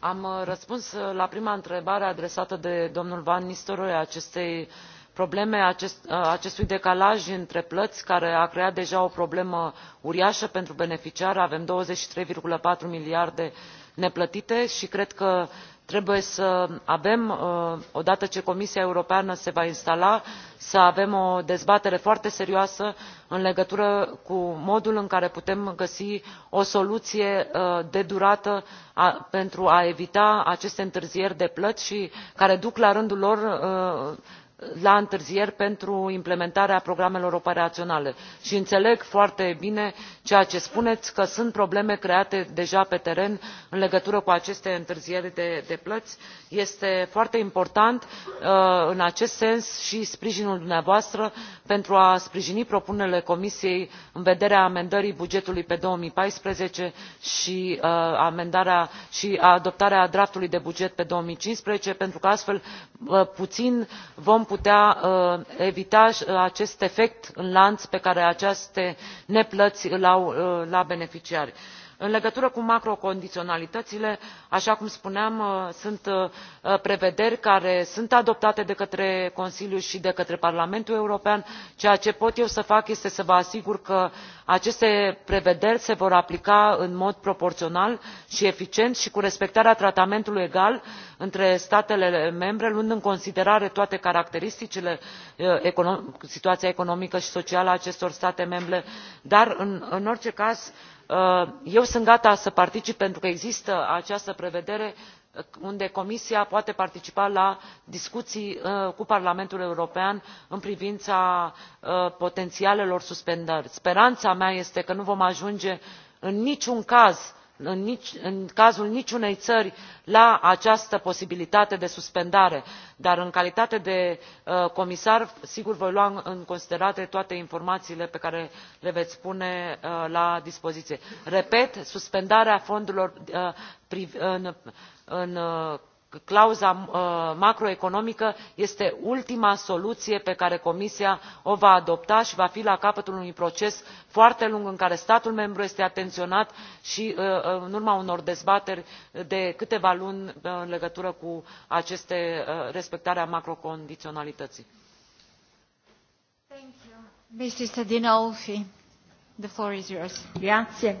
Am răspuns la prima întrebare adresată de domnul Van Nistelrooy acestei uh, probleme acest, acestui decalaj între plăți care a creat deja o problemă uriașă pentru beneficiari avem douăzeci și trei patru miliarde neplătite și cred că trebuie să avem odată ce comisia europeană se va instala să avem o dezbatere foarte serioasă în legătură cu modul în care putem găsi o soluție de durată pentru a evita aceste întârzieri de plăți și care duc la rândul lor la întârzieri pentru implementarea programelor operaționale și înțeleg foarte bine ceea ce spuneți că sunt probleme create deja pe teren în legătură cu aceste întârzieri de, plăți. este foarte important uh, în acest sens și sprijinul dumneavoastră pentru a sprijini propunerile comisiei în vederea amendării bugetului pe două mii paisprezece și uh, amendarea și adoptarea draftului de buget pe două mii cincisprezece pentru că astfel uh, puțin vom putea uh, evita uh, acest efect în lanț pe care aceste neplăți îl au uh, la beneficiari în legătură cu macrocondiționalitățile așa cum spuneam uh, sunt uh, prevederi care sunt adoptate de către consiliu și de către parlamentul european ceea ce pot eu să fac este să vă asigur că aceste prevederi se vor aplica în mod proporțional și eficient și cu respectarea tratamentului egal între statele membre luând în considerare toate caracteristicile uh, situația economică și socială a acestor state membre dar în orice caz Uh, eu sunt gata să particip pentru că există această prevedere unde comisia poate participa la discuții uh, cu parlamentul european în privința uh, potențialelor suspendări. speranța mea este că nu vom ajunge în niciun caz în, nici, în cazul niciunei țări la această posibilitate de suspendare dar în calitate de uh, comisar sigur voi lua în considerare toate informațiile pe care le veți pune uh, la dispoziție. repet suspendarea fondurilor uh, priv, în, în uh, clauza uh, macroeconomică este ultima soluție pe care comisia o va adopta și va fi la capătul unui proces foarte lung în care statul membru este atenționat și uh, uh, în urma unor dezbateri de câteva luni în legătură cu respectarea macrocondiționalității. The floor is yours. Grazie.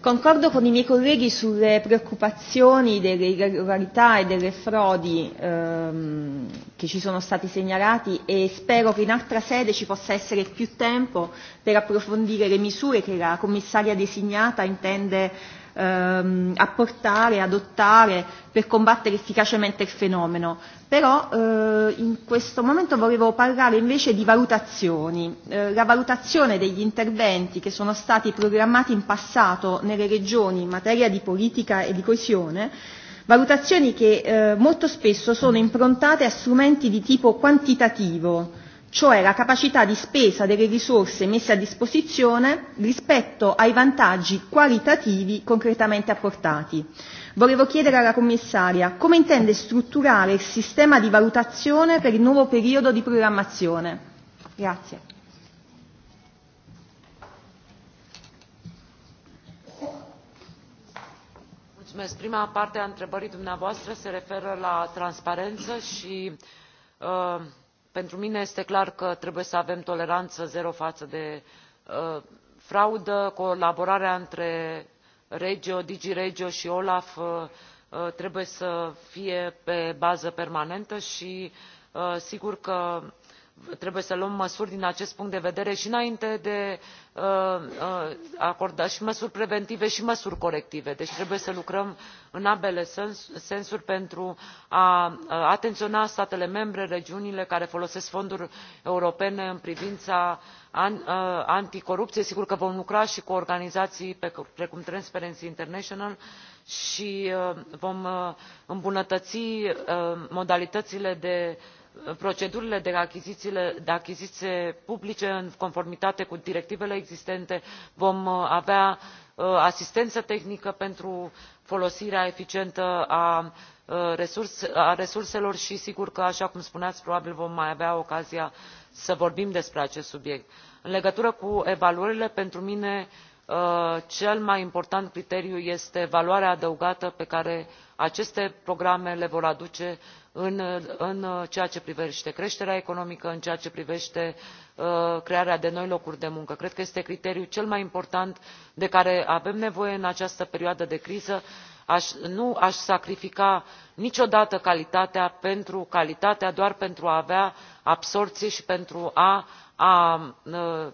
Concordo con i miei colleghi sulle preoccupazioni delle irregolarità e delle frodi ehm, che ci sono stati segnalati e spero che in altra sede ci possa essere più tempo per approfondire le misure che la commissaria designata intende ehm, apportare, adottare per combattere efficacemente il fenomeno. Però eh, in questo momento volevo parlare invece di valutazioni, eh, la valutazione degli interventi che sono stati programmati in passato nelle regioni in materia di politica e di coesione, valutazioni che eh, molto spesso sono improntate a strumenti di tipo quantitativo, cioè la capacità di spesa delle risorse messe a disposizione rispetto ai vantaggi qualitativi concretamente apportati. Volevo chiedere alla commissaria come intende strutturare il sistema di valutazione per il nuovo periodo di programmazione. Grazie. Mulțumesc. Prima parte a întrebării dumneavoastră se referă la transparență și uh, pentru mine este clar că trebuie să avem toleranță zero față de uh, fraudă colaborarea între regio dg regio și olaf uh, uh, trebuie să fie pe bază permanentă și sigur că trebuie să luăm măsuri din acest punct de vedere și înainte de a uh, uh, acorda și măsuri preventive și măsuri corective deci trebuie să lucrăm în ambele sens, sensuri pentru a uh, atenționa statele membre regiunile care folosesc fonduri europene în privința anticorupției sigur că vom lucra și cu organizații precum transparency international și vom îmbunătăți modalitățile de procedurile de, achiziție publice în conformitate cu directivele existente vom uh, avea uh, asistență tehnică pentru folosirea eficientă uh, a resurselor și sigur că așa cum spuneați probabil vom mai avea ocazia să vorbim despre acest subiect. în legătură cu evaluările pentru mine cel mai important criteriu este valoarea adăugată pe care aceste programe le vor aduce în, în uh, ceea ce privește creșterea economică, în ceea ce privește uh, crearea de noi locuri de muncă. Cred că este criteriul cel mai important de care avem nevoie în această perioadă de criză. Aș, nu aș sacrifica niciodată calitatea pentru calitatea, doar pentru a avea absorbție și pentru a, a uh,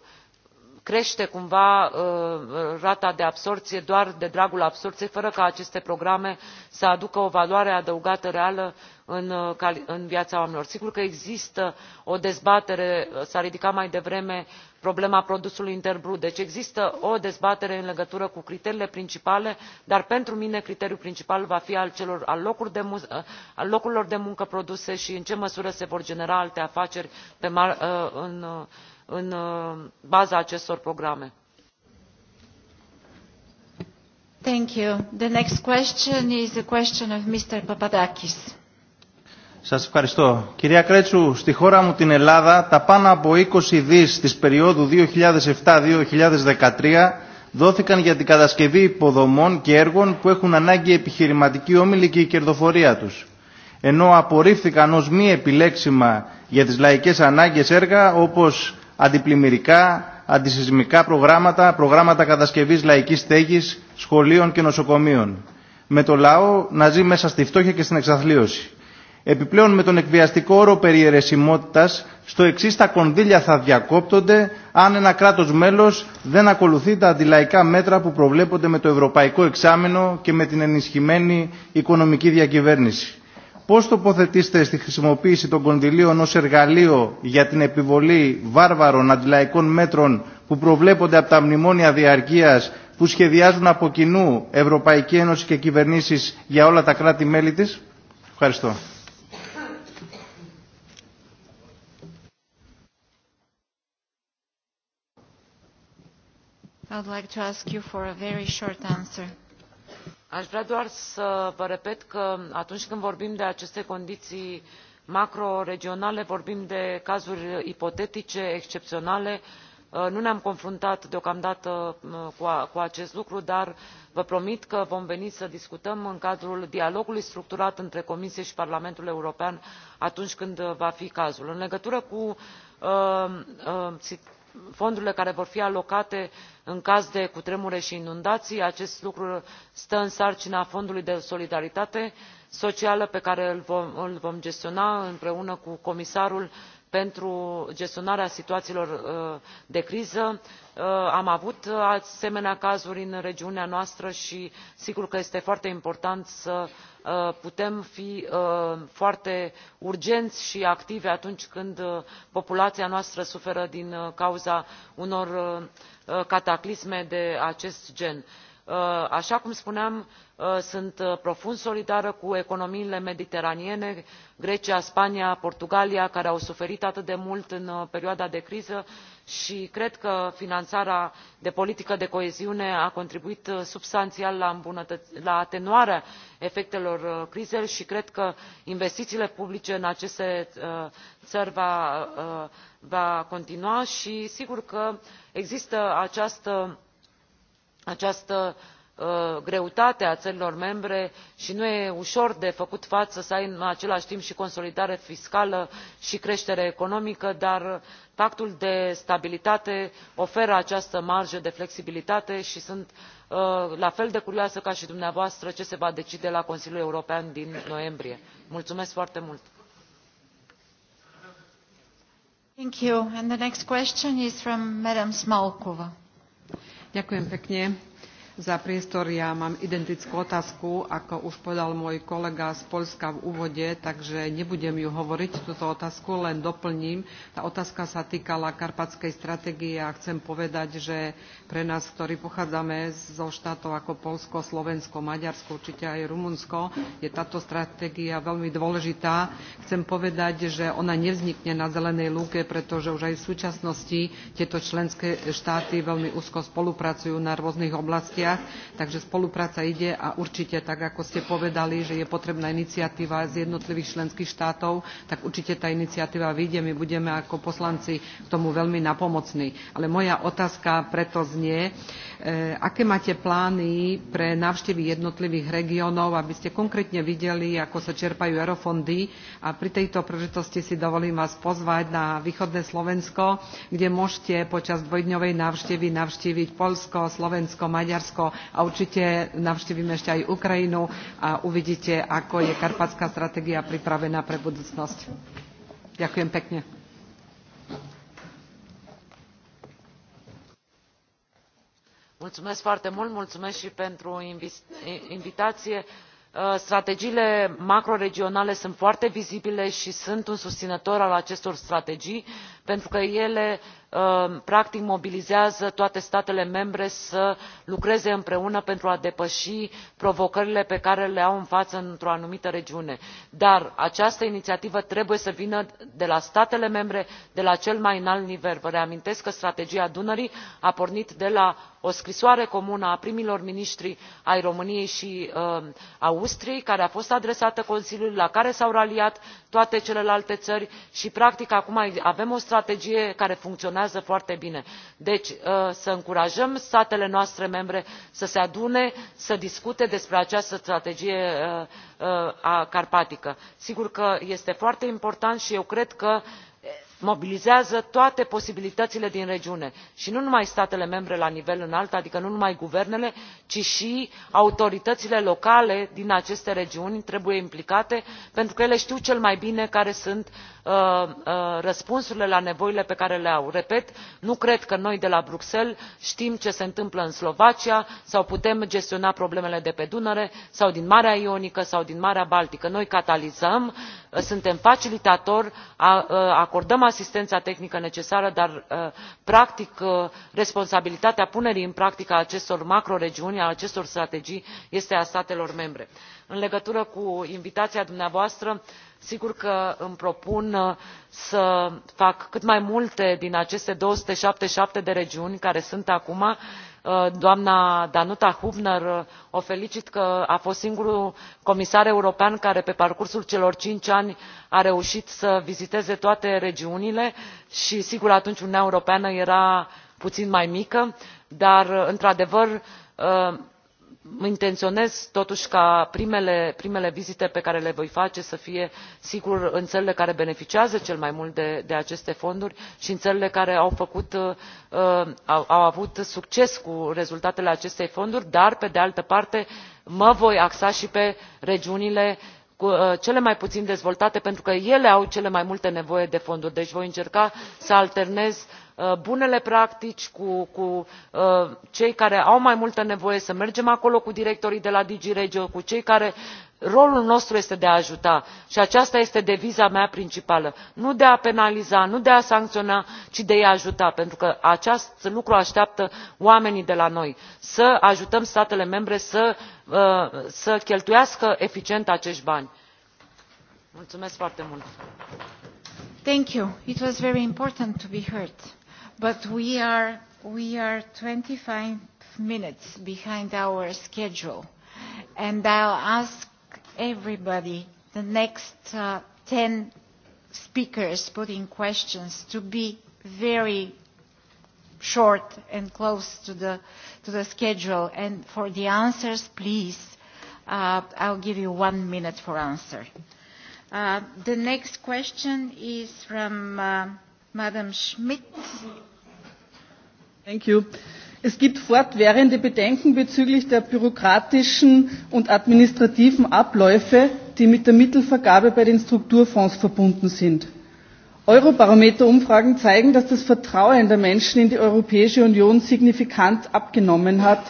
crește cumva uh, rata de absorbție doar de dragul absorbției fără ca aceste programe să aducă o valoare adăugată reală în, uh, în viața oamenilor. sigur că există o dezbatere uh, s a ridicat mai devreme problema produsului intern brut deci există o dezbatere în legătură cu criteriile principale dar pentru mine criteriul principal va fi al, celor, al, locuri de, al locurilor de muncă produse și în ce măsură se vor genera alte afaceri pe, în, în uh, baza acestor programe. Thank you. The next question is a question of Mr. Papadakis. Σας ευχαριστώ. Κυρία Κρέτσου, στη χώρα μου την Ελλάδα τα πάνω από 20 δις της περίοδου 2007-2013 δόθηκαν για την κατασκευή υποδομών και έργων που έχουν ανάγκη επιχειρηματική όμιλη και η κερδοφορία τους. Ενώ απορρίφθηκαν ως μη επιλέξιμα για τις λαϊκές ανάγκες έργα όπως αντιπλημμυρικά, αντισυσμικά προγράμματα, προγράμματα κατασκευής λαϊκής στέγης, σχολείων και νοσοκομείων. Με το λαό να ζει μέσα στη φτώχεια και στην εξαθλίωση. Επιπλέον με τον εκβιαστικό όρο περί στο εξή τα κονδύλια θα διακόπτονται αν ένα κράτος μέλος δεν ακολουθεί τα αντιλαϊκά μέτρα που προβλέπονται με το ευρωπαϊκό εξάμεινο και με την ενισχυμένη οικονομική διακυβέρνηση. Πώς τοποθετήσετε στη χρησιμοποίηση των κονδυλίων ως εργαλείο για την επιβολή βάρβαρων αντιλαϊκών μέτρων που προβλέπονται από τα μνημόνια διαρκείας που σχεδιάζουν από κοινού Ευρωπαϊκή Ένωση και κυβερνήσεις για όλα τα κράτη-μέλη της. Ευχαριστώ. would like to ask you for a very short answer. Aș vrea doar să vă repet că atunci când vorbim de aceste condiții macroregionale, vorbim de cazuri ipotetice, excepționale. Uh, nu ne-am confruntat deocamdată uh, cu, a, cu acest lucru, dar vă promit că vom veni să discutăm în cadrul dialogului structurat între Comisie și Parlamentul European atunci când va fi cazul. În legătură cu uh, uh, fondurile care vor fi alocate în caz de cutremure și inundații acest lucru stă în sarcina fondului de solidaritate socială pe care îl vom, îl vom gestiona împreună cu comisarul pentru gestionarea situațiilor uh, de criză uh, am avut asemenea cazuri în regiunea noastră și sigur că este foarte important să Uh, putem fi uh, foarte urgenți și activi atunci când uh, populația noastră suferă din cauza unor cataclisme de acest gen. Uh, așa cum spuneam uh, sunt uh, profund solidară cu economiile mediteraniene grecia spania portugalia care au suferit atât de mult în perioada de criză și cred că finanțarea de politică de coeziune a contribuit substanțial la, atenuarea efectelor crizei și cred că investițiile publice în aceste țări vor va continua și sigur că există această această uh, greutate a țărilor membre și nu e ușor de făcut față să ai în același timp și consolidare fiscală și creștere economică dar pactul de stabilitate oferă această marjă de flexibilitate și sunt uh, la fel de curioasă ca și dumneavoastră ce se va decide la consiliul european din noiembrie. mulțumesc foarte mult! Thank you. And the next question is from Madam Ďakujem pekne za priestor. Ja mám identickú otázku, ako už podal môj kolega z Polska v úvode, takže nebudem ju hovoriť, túto otázku, len doplním. Tá otázka sa týkala karpatskej stratégie a chcem povedať, že pre nás, ktorí pochádzame zo štátov ako Polsko, Slovensko, Maďarsko, určite aj Rumunsko, je táto stratégia veľmi dôležitá. Chcem povedať, že ona nevznikne na zelenej lúke, pretože už aj v súčasnosti tieto členské štáty veľmi úzko spolupracujú na rôznych oblastiach oblastiach, takže spolupráca ide a určite, tak ako ste povedali, že je potrebná iniciatíva z jednotlivých členských štátov, tak určite tá iniciatíva vyjde, my budeme ako poslanci k tomu veľmi napomocní. Ale moja otázka preto znie, e, aké máte plány pre návštevy jednotlivých regiónov, aby ste konkrétne videli, ako sa čerpajú eurofondy a pri tejto príležitosti si dovolím vás pozvať na východné Slovensko, kde môžete počas dvojdňovej návštevy navštíviť Polsko, Slovensko, Maďarsko, Karpatsko, a určite navštívime ešte aj Ukrajinu a uvidíte, ako je karpatská strategia pripravená pre budúcnosť. Ďakujem pekne. Mulțumesc foarte mult, mulțumesc și pentru invitație. Uh, strategiile macroregionale sunt foarte vizibile și sunt un susținător al acestor strategii pentru că ele um, practic mobilizează toate statele membre să lucreze împreună pentru a depăși provocările pe care le au în față într o anumită regiune dar această inițiativă trebuie să vină de la statele membre de la cel mai înalt nivel. vă reamintesc că strategia dunării a pornit de la o scrisoare comună a primilor miniștri ai româniei și um, austriei care a fost adresată consiliului la care s au raliat toate celelalte țări și practic acum avem o strategie strategie care funcționează foarte bine. deci uh, să încurajăm statele noastre membre să se adune să discute despre această strategie uh, uh, carpatică. sigur că este foarte important și eu cred că mobilizează toate posibilitățile din regiune și nu numai statele membre la nivel înalt adică nu numai guvernele ci și autoritățile locale din aceste regiuni trebuie implicate pentru că ele știu cel mai bine care sunt uh, uh, răspunsurile la nevoile pe care le au. repet nu cred că noi de la bruxelles știm ce se întâmplă în slovacia sau putem gestiona problemele de pe dunăre sau din marea ionică sau din marea baltică. noi catalizăm uh, suntem facilitatori uh, acordăm asistența tehnică necesară dar uh, practic uh, responsabilitatea punerii în practică a acestor macroregiuni a acestor strategii este a statelor membre. în legătură cu invitația dumneavoastră sigur că îmi propun uh, să fac cât mai multe din aceste două sute șaptezeci și șapte de regiuni care sunt acum să Uh, doamna Danuta Hubner, uh, o felicit că a fost singurul comisar european care pe parcursul celor cinci ani a reușit să viziteze toate regiunile și sigur atunci Uniunea Europeană era puțin mai mică, dar uh, într-adevăr intenționez totuși ca primele, vizite pe care le voi face să fie sigur în țările care beneficiază cel mai mult de, aceste fonduri și în țările care uh, au, au avut succes cu rezultatele acestei fonduri dar pe de altă parte mă voi axa și pe regiunile uh, cele mai puțin dezvoltate pentru că ele au cele mai multe nevoie de fonduri deci voi încerca să alternez Uh, bunele practici cu, cu uh, cei care au mai multă nevoie să mergem acolo cu directorii de la DigiRegio, regio cu cei care rolul nostru este de a ajuta și aceasta este deviza mea principală nu de a penaliza nu de a sancționa ci de a i ajuta pentru că acest lucru așteaptă oamenii de la noi să ajutăm statele membre să, uh, să cheltuiască eficient acești bani. mulțumesc foarte mult! Thank you. It was very important to be heard. But we are, we are 25 minutes behind our schedule. And I'll ask everybody, the next uh, 10 speakers putting questions, to be very short and close to the, to the schedule. And for the answers, please, uh, I'll give you one minute for answer. Uh, the next question is from uh, Madam Schmidt. Thank you. Es gibt fortwährende Bedenken bezüglich der bürokratischen und administrativen Abläufe, die mit der Mittelvergabe bei den Strukturfonds verbunden sind. Eurobarometer-Umfragen zeigen, dass das Vertrauen der Menschen in die Europäische Union signifikant abgenommen hat.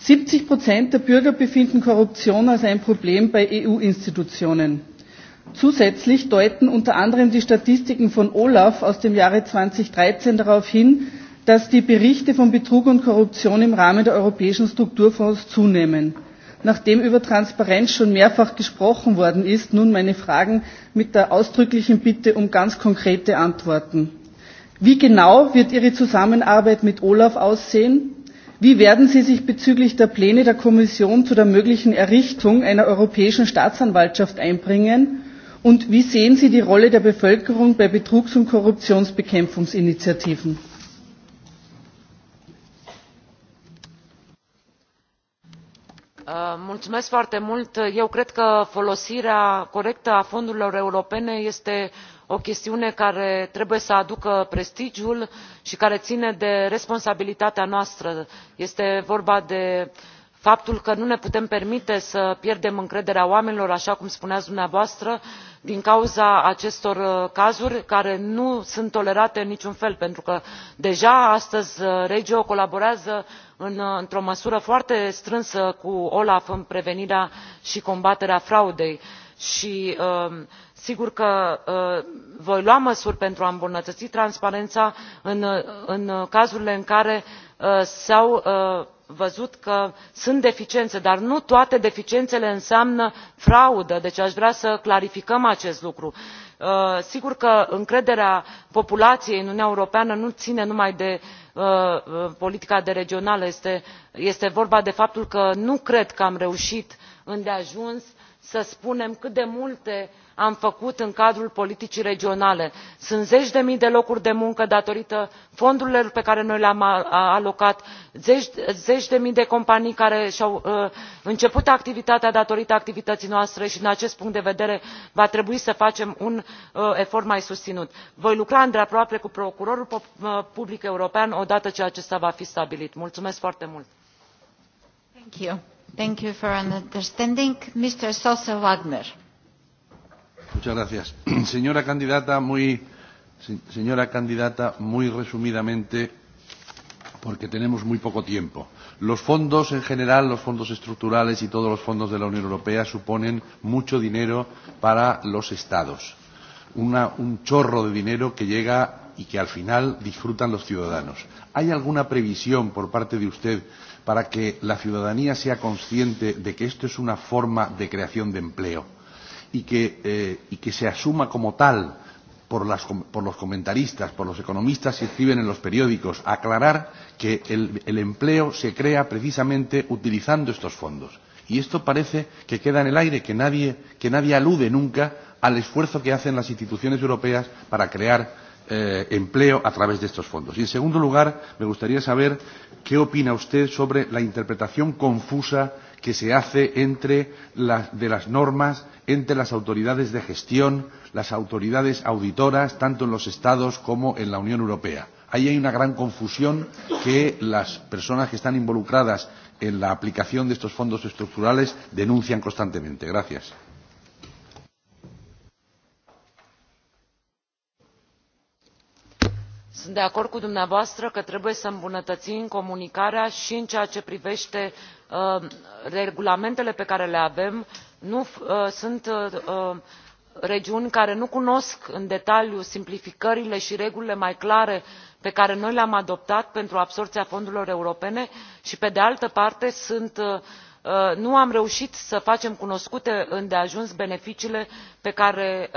70 Prozent der Bürger befinden Korruption als ein Problem bei EU-Institutionen. Zusätzlich deuten unter anderem die Statistiken von Olaf aus dem Jahre 2013 darauf hin, dass die Berichte von Betrug und Korruption im Rahmen der europäischen Strukturfonds zunehmen. Nachdem über Transparenz schon mehrfach gesprochen worden ist, nun meine Fragen mit der ausdrücklichen Bitte um ganz konkrete Antworten. Wie genau wird Ihre Zusammenarbeit mit Olaf aussehen? Wie werden Sie sich bezüglich der Pläne der Kommission zu der möglichen Errichtung einer europäischen Staatsanwaltschaft einbringen? Und wie sehen Sie die Rolle der Bevölkerung bei Betrugs- und Korruptionsbekämpfungsinitiativen? Uh, mulțumesc foarte mult. Eu cred că folosirea corectă a fondurilor europene este o chestiune care trebuie să aducă prestigiul și care ține de responsabilitatea noastră. Este vorba de uh, faptul că nu ne putem permite să pierdem încrederea oamenilor așa cum spuneați dumneavoastră din cauza acestor uh, cazuri care nu sunt tolerate în niciun fel pentru că deja astăzi uh, regio colaborează uh, într o măsură foarte strânsă cu olaf în prevenirea și combaterea fraudei și sigur că voi lua măsuri pentru a îmbunătăți transparența în cazurile în care Uh, s au uh, văzut că sunt deficiențe dar nu toate deficiențele înseamnă fraudă deci aș vrea să clarificăm acest lucru. Uh, sigur că încrederea populației în uniunea europeană nu ține numai de politica de regională este vorba de faptul că nu cred că am reușit îndeajuns să spunem cât de multe am făcut în cadrul politicii regionale. sunt zeci de mii de locuri de muncă datorită fondurilor pe care noi le am alocat zeci, de mii de companii care și au uh, început activitatea datorită activității noastre și din acest punct de vedere va trebui să facem un uh, efort mai susținut. voi lucra îndeaproape cu procurorul uh, public european odată ce acesta va fi stabilit. mulțumesc foarte mult. Sosa Wagner. Muchas gracias. (clears throat) Señora candidata, muy, señora candidata, muy resumidamente, porque tenemos muy poco tiempo. Los fondos en general, los fondos estructurales y todos los fondos de la Unión Europea suponen mucho dinero para los Estados. Una, un chorro de dinero que llega y que al final disfrutan los ciudadanos. ¿Hay alguna previsión por parte de usted para que la ciudadanía sea consciente de que esto es una forma de creación de empleo? y que, eh, y que se asuma como tal por, las, por los comentaristas, por los economistas que escriben en los periódicos, aclarar que el, el empleo se crea precisamente utilizando estos fondos. Y esto parece que queda en el aire, que nadie, que nadie alude nunca al esfuerzo que hacen las instituciones europeas para crear eh, empleo a través de estos fondos. Y en segundo lugar, me gustaría saber qué opina usted sobre la interpretación confusa que se hace entre las, de las normas entre las autoridades de gestión, las autoridades auditoras, tanto en los Estados como en la Unión Europea. Ahí hay una gran confusión que las personas que están involucradas en la aplicación de estos fondos estructurales denuncian constantemente. Gracias. Sunt de acord cu dumneavoastră că trebuie să îmbunătățim comunicarea și în ceea ce privește Um, regulamentele pe care le avem uh, sunt uh, um, regiuni care nu cunosc în detaliu simplificările și regulile mai clare pe care noi le am adoptat pentru absorbția fondurilor europene și pe de altă parte uh, nu am reușit să facem cunoscute îndeajuns beneficiile pe care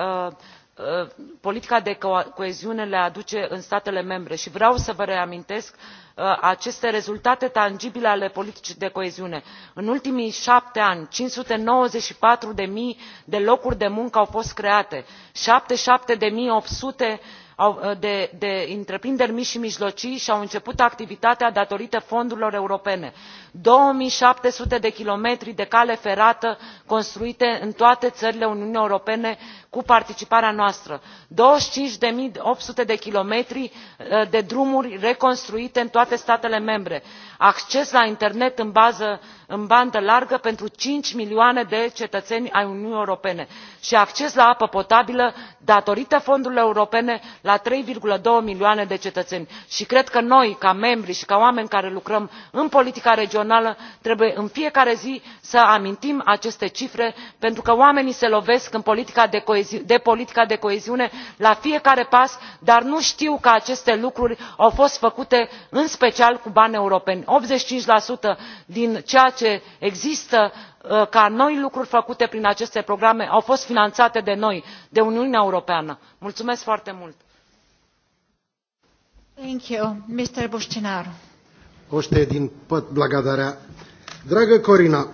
Uh, politica de coeziune le aduce în statele membre și vreau să vă reamintesc uh, aceste rezultate tangibile ale politicii de coeziune în ultimii șapte ani cinci sute nouăzeci și patru de mii de locuri de muncă au fost create șaptezeci și șapte de opt sute au, uh, de, de întreprinderi mici și mijlocii și au început activitatea datorită fondurilor europene 2700 șapte sute de kilometri de cale ferată construite în toate țările uniunii europene cu participarea noastră douăzeci și cinci opt sute de kilometri uh, de drumuri reconstruite în toate statele membre acces la internet în bază în bandă largă pentru cinci milioane de cetățeni ai uniunii europene și acces la apă potabilă datorită fondurilor europene la trei doi milioane de cetățeni și cred că noi ca membri și ca oameni care lucrăm în politica regională trebuie în fiecare zi să amintim aceste cifre pentru că oamenii se lovesc de, de politica de coeziune la fiecare pas dar nu știu că aceste lucruri au fost făcute în special cu bani europeni optzeci și cinci din ceea ce există uh, ca noi lucruri făcute prin aceste programe au fost finanțate de noi de uniunea europeană. mulțumesc foarte mult! din Dragă Corina,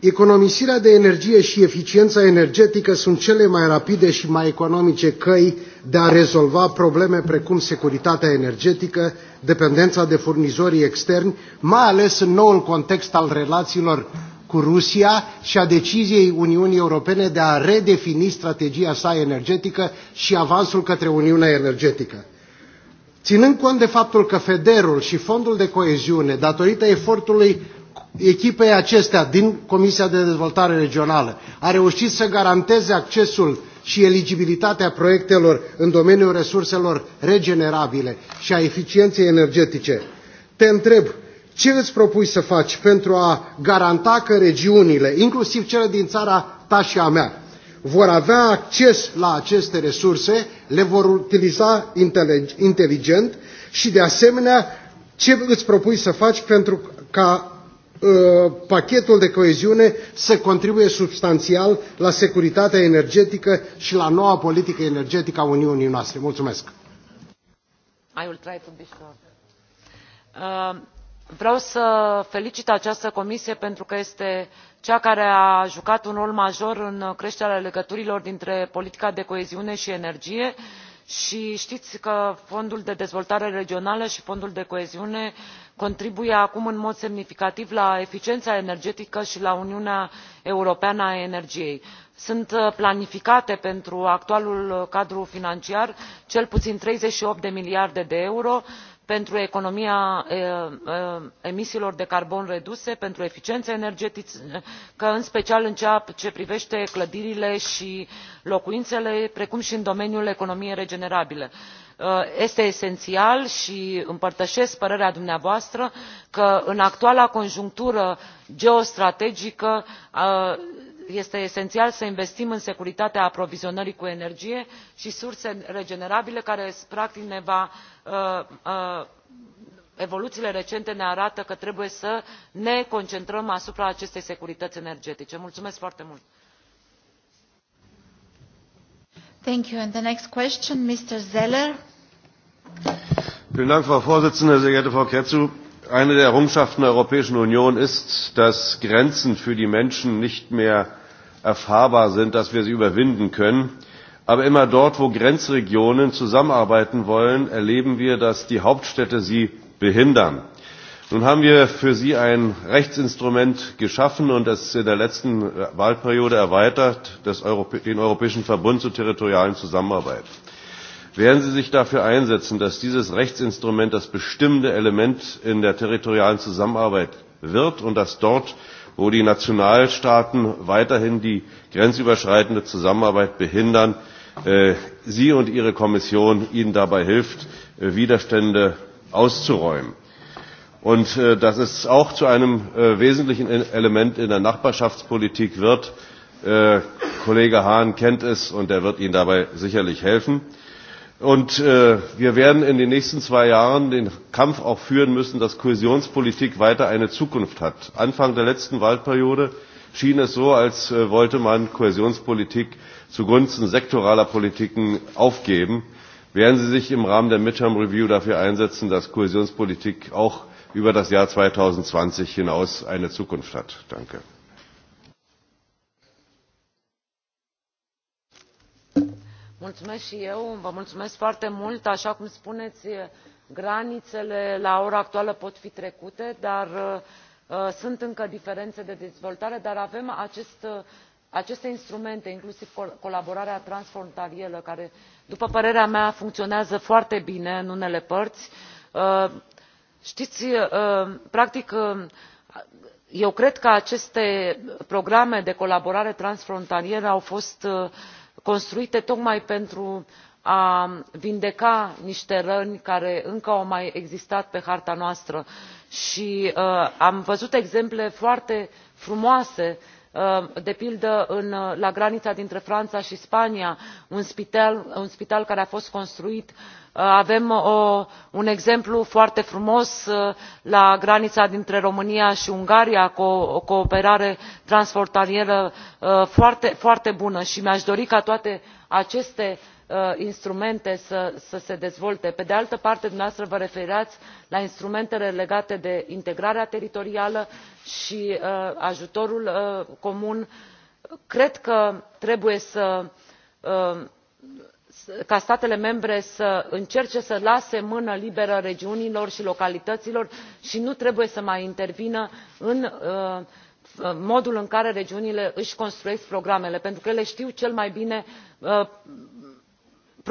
economisirea de energie și eficiența energetică sunt cele mai rapide și mai economice căi de a rezolva probleme precum securitatea energetică, dependența de furnizorii externi, mai ales în noul context al relațiilor cu Rusia și a deciziei Uniunii Europene de a redefini strategia sa energetică și avansul către Uniunea Energetică. Ținând cont de faptul că Federul și Fondul de Coeziune, datorită efortului echipei acestea din Comisia de Dezvoltare Regională, a reușit să garanteze accesul și eligibilitatea proiectelor în domeniul resurselor regenerabile și a eficienței energetice. Te întreb, ce îți propui să faci pentru a garanta că regiunile, inclusiv cele din țara ta și a mea, vor avea acces la aceste resurse, le vor utiliza inteligent și, de asemenea, ce îți propui să faci pentru ca Uh, pachetul de coeziune să contribuie substanțial la securitatea energetică și la noua politică energetică a Uniunii noastre. Mulțumesc! I will try to be short. Uh, vreau să felicit această comisie pentru că este cea care a jucat un rol major în creșterea legăturilor dintre politica de coeziune și energie și știți că fondul de dezvoltare regională și fondul de coeziune uh, contribuie acum în mod semnificativ la eficiența energetică și la uniunea europeană a energiei. sunt uh, planificate pentru actualul uh, cadru financiar cel puțin treizeci și opt de miliarde de euro pentru economia uh, emisiilor de carbon reduse pentru eficiență energetică în special în ceea ce privește clădirile și locuințele precum și în domeniul economiei regenerabile. Uh, este esențial și împărtășesc părerea dumneavoastră că în actuala conjunctură geostrategică uh, este esențial să investim în securitatea aprovizionării cu energie și surse regenerabile care practic ne va uh, evoluțiile recente ne arată că trebuie să ne concentrăm asupra acestei securități energetice. mulțumesc foarte mult! Thank you. And the next question, Mr. Zeller. Vielen Dank, Frau Vorsitzende, sehr geehrte Frau Kretzow. Eine der Errungenschaften der Europäischen Union ist, dass Grenzen für die Menschen nicht mehr erfahrbar sind, dass wir sie überwinden können. Aber immer dort, wo Grenzregionen zusammenarbeiten wollen, erleben wir, dass die Hauptstädte sie behindern. Nun haben wir für Sie ein Rechtsinstrument geschaffen und das in der letzten Wahlperiode erweitert, das Europä den Europäischen Verbund zur territorialen Zusammenarbeit. Werden Sie sich dafür einsetzen, dass dieses Rechtsinstrument das bestimmende Element in der territorialen Zusammenarbeit wird und dass dort, wo die Nationalstaaten weiterhin die grenzüberschreitende Zusammenarbeit behindern, äh, Sie und Ihre Kommission Ihnen dabei hilft, äh, Widerstände auszuräumen? Und äh, dass es auch zu einem äh, wesentlichen e-, Element in der Nachbarschaftspolitik wird, äh, Kollege Hahn kennt es und er wird Ihnen dabei sicherlich helfen. Und äh, wir werden in den nächsten zwei Jahren den Kampf auch führen müssen, dass Kohäsionspolitik weiter eine Zukunft hat. Anfang der letzten Wahlperiode schien es so, als äh, wollte man Kohäsionspolitik zugunsten sektoraler Politiken aufgeben. Werden Sie sich im Rahmen der Midterm Review dafür einsetzen, dass Kohäsionspolitik auch über das Jahr 2020 hinaus eine Zukunft hat. Danke. Mulțumesc și eu, vă mulțumesc foarte mult. Așa cum spuneți, granițele la ora actuală pot fi trecute, dar uh, uh sunt încă diferențe de dezvoltare, dar avem acest uh, aceste instrumente inclusiv colaborarea transfrontalieră care după părerea mea funcționează foarte bine în unele părți uh, știți e, e, practic e, eu cred că aceste programe de colaborare transfrontalieră au fost construite tocmai pentru a vindeca niște răni care încă au mai existat pe harta noastră și am văzut exemple foarte frumoase uh, Um, de pildă în, uh, la granița dintre franța și spania un spital, un spital care a fost construit uh, avem o, uh, un exemplu foarte frumos la granița dintre românia și ungaria cu o cooperare transfrontalieră foarte, foarte bună și mi aș dori ca toate aceste Uh, instrumente să, se dezvolte. pe de altă parte dumneavoastră vă referați la instrumentele legate de integrarea teritorială și uh, ajutorul uh, comun. cred că trebuie să, ca statele membre să încerce să lase mână liberă regiunilor și localităților și nu trebuie să mai intervină în modul în care regiunile își construiesc programele pentru că ele știu cel mai bine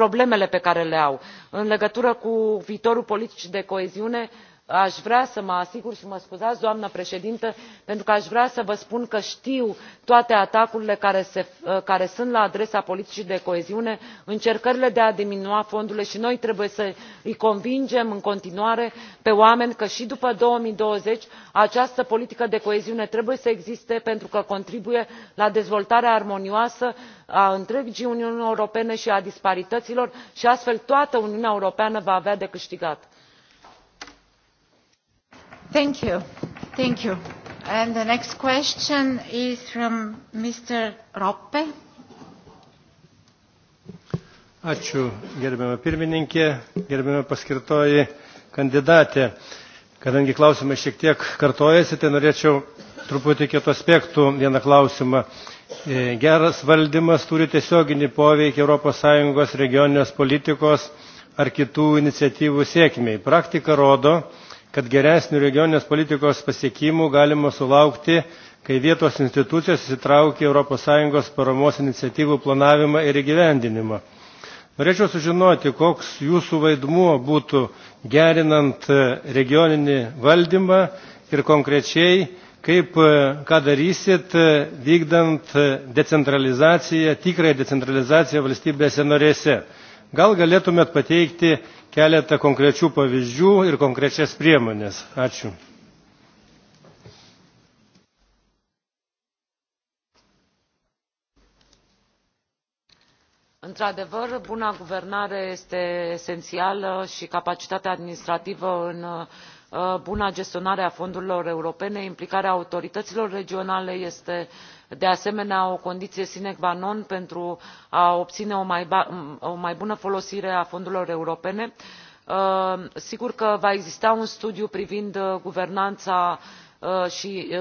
problemele pe care le au în legătură cu viitorul politicii de coeziune aș vrea să mă asigur și mă scuzați doamnă președintă pentru că aș vrea să vă spun că știu toate atacurile care, se, uh, care sunt la adresa politicii de coeziune încercările de a diminua fondurile și noi trebuie să îi convingem în continuare pe oameni că și după două mii douăzeci această politică de coeziune trebuie să existe pentru că contribuie la dezvoltarea armonioasă a întregii uniuni europene și a disparităților și astfel toată uniunea europeană va avea de câștigat. Thank you. Thank you. And the next question is from Mr. Roppe. Ačiū, gerbiamą pirmininkę, gerbiamą paskirtoji kandidatę. Kadangi klausimai šiek tiek kartojasi, tai norėčiau truputį kitų aspektų vieną klausimą. E, geras valdymas turi tiesioginį poveikį ES regioninės politikos ar kitų iniciatyvų sėkmiai. Praktika rodo, kad geresnių regioninės politikos pasiekimų galima sulaukti, kai vietos institucijos įsitraukia ES paramos iniciatyvų planavimą ir įgyvendinimą. Norėčiau sužinoti, koks jūsų vaidmuo būtų gerinant e, regioninį valdymą ir konkrečiai, kaip e, ką darysit e, vykdant decentralizaciją, tikrąją decentralizaciją valstybėse norėse. Gal galėtumėt pateikti keletą konkrečių pavyzdžių ir konkrečias priemonės. Ačiū. într adevăr buna guvernare este esențială și capacitatea administrativă în uh, buna gestionare a fondurilor europene implicarea autorităților regionale este de asemenea o condiție sine qua non pentru a obține o mai, o mai bună folosire a fondurilor europene. Uh, sigur că va exista un studiu privind uh, guvernanța uh, și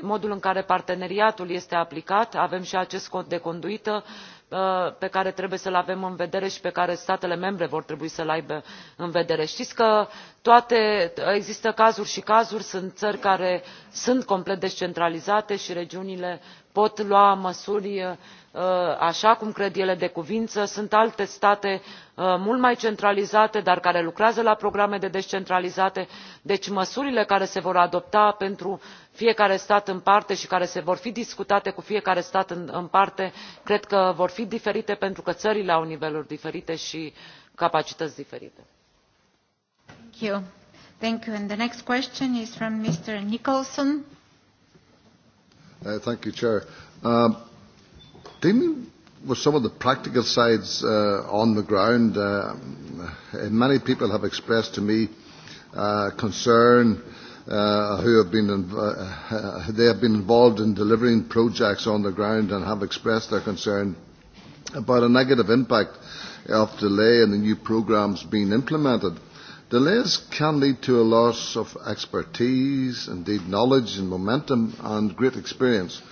modul în care parteneriatul este aplicat avem și acest cod de conduită Uh, pe care trebuie să l avem în vedere și pe care statele membre vor trebui să l aibă în vedere. știți că toate, există cazuri și cazuri sunt țări care sunt complet descentralizate și regiunile pot lua măsuri uh, așa cum cred ele de cuvință sunt alte state uh, mult mai centralizate dar care lucrează la programe de descentralizare deci măsurile care se vor adopta pentru fiecare stat în parte și care se vor fi discutate cu fiecare stat în, în parte cred că vor fi diferite pentru că țările au niveluri diferite și capacități diferite. Thank you. Thank you. And the next question is from Mr. Nicholson. Uh, thank you, Chair. Um, me with some of the practical sides uh, on the ground, uh, many people have expressed to me uh, concern uh, who have been inv uh, they have been involved in delivering projects on the ground and have expressed their concern about a negative impact of delay in the new programmes being implemented. Delays can lead to a loss of expertise, indeed knowledge and momentum and great experience.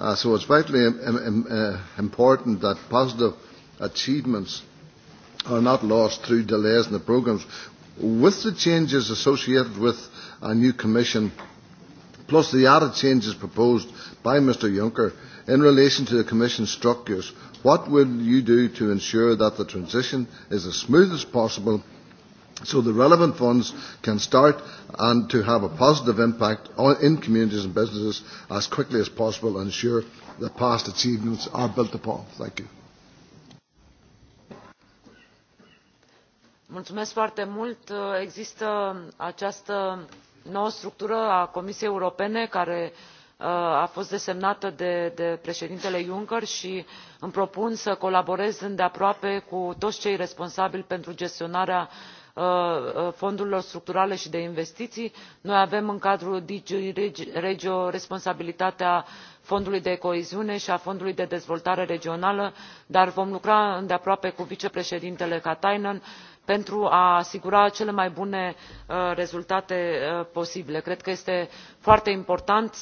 Uh, so it's vitally um, um, uh, important that positive achievements are not lost through delays in the programmes. With the changes associated with a new commission, plus the added changes proposed by Mr Juncker in relation to the commission structures, what will you do to ensure that the transition is as smooth as possible So the relevant funds can start and to have a positive impact on, in communities and businesses as quickly as possible and ensure that past achievements are built upon. Thank you. Mulțumesc foarte mult. Există această nouă structură a Comisiei Europene care uh, a fost desemnată de, de președintele Juncker și uh, îmi propun să colaborez îndeaproape cu toți cei responsabili pentru gestionarea uh, Uh, uh, fondurilor structurale și de investiții noi avem în cadrul dg regio responsabilitatea fondului de coeziune și a fondului de dezvoltare regională dar vom lucra îndeaproape cu vicepreședintele katainen pentru a asigura cele mai bune uh, rezultate posibile. cred că este foarte important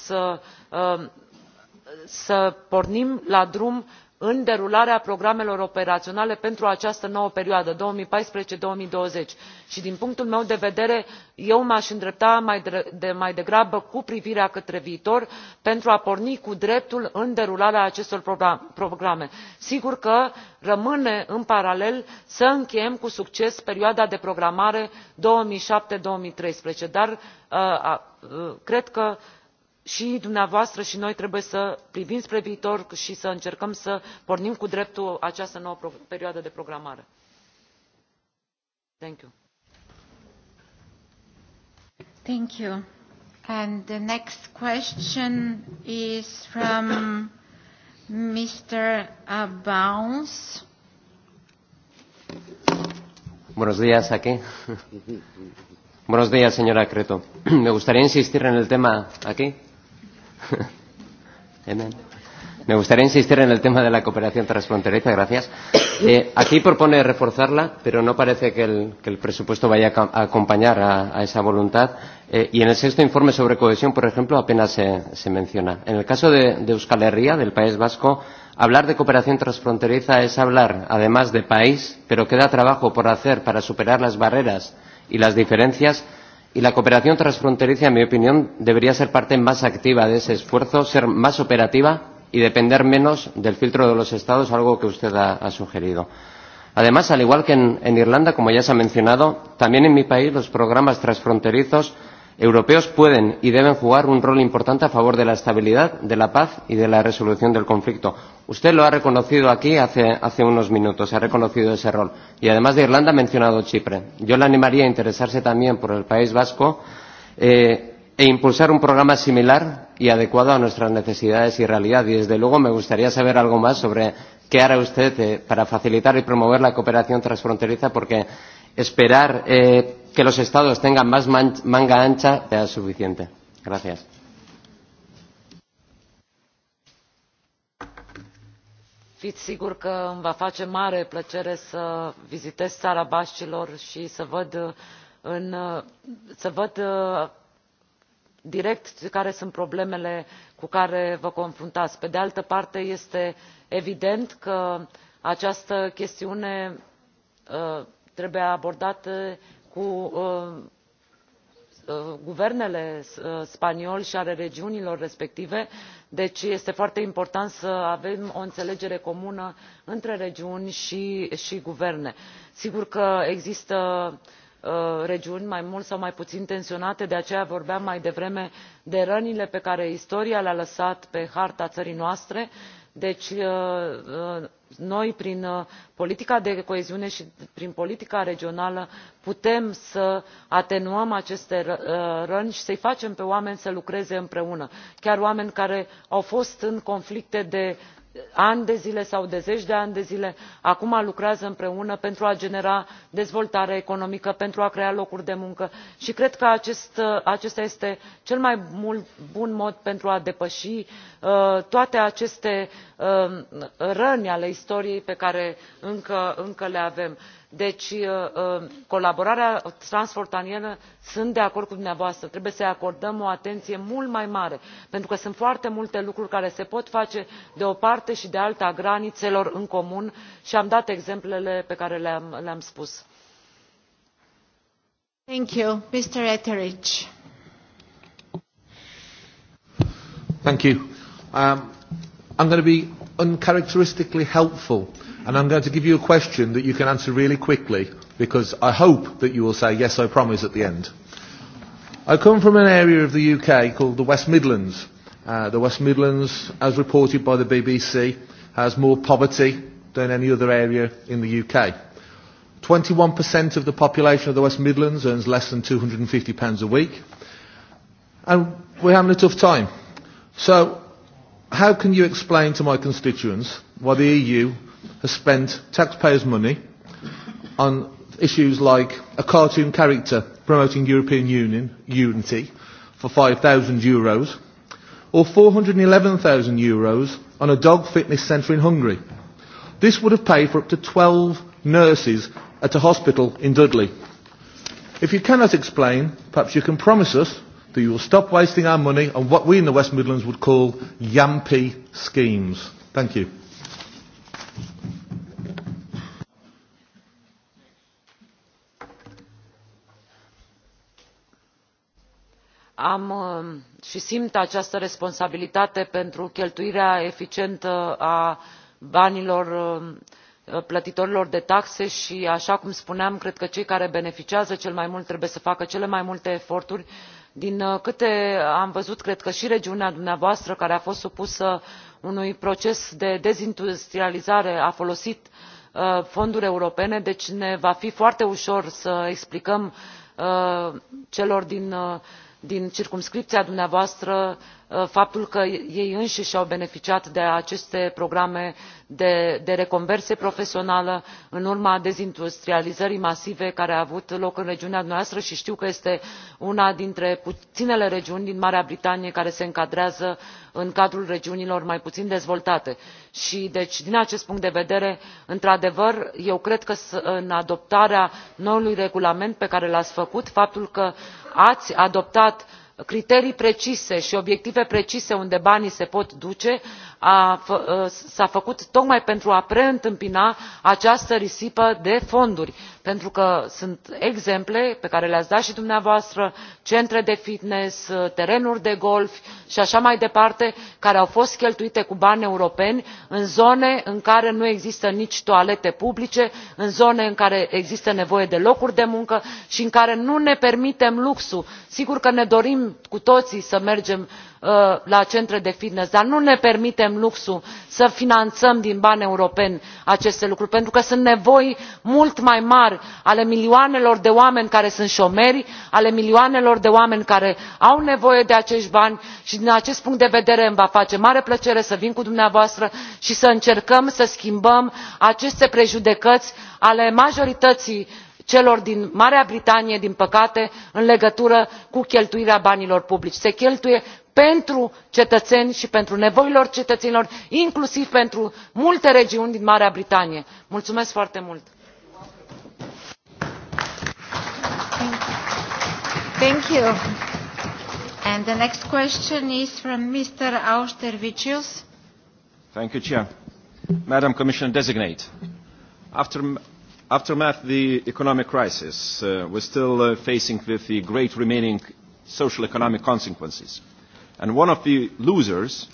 să pornim la drum în derularea programelor operaționale pentru această nouă perioadă două mii paisprezece două mii douăzeci și din punctul meu de vedere eu m aș îndrepta mai, degrabă cu privirea către viitor pentru a porni cu dreptul în derularea acestor programe. sigur că rămâne în paralel să încheiem cu succes perioada de programare două mii șapte două mii treisprezece dar uh, uh, cred că și dumneavoastră și noi trebuie să privim spre viitor și să încercăm să pornim cu dreptul această nouă perioadă de programare. Thank you. Thank you. And the next question is from Mr. Abounds. Buenos días, aquí. Buenos días, señora Creto. Me gustaría insistir en el tema aquí (laughs) Amen. Me gustaría insistir en el tema de la cooperación transfronteriza, gracias. Eh, aquí propone reforzarla, pero no parece que el, que el presupuesto vaya a acompañar a, a esa voluntad. Eh, y en el sexto informe sobre cohesión, por ejemplo, apenas se, se menciona. En el caso de, de Euskal Herria, del País Vasco, hablar de cooperación transfronteriza es hablar, además de país, pero queda trabajo por hacer para superar las barreras y las diferencias Y la cooperación transfronteriza, en mi opinión, debería ser parte más activa de ese esfuerzo, ser más operativa y depender menos del filtro de los estados, algo que usted ha, ha sugerido. Además, al igual que en, en Irlanda, como ya se ha mencionado, también en mi país los programas transfronterizos europeos pueden y deben jugar un rol importante a favor de la estabilidad, de la paz y de la resolución del conflicto. Usted lo ha reconocido aquí hace, hace unos minutos, ha reconocido ese rol. Y además de Irlanda ha mencionado Chipre. Yo le animaría a interesarse también por el País Vasco eh, e impulsar un programa similar y adecuado a nuestras necesidades y realidad. Y desde luego me gustaría saber algo más sobre qué hará usted eh, para facilitar y promover la cooperación transfronteriza porque esperar eh, que los estados tengan más man manga ancha sea suficiente. Gracias. Fiți sigur că îmi va face mare plăcere să vizitez țara Bașcilor și să văd, eh, în, eh, să văd eh, direct care sunt problemele cu care vă confruntați. Pe de altă parte, este evident că această chestiune trebuie abordat cu uh, uh, guvernele uh, spaniol și ale regiunilor respective deci este foarte important să avem o înțelegere comună între regiuni și, și guverne. sigur că există regiuni mai mult sau mai puțin tensionate de aceea vorbeam mai devreme de rănile pe care istoria le a lăsat pe harta țării noastre Deci, uh, uh, noi, prin uh, politica de coeziune și prin politica regională, putem să atenuăm aceste răni și să i facem pe oameni să lucreze împreună. Chiar oameni care au fost în conflicte de ani de zile sau de zeci de ani de zile acum lucrează împreună pentru a genera dezvoltare economică pentru a crea locuri de muncă și cred că acesta este cel mai bun mod pentru a depăși uh, toate aceste uh, răni ale istoriei pe care încă le avem. Deci, uh, uh, colaborarea transfrontalieră, sunt de acord cu dumneavoastră, trebuie să-i acordăm o atenție mult mai mare, pentru că sunt foarte multe lucruri care se pot face de o parte și de alta a granițelor în comun și am dat exemplele pe care le-am le spus. Thank you. Mr. Etheridge. Thank you. Um, I'm going to be uncharacteristically helpful And I'm going to give you a question that you can answer really quickly because I hope that you will say, yes, I promise at the end. I come from an area of the UK called the West Midlands. Uh, the West Midlands, as reported by the BBC, has more poverty than any other area in the UK. 21% of the population of the West Midlands earns less than £250 a week. And we're having a tough time. So how can you explain to my constituents why the EU has spent taxpayers' money on issues like a cartoon character promoting European Union unity for 5,000 euros or 411,000 euros on a dog fitness centre in Hungary. This would have paid for up to 12 nurses at a hospital in Dudley. If you cannot explain, perhaps you can promise us that you will stop wasting our money on what we in the West Midlands would call yampy schemes. Thank you am um, și simt această responsabilitate pentru cheltuirea eficientă a banilor um, plătitorilor de taxe și așa cum spuneam cred că cei care beneficiază cel mai mult trebuie să facă cele mai multe eforturi din uh, câte am văzut cred că și regiunea dumneavoastră care a fost supusă uh, unui proces de dezindustrializare a folosit uh, fonduri europene deci ne va fi foarte ușor să explicăm uh, celor uh, din, circumscripția dumneavoastră faptul că ei înșiși au beneficiat de aceste programe de, de reconversie profesională în urma dezindustrializării masive care a avut loc în regiunea dumneavoastră și știu că este una dintre puținele regiuni din marea britanie care se încadrează în cadrul regiunilor mai puțin dezvoltate și deci din acest punct de vedere într adevăr eu cred că în adoptarea noului regulament pe care l ați făcut faptul că ați adoptat criterii precise și obiective precise unde banii se pot duce s a făcut tocmai pentru a preîntâmpina această risipă de fonduri pentru că sunt exemple pe care le ați dat și dumneavoastră centre de fitness terenuri de golf și așa mai departe care au fost cheltuite cu bani europeni în zone în care nu există nici toalete publice în zone în care există nevoie de locuri de muncă și în care nu ne permitem luxul. sigur că ne dorim cu toții să mergem uh, la centre de fitness dar nu ne permitem luxul să finanțăm din bani europeni aceste lucruri pentru că sunt nevoi mult mai mari ale milioanelor de oameni care sunt șomeri ale milioanelor de oameni care au nevoie de acești bani și din acest punct de vedere îmi va face mare plăcere să vin cu dumneavoastră și să încercăm să schimbăm aceste prejudecăți ale majorității celor din marea britanie din păcate în legătură cu cheltuirea banilor publici se cheltuie pentru cetățeni și pentru nevoile cetățenilor inclusiv pentru multe regiuni din marea britanie. mulțumesc foarte mult! Thank you. And the next question is from Mr. Austervicius. Thank you, Chair. Madam Commissioner Designate, after Aftermath the economic crisis, uh, we're still uh, facing with the great remaining social economic consequences. And one of the losers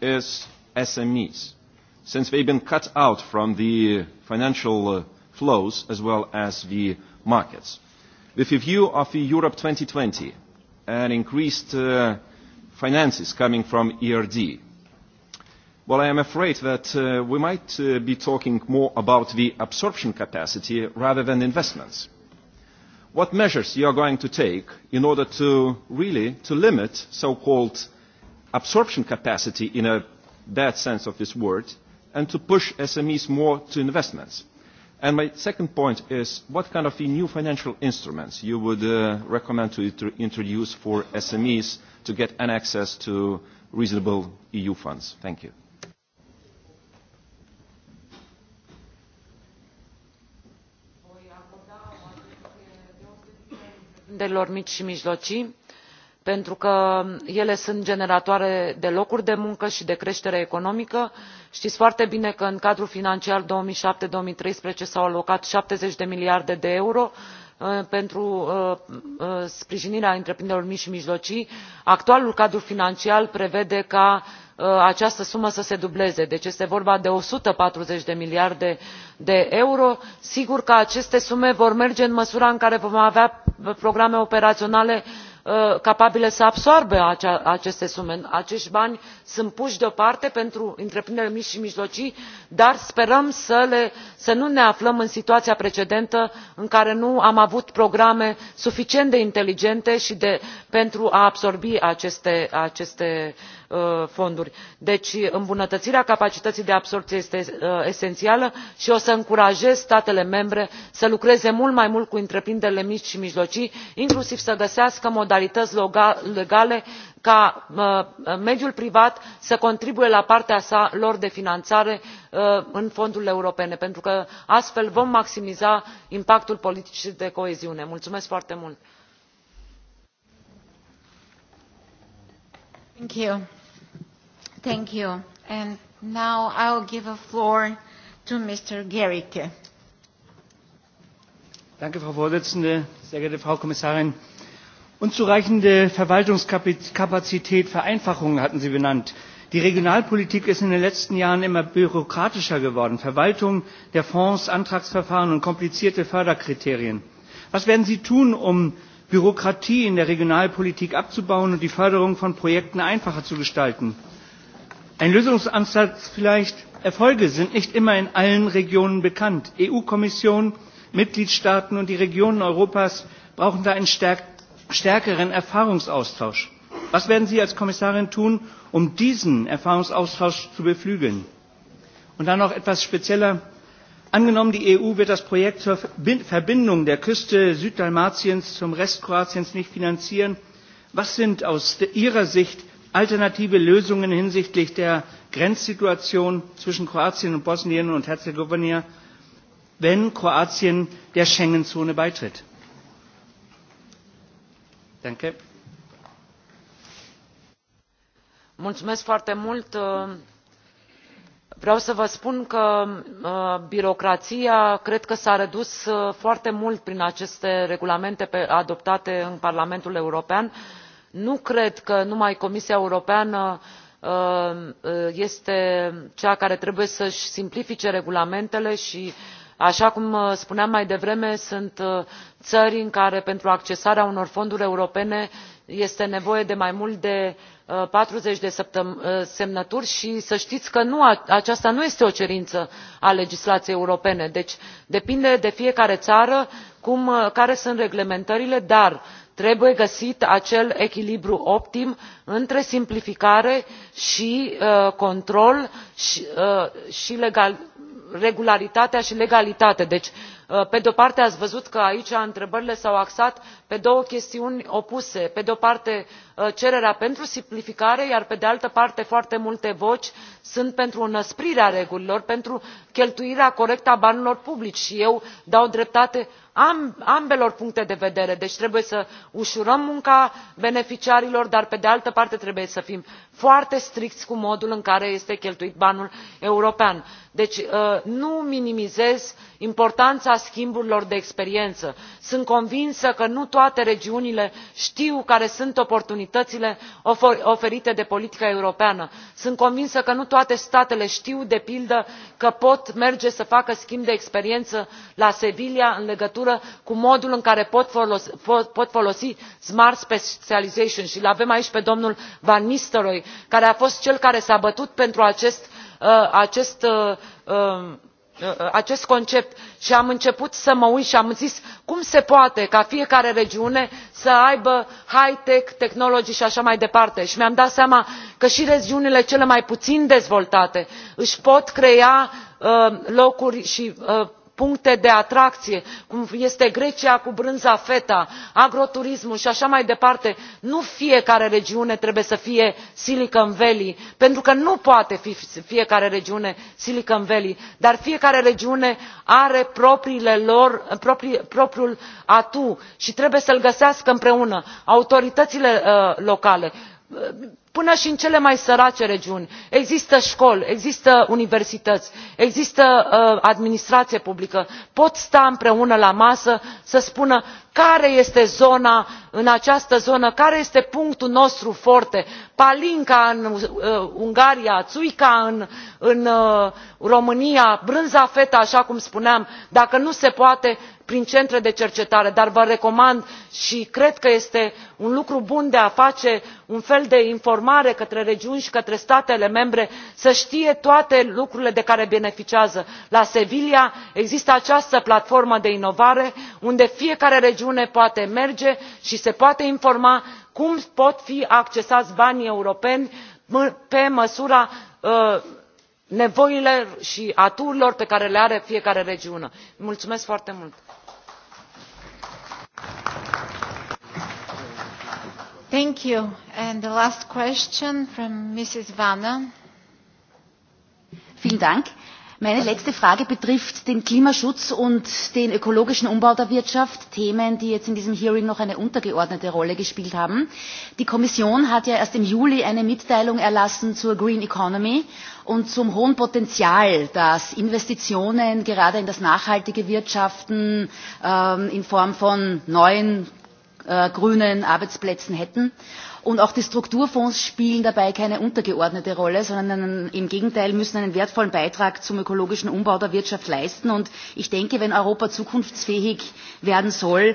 is SMEs, since they've been cut out from the uh, financial uh, flows as well as the markets. With the view of the Europe 2020 and increased uh, finances coming from ERD, Well, I am afraid that uh, we might uh, be talking more about the absorption capacity rather than investments. What measures you are going to take in order to really to limit so-called absorption capacity in a bad sense of this word and to push SMEs more to investments? And my second point is what kind of new financial instruments you would uh, recommend to introduce for SMEs to get an access to reasonable EU funds? Thank you. întreprinderilor mici și mijlocii pentru că ele sunt generatoare de locuri de muncă și de creștere economică știți foarte bine că în cadrul financiar două mii șapte două mii treisprezece s au alocat șaptezeci de miliarde de euro uh, pentru uh, uh, sprijinirea întreprinderilor mici și mijlocii actualul cadru financiar prevede ca Uh, această sumă să se dubleze deci este vorba de o sută patruzeci de miliarde de euro. sigur că aceste sume vor merge în măsura în care vom avea programe operaționale uh, capabile să absoarbă aceste sume. acești bani sunt puși deoparte pentru întreprinderi mici și mijlocii dar sperăm să, le, să nu ne aflăm în situația precedentă în care nu am avut programe suficient de inteligente de, pentru a absorbi aceste, aceste Uh, fonduri. deci îmbunătățirea capacității de absorbție este uh, esențială și o să încurajez statele membre să lucreze mult mai mult cu întreprinderile mici și mijlocii inclusiv să găsească modalități legale ca uh, mediul privat să contribuie la partea sa lor de finanțare în fondurile europene pentru că astfel vom maximiza impactul politicii de coeziune. mulțumesc foarte mult! Thank you. Thank you. And now I'll give a floor to Mr. Gericke. Danke, Frau Vorsitzende, sehr geehrte Frau Kommissarin. Unzureichende Verwaltungskapazität, Vereinfachungen hatten Sie benannt. Die Regionalpolitik ist in den letzten Jahren immer bürokratischer geworden. Verwaltung der Fonds, Antragsverfahren und komplizierte Förderkriterien. Was werden Sie tun, um Bürokratie in der Regionalpolitik abzubauen und die Förderung von Projekten einfacher zu gestalten? Ein Lösungsansatz vielleicht. Erfolge sind nicht immer in allen Regionen bekannt. EU-Kommission, Mitgliedstaaten und die Regionen Europas brauchen da einen stärk stärkeren Erfahrungsaustausch. Was werden Sie als Kommissarin tun, um diesen Erfahrungsaustausch zu beflügeln? Und dann noch etwas spezieller. Angenommen, die EU wird das Projekt zur Verbindung der Küste Süddalmatiens zum Rest Kroatiens nicht finanzieren. Was sind aus Ihrer Sicht alternative Lösungen hinsichtlich der Grenzsituation zwischen Kroatien und Bosnien und Herzegowina, wenn Kroatien der Schengen-Zone beitritt. Danke. Mulțumesc foarte mult. Vreau să vă spun că uh, birocrația cred că s-a redus uh, foarte mult prin aceste regulamente adoptate în Parlamentul European nu cred că numai comisia europeană um, uh, este cea care trebuie să și simplifice regulamentele și așa cum uh, spuneam mai devreme sunt uh, țări în care pentru accesarea unor fonduri europene este nevoie de mai mult de patruzeci de semnături și să știți că nu, aceasta nu este o cerință a legislației europene deci depinde de fiecare țară cum, care sunt reglementările dar trebuie găsit acel echilibru optim între simplificare și uh, control și, uh, regularitatea și legalitate. deci uh, pe de o parte ați văzut că aici întrebările s au axat pe două chestiuni opuse pe de o parte cererea pentru simplificare iar pe de altă parte foarte multe voci sunt pentru înăsprirea regulilor pentru cheltuirea corectă a banilor publici și eu dau dreptate Am, ambelor puncte de vedere deci trebuie să ușurăm munca beneficiarilor dar pe de altă parte trebuie să fim foarte stricți cu modul în care este cheltuit banul european. deci uh, nu minimizez importanța schimburilor de experiență sunt convinsă că nu toate regiunile știu care sunt oportunitățile oferite de politica europeană sunt convinsă că nu toate statele știu de pildă că pot merge să facă schimb de experiență la sevilla în legătură cu modul în care pot folosi, smart specialisation și îl avem aici pe domnul van nistelrooij care a fost cel care s a bătut pentru acest, uh, acest uh, um, uh, acest concept și am început să mă uit și am zis cum se poate ca fiecare regiune să aibă high tech tehnologii și așa mai departe și mi am dat seama că și regiunile cele mai puțin dezvoltate își pot crea uh, locuri și uh, puncte de atracție cum este grecia cu brânza feta agroturismul și așa mai departe nu fiecare regiune trebuie să fie silicon valley pentru că nu poate fi fiecare regiune silicon valley dar fiecare regiune are propriile lor, propriul atu și trebuie să l găsească împreună autoritățile uh, locale până și în cele mai sărace regiuni există școli există universități există uh, administrație publică pot sta împreună la masă să spună care este zona în această zonă care este punctul nostru forte palinca în uh, ungaria țuica în, în uh, românia brânza feta așa cum spuneam dacă nu se poate prin centre de cercetare dar vă recomand și cred că este un lucru bun de a face un fel de informare către regiuni și către statele membre să știe toate lucrurile de care beneficiază. la sevilia există această platformă de inovare unde fiecare regiune poate merge și se poate informa cum pot fi accesați banii europeni pe măsura nevoilor și aturilor pe care le are fiecare regiune. mulțumesc foarte mult! Thank you. And the last question from Mrs. Vanna. Vielen Dank. Meine letzte Frage betrifft den Klimaschutz und den ökologischen Umbau der Wirtschaft, Themen, die jetzt in diesem Hearing noch eine untergeordnete Rolle gespielt haben. Die Kommission hat ja erst im Juli eine Mitteilung erlassen zur Green Economy und zum hohen Potenzial, das Investitionen gerade in das nachhaltige Wirtschaften ähm, in Form von neuen äh, grünen Arbeitsplätzen hätten. Und auch die Strukturfonds spielen dabei keine untergeordnete Rolle, sondern einen, im Gegenteil müssen einen wertvollen Beitrag zum ökologischen Umbau der Wirtschaft leisten. Und ich denke, wenn Europa zukunftsfähig werden soll,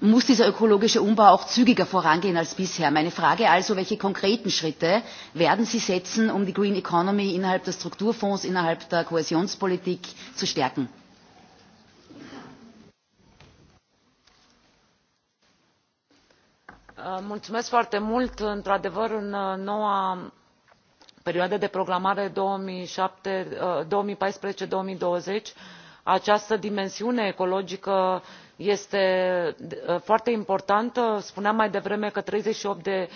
muss dieser ökologische Umbau auch zügiger vorangehen als bisher. Meine Frage also, welche konkreten Schritte werden Sie setzen, um die Green Economy innerhalb der Strukturfonds, innerhalb der Kohäsionspolitik zu stärken? Uh, mulțumesc foarte mult într adevăr în uh, noua perioadă de programare 2014, 2020, uh, această dimensiune ecologică este foarte importantă spuneam mai devreme că 38 de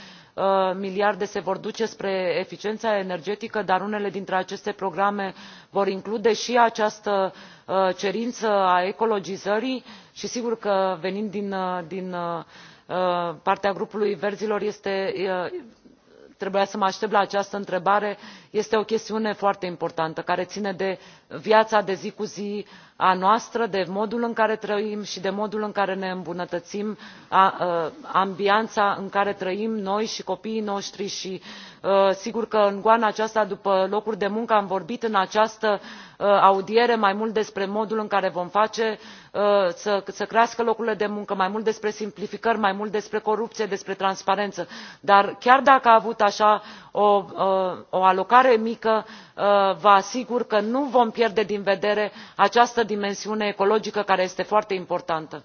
miliarde se vor duce spre eficiența energetică dar unele dintre aceste programe vor include și această cerință a ecologizării și sigur că venind din, din partea grupului verzilor este, e, trebuia să mă aștept la această întrebare este o chestiune foarte importantă care ține de viața de zi cu zi a noastră de modul în care trăim și de modul în care ne îmbunătățim ambianța în care trăim noi și copiii noștri și sigur că în goana aceasta după locuri de muncă am vorbit în această audiere mai mult despre modul în care vom face să, crească locurile de muncă mai mult despre simplificări mai mult despre corupție despre transparență dar chiar dacă a avut așa o alocare mare mică uh, vă asigur că nu vom pierde din vedere această dimensiune ecologică care este foarte importantă.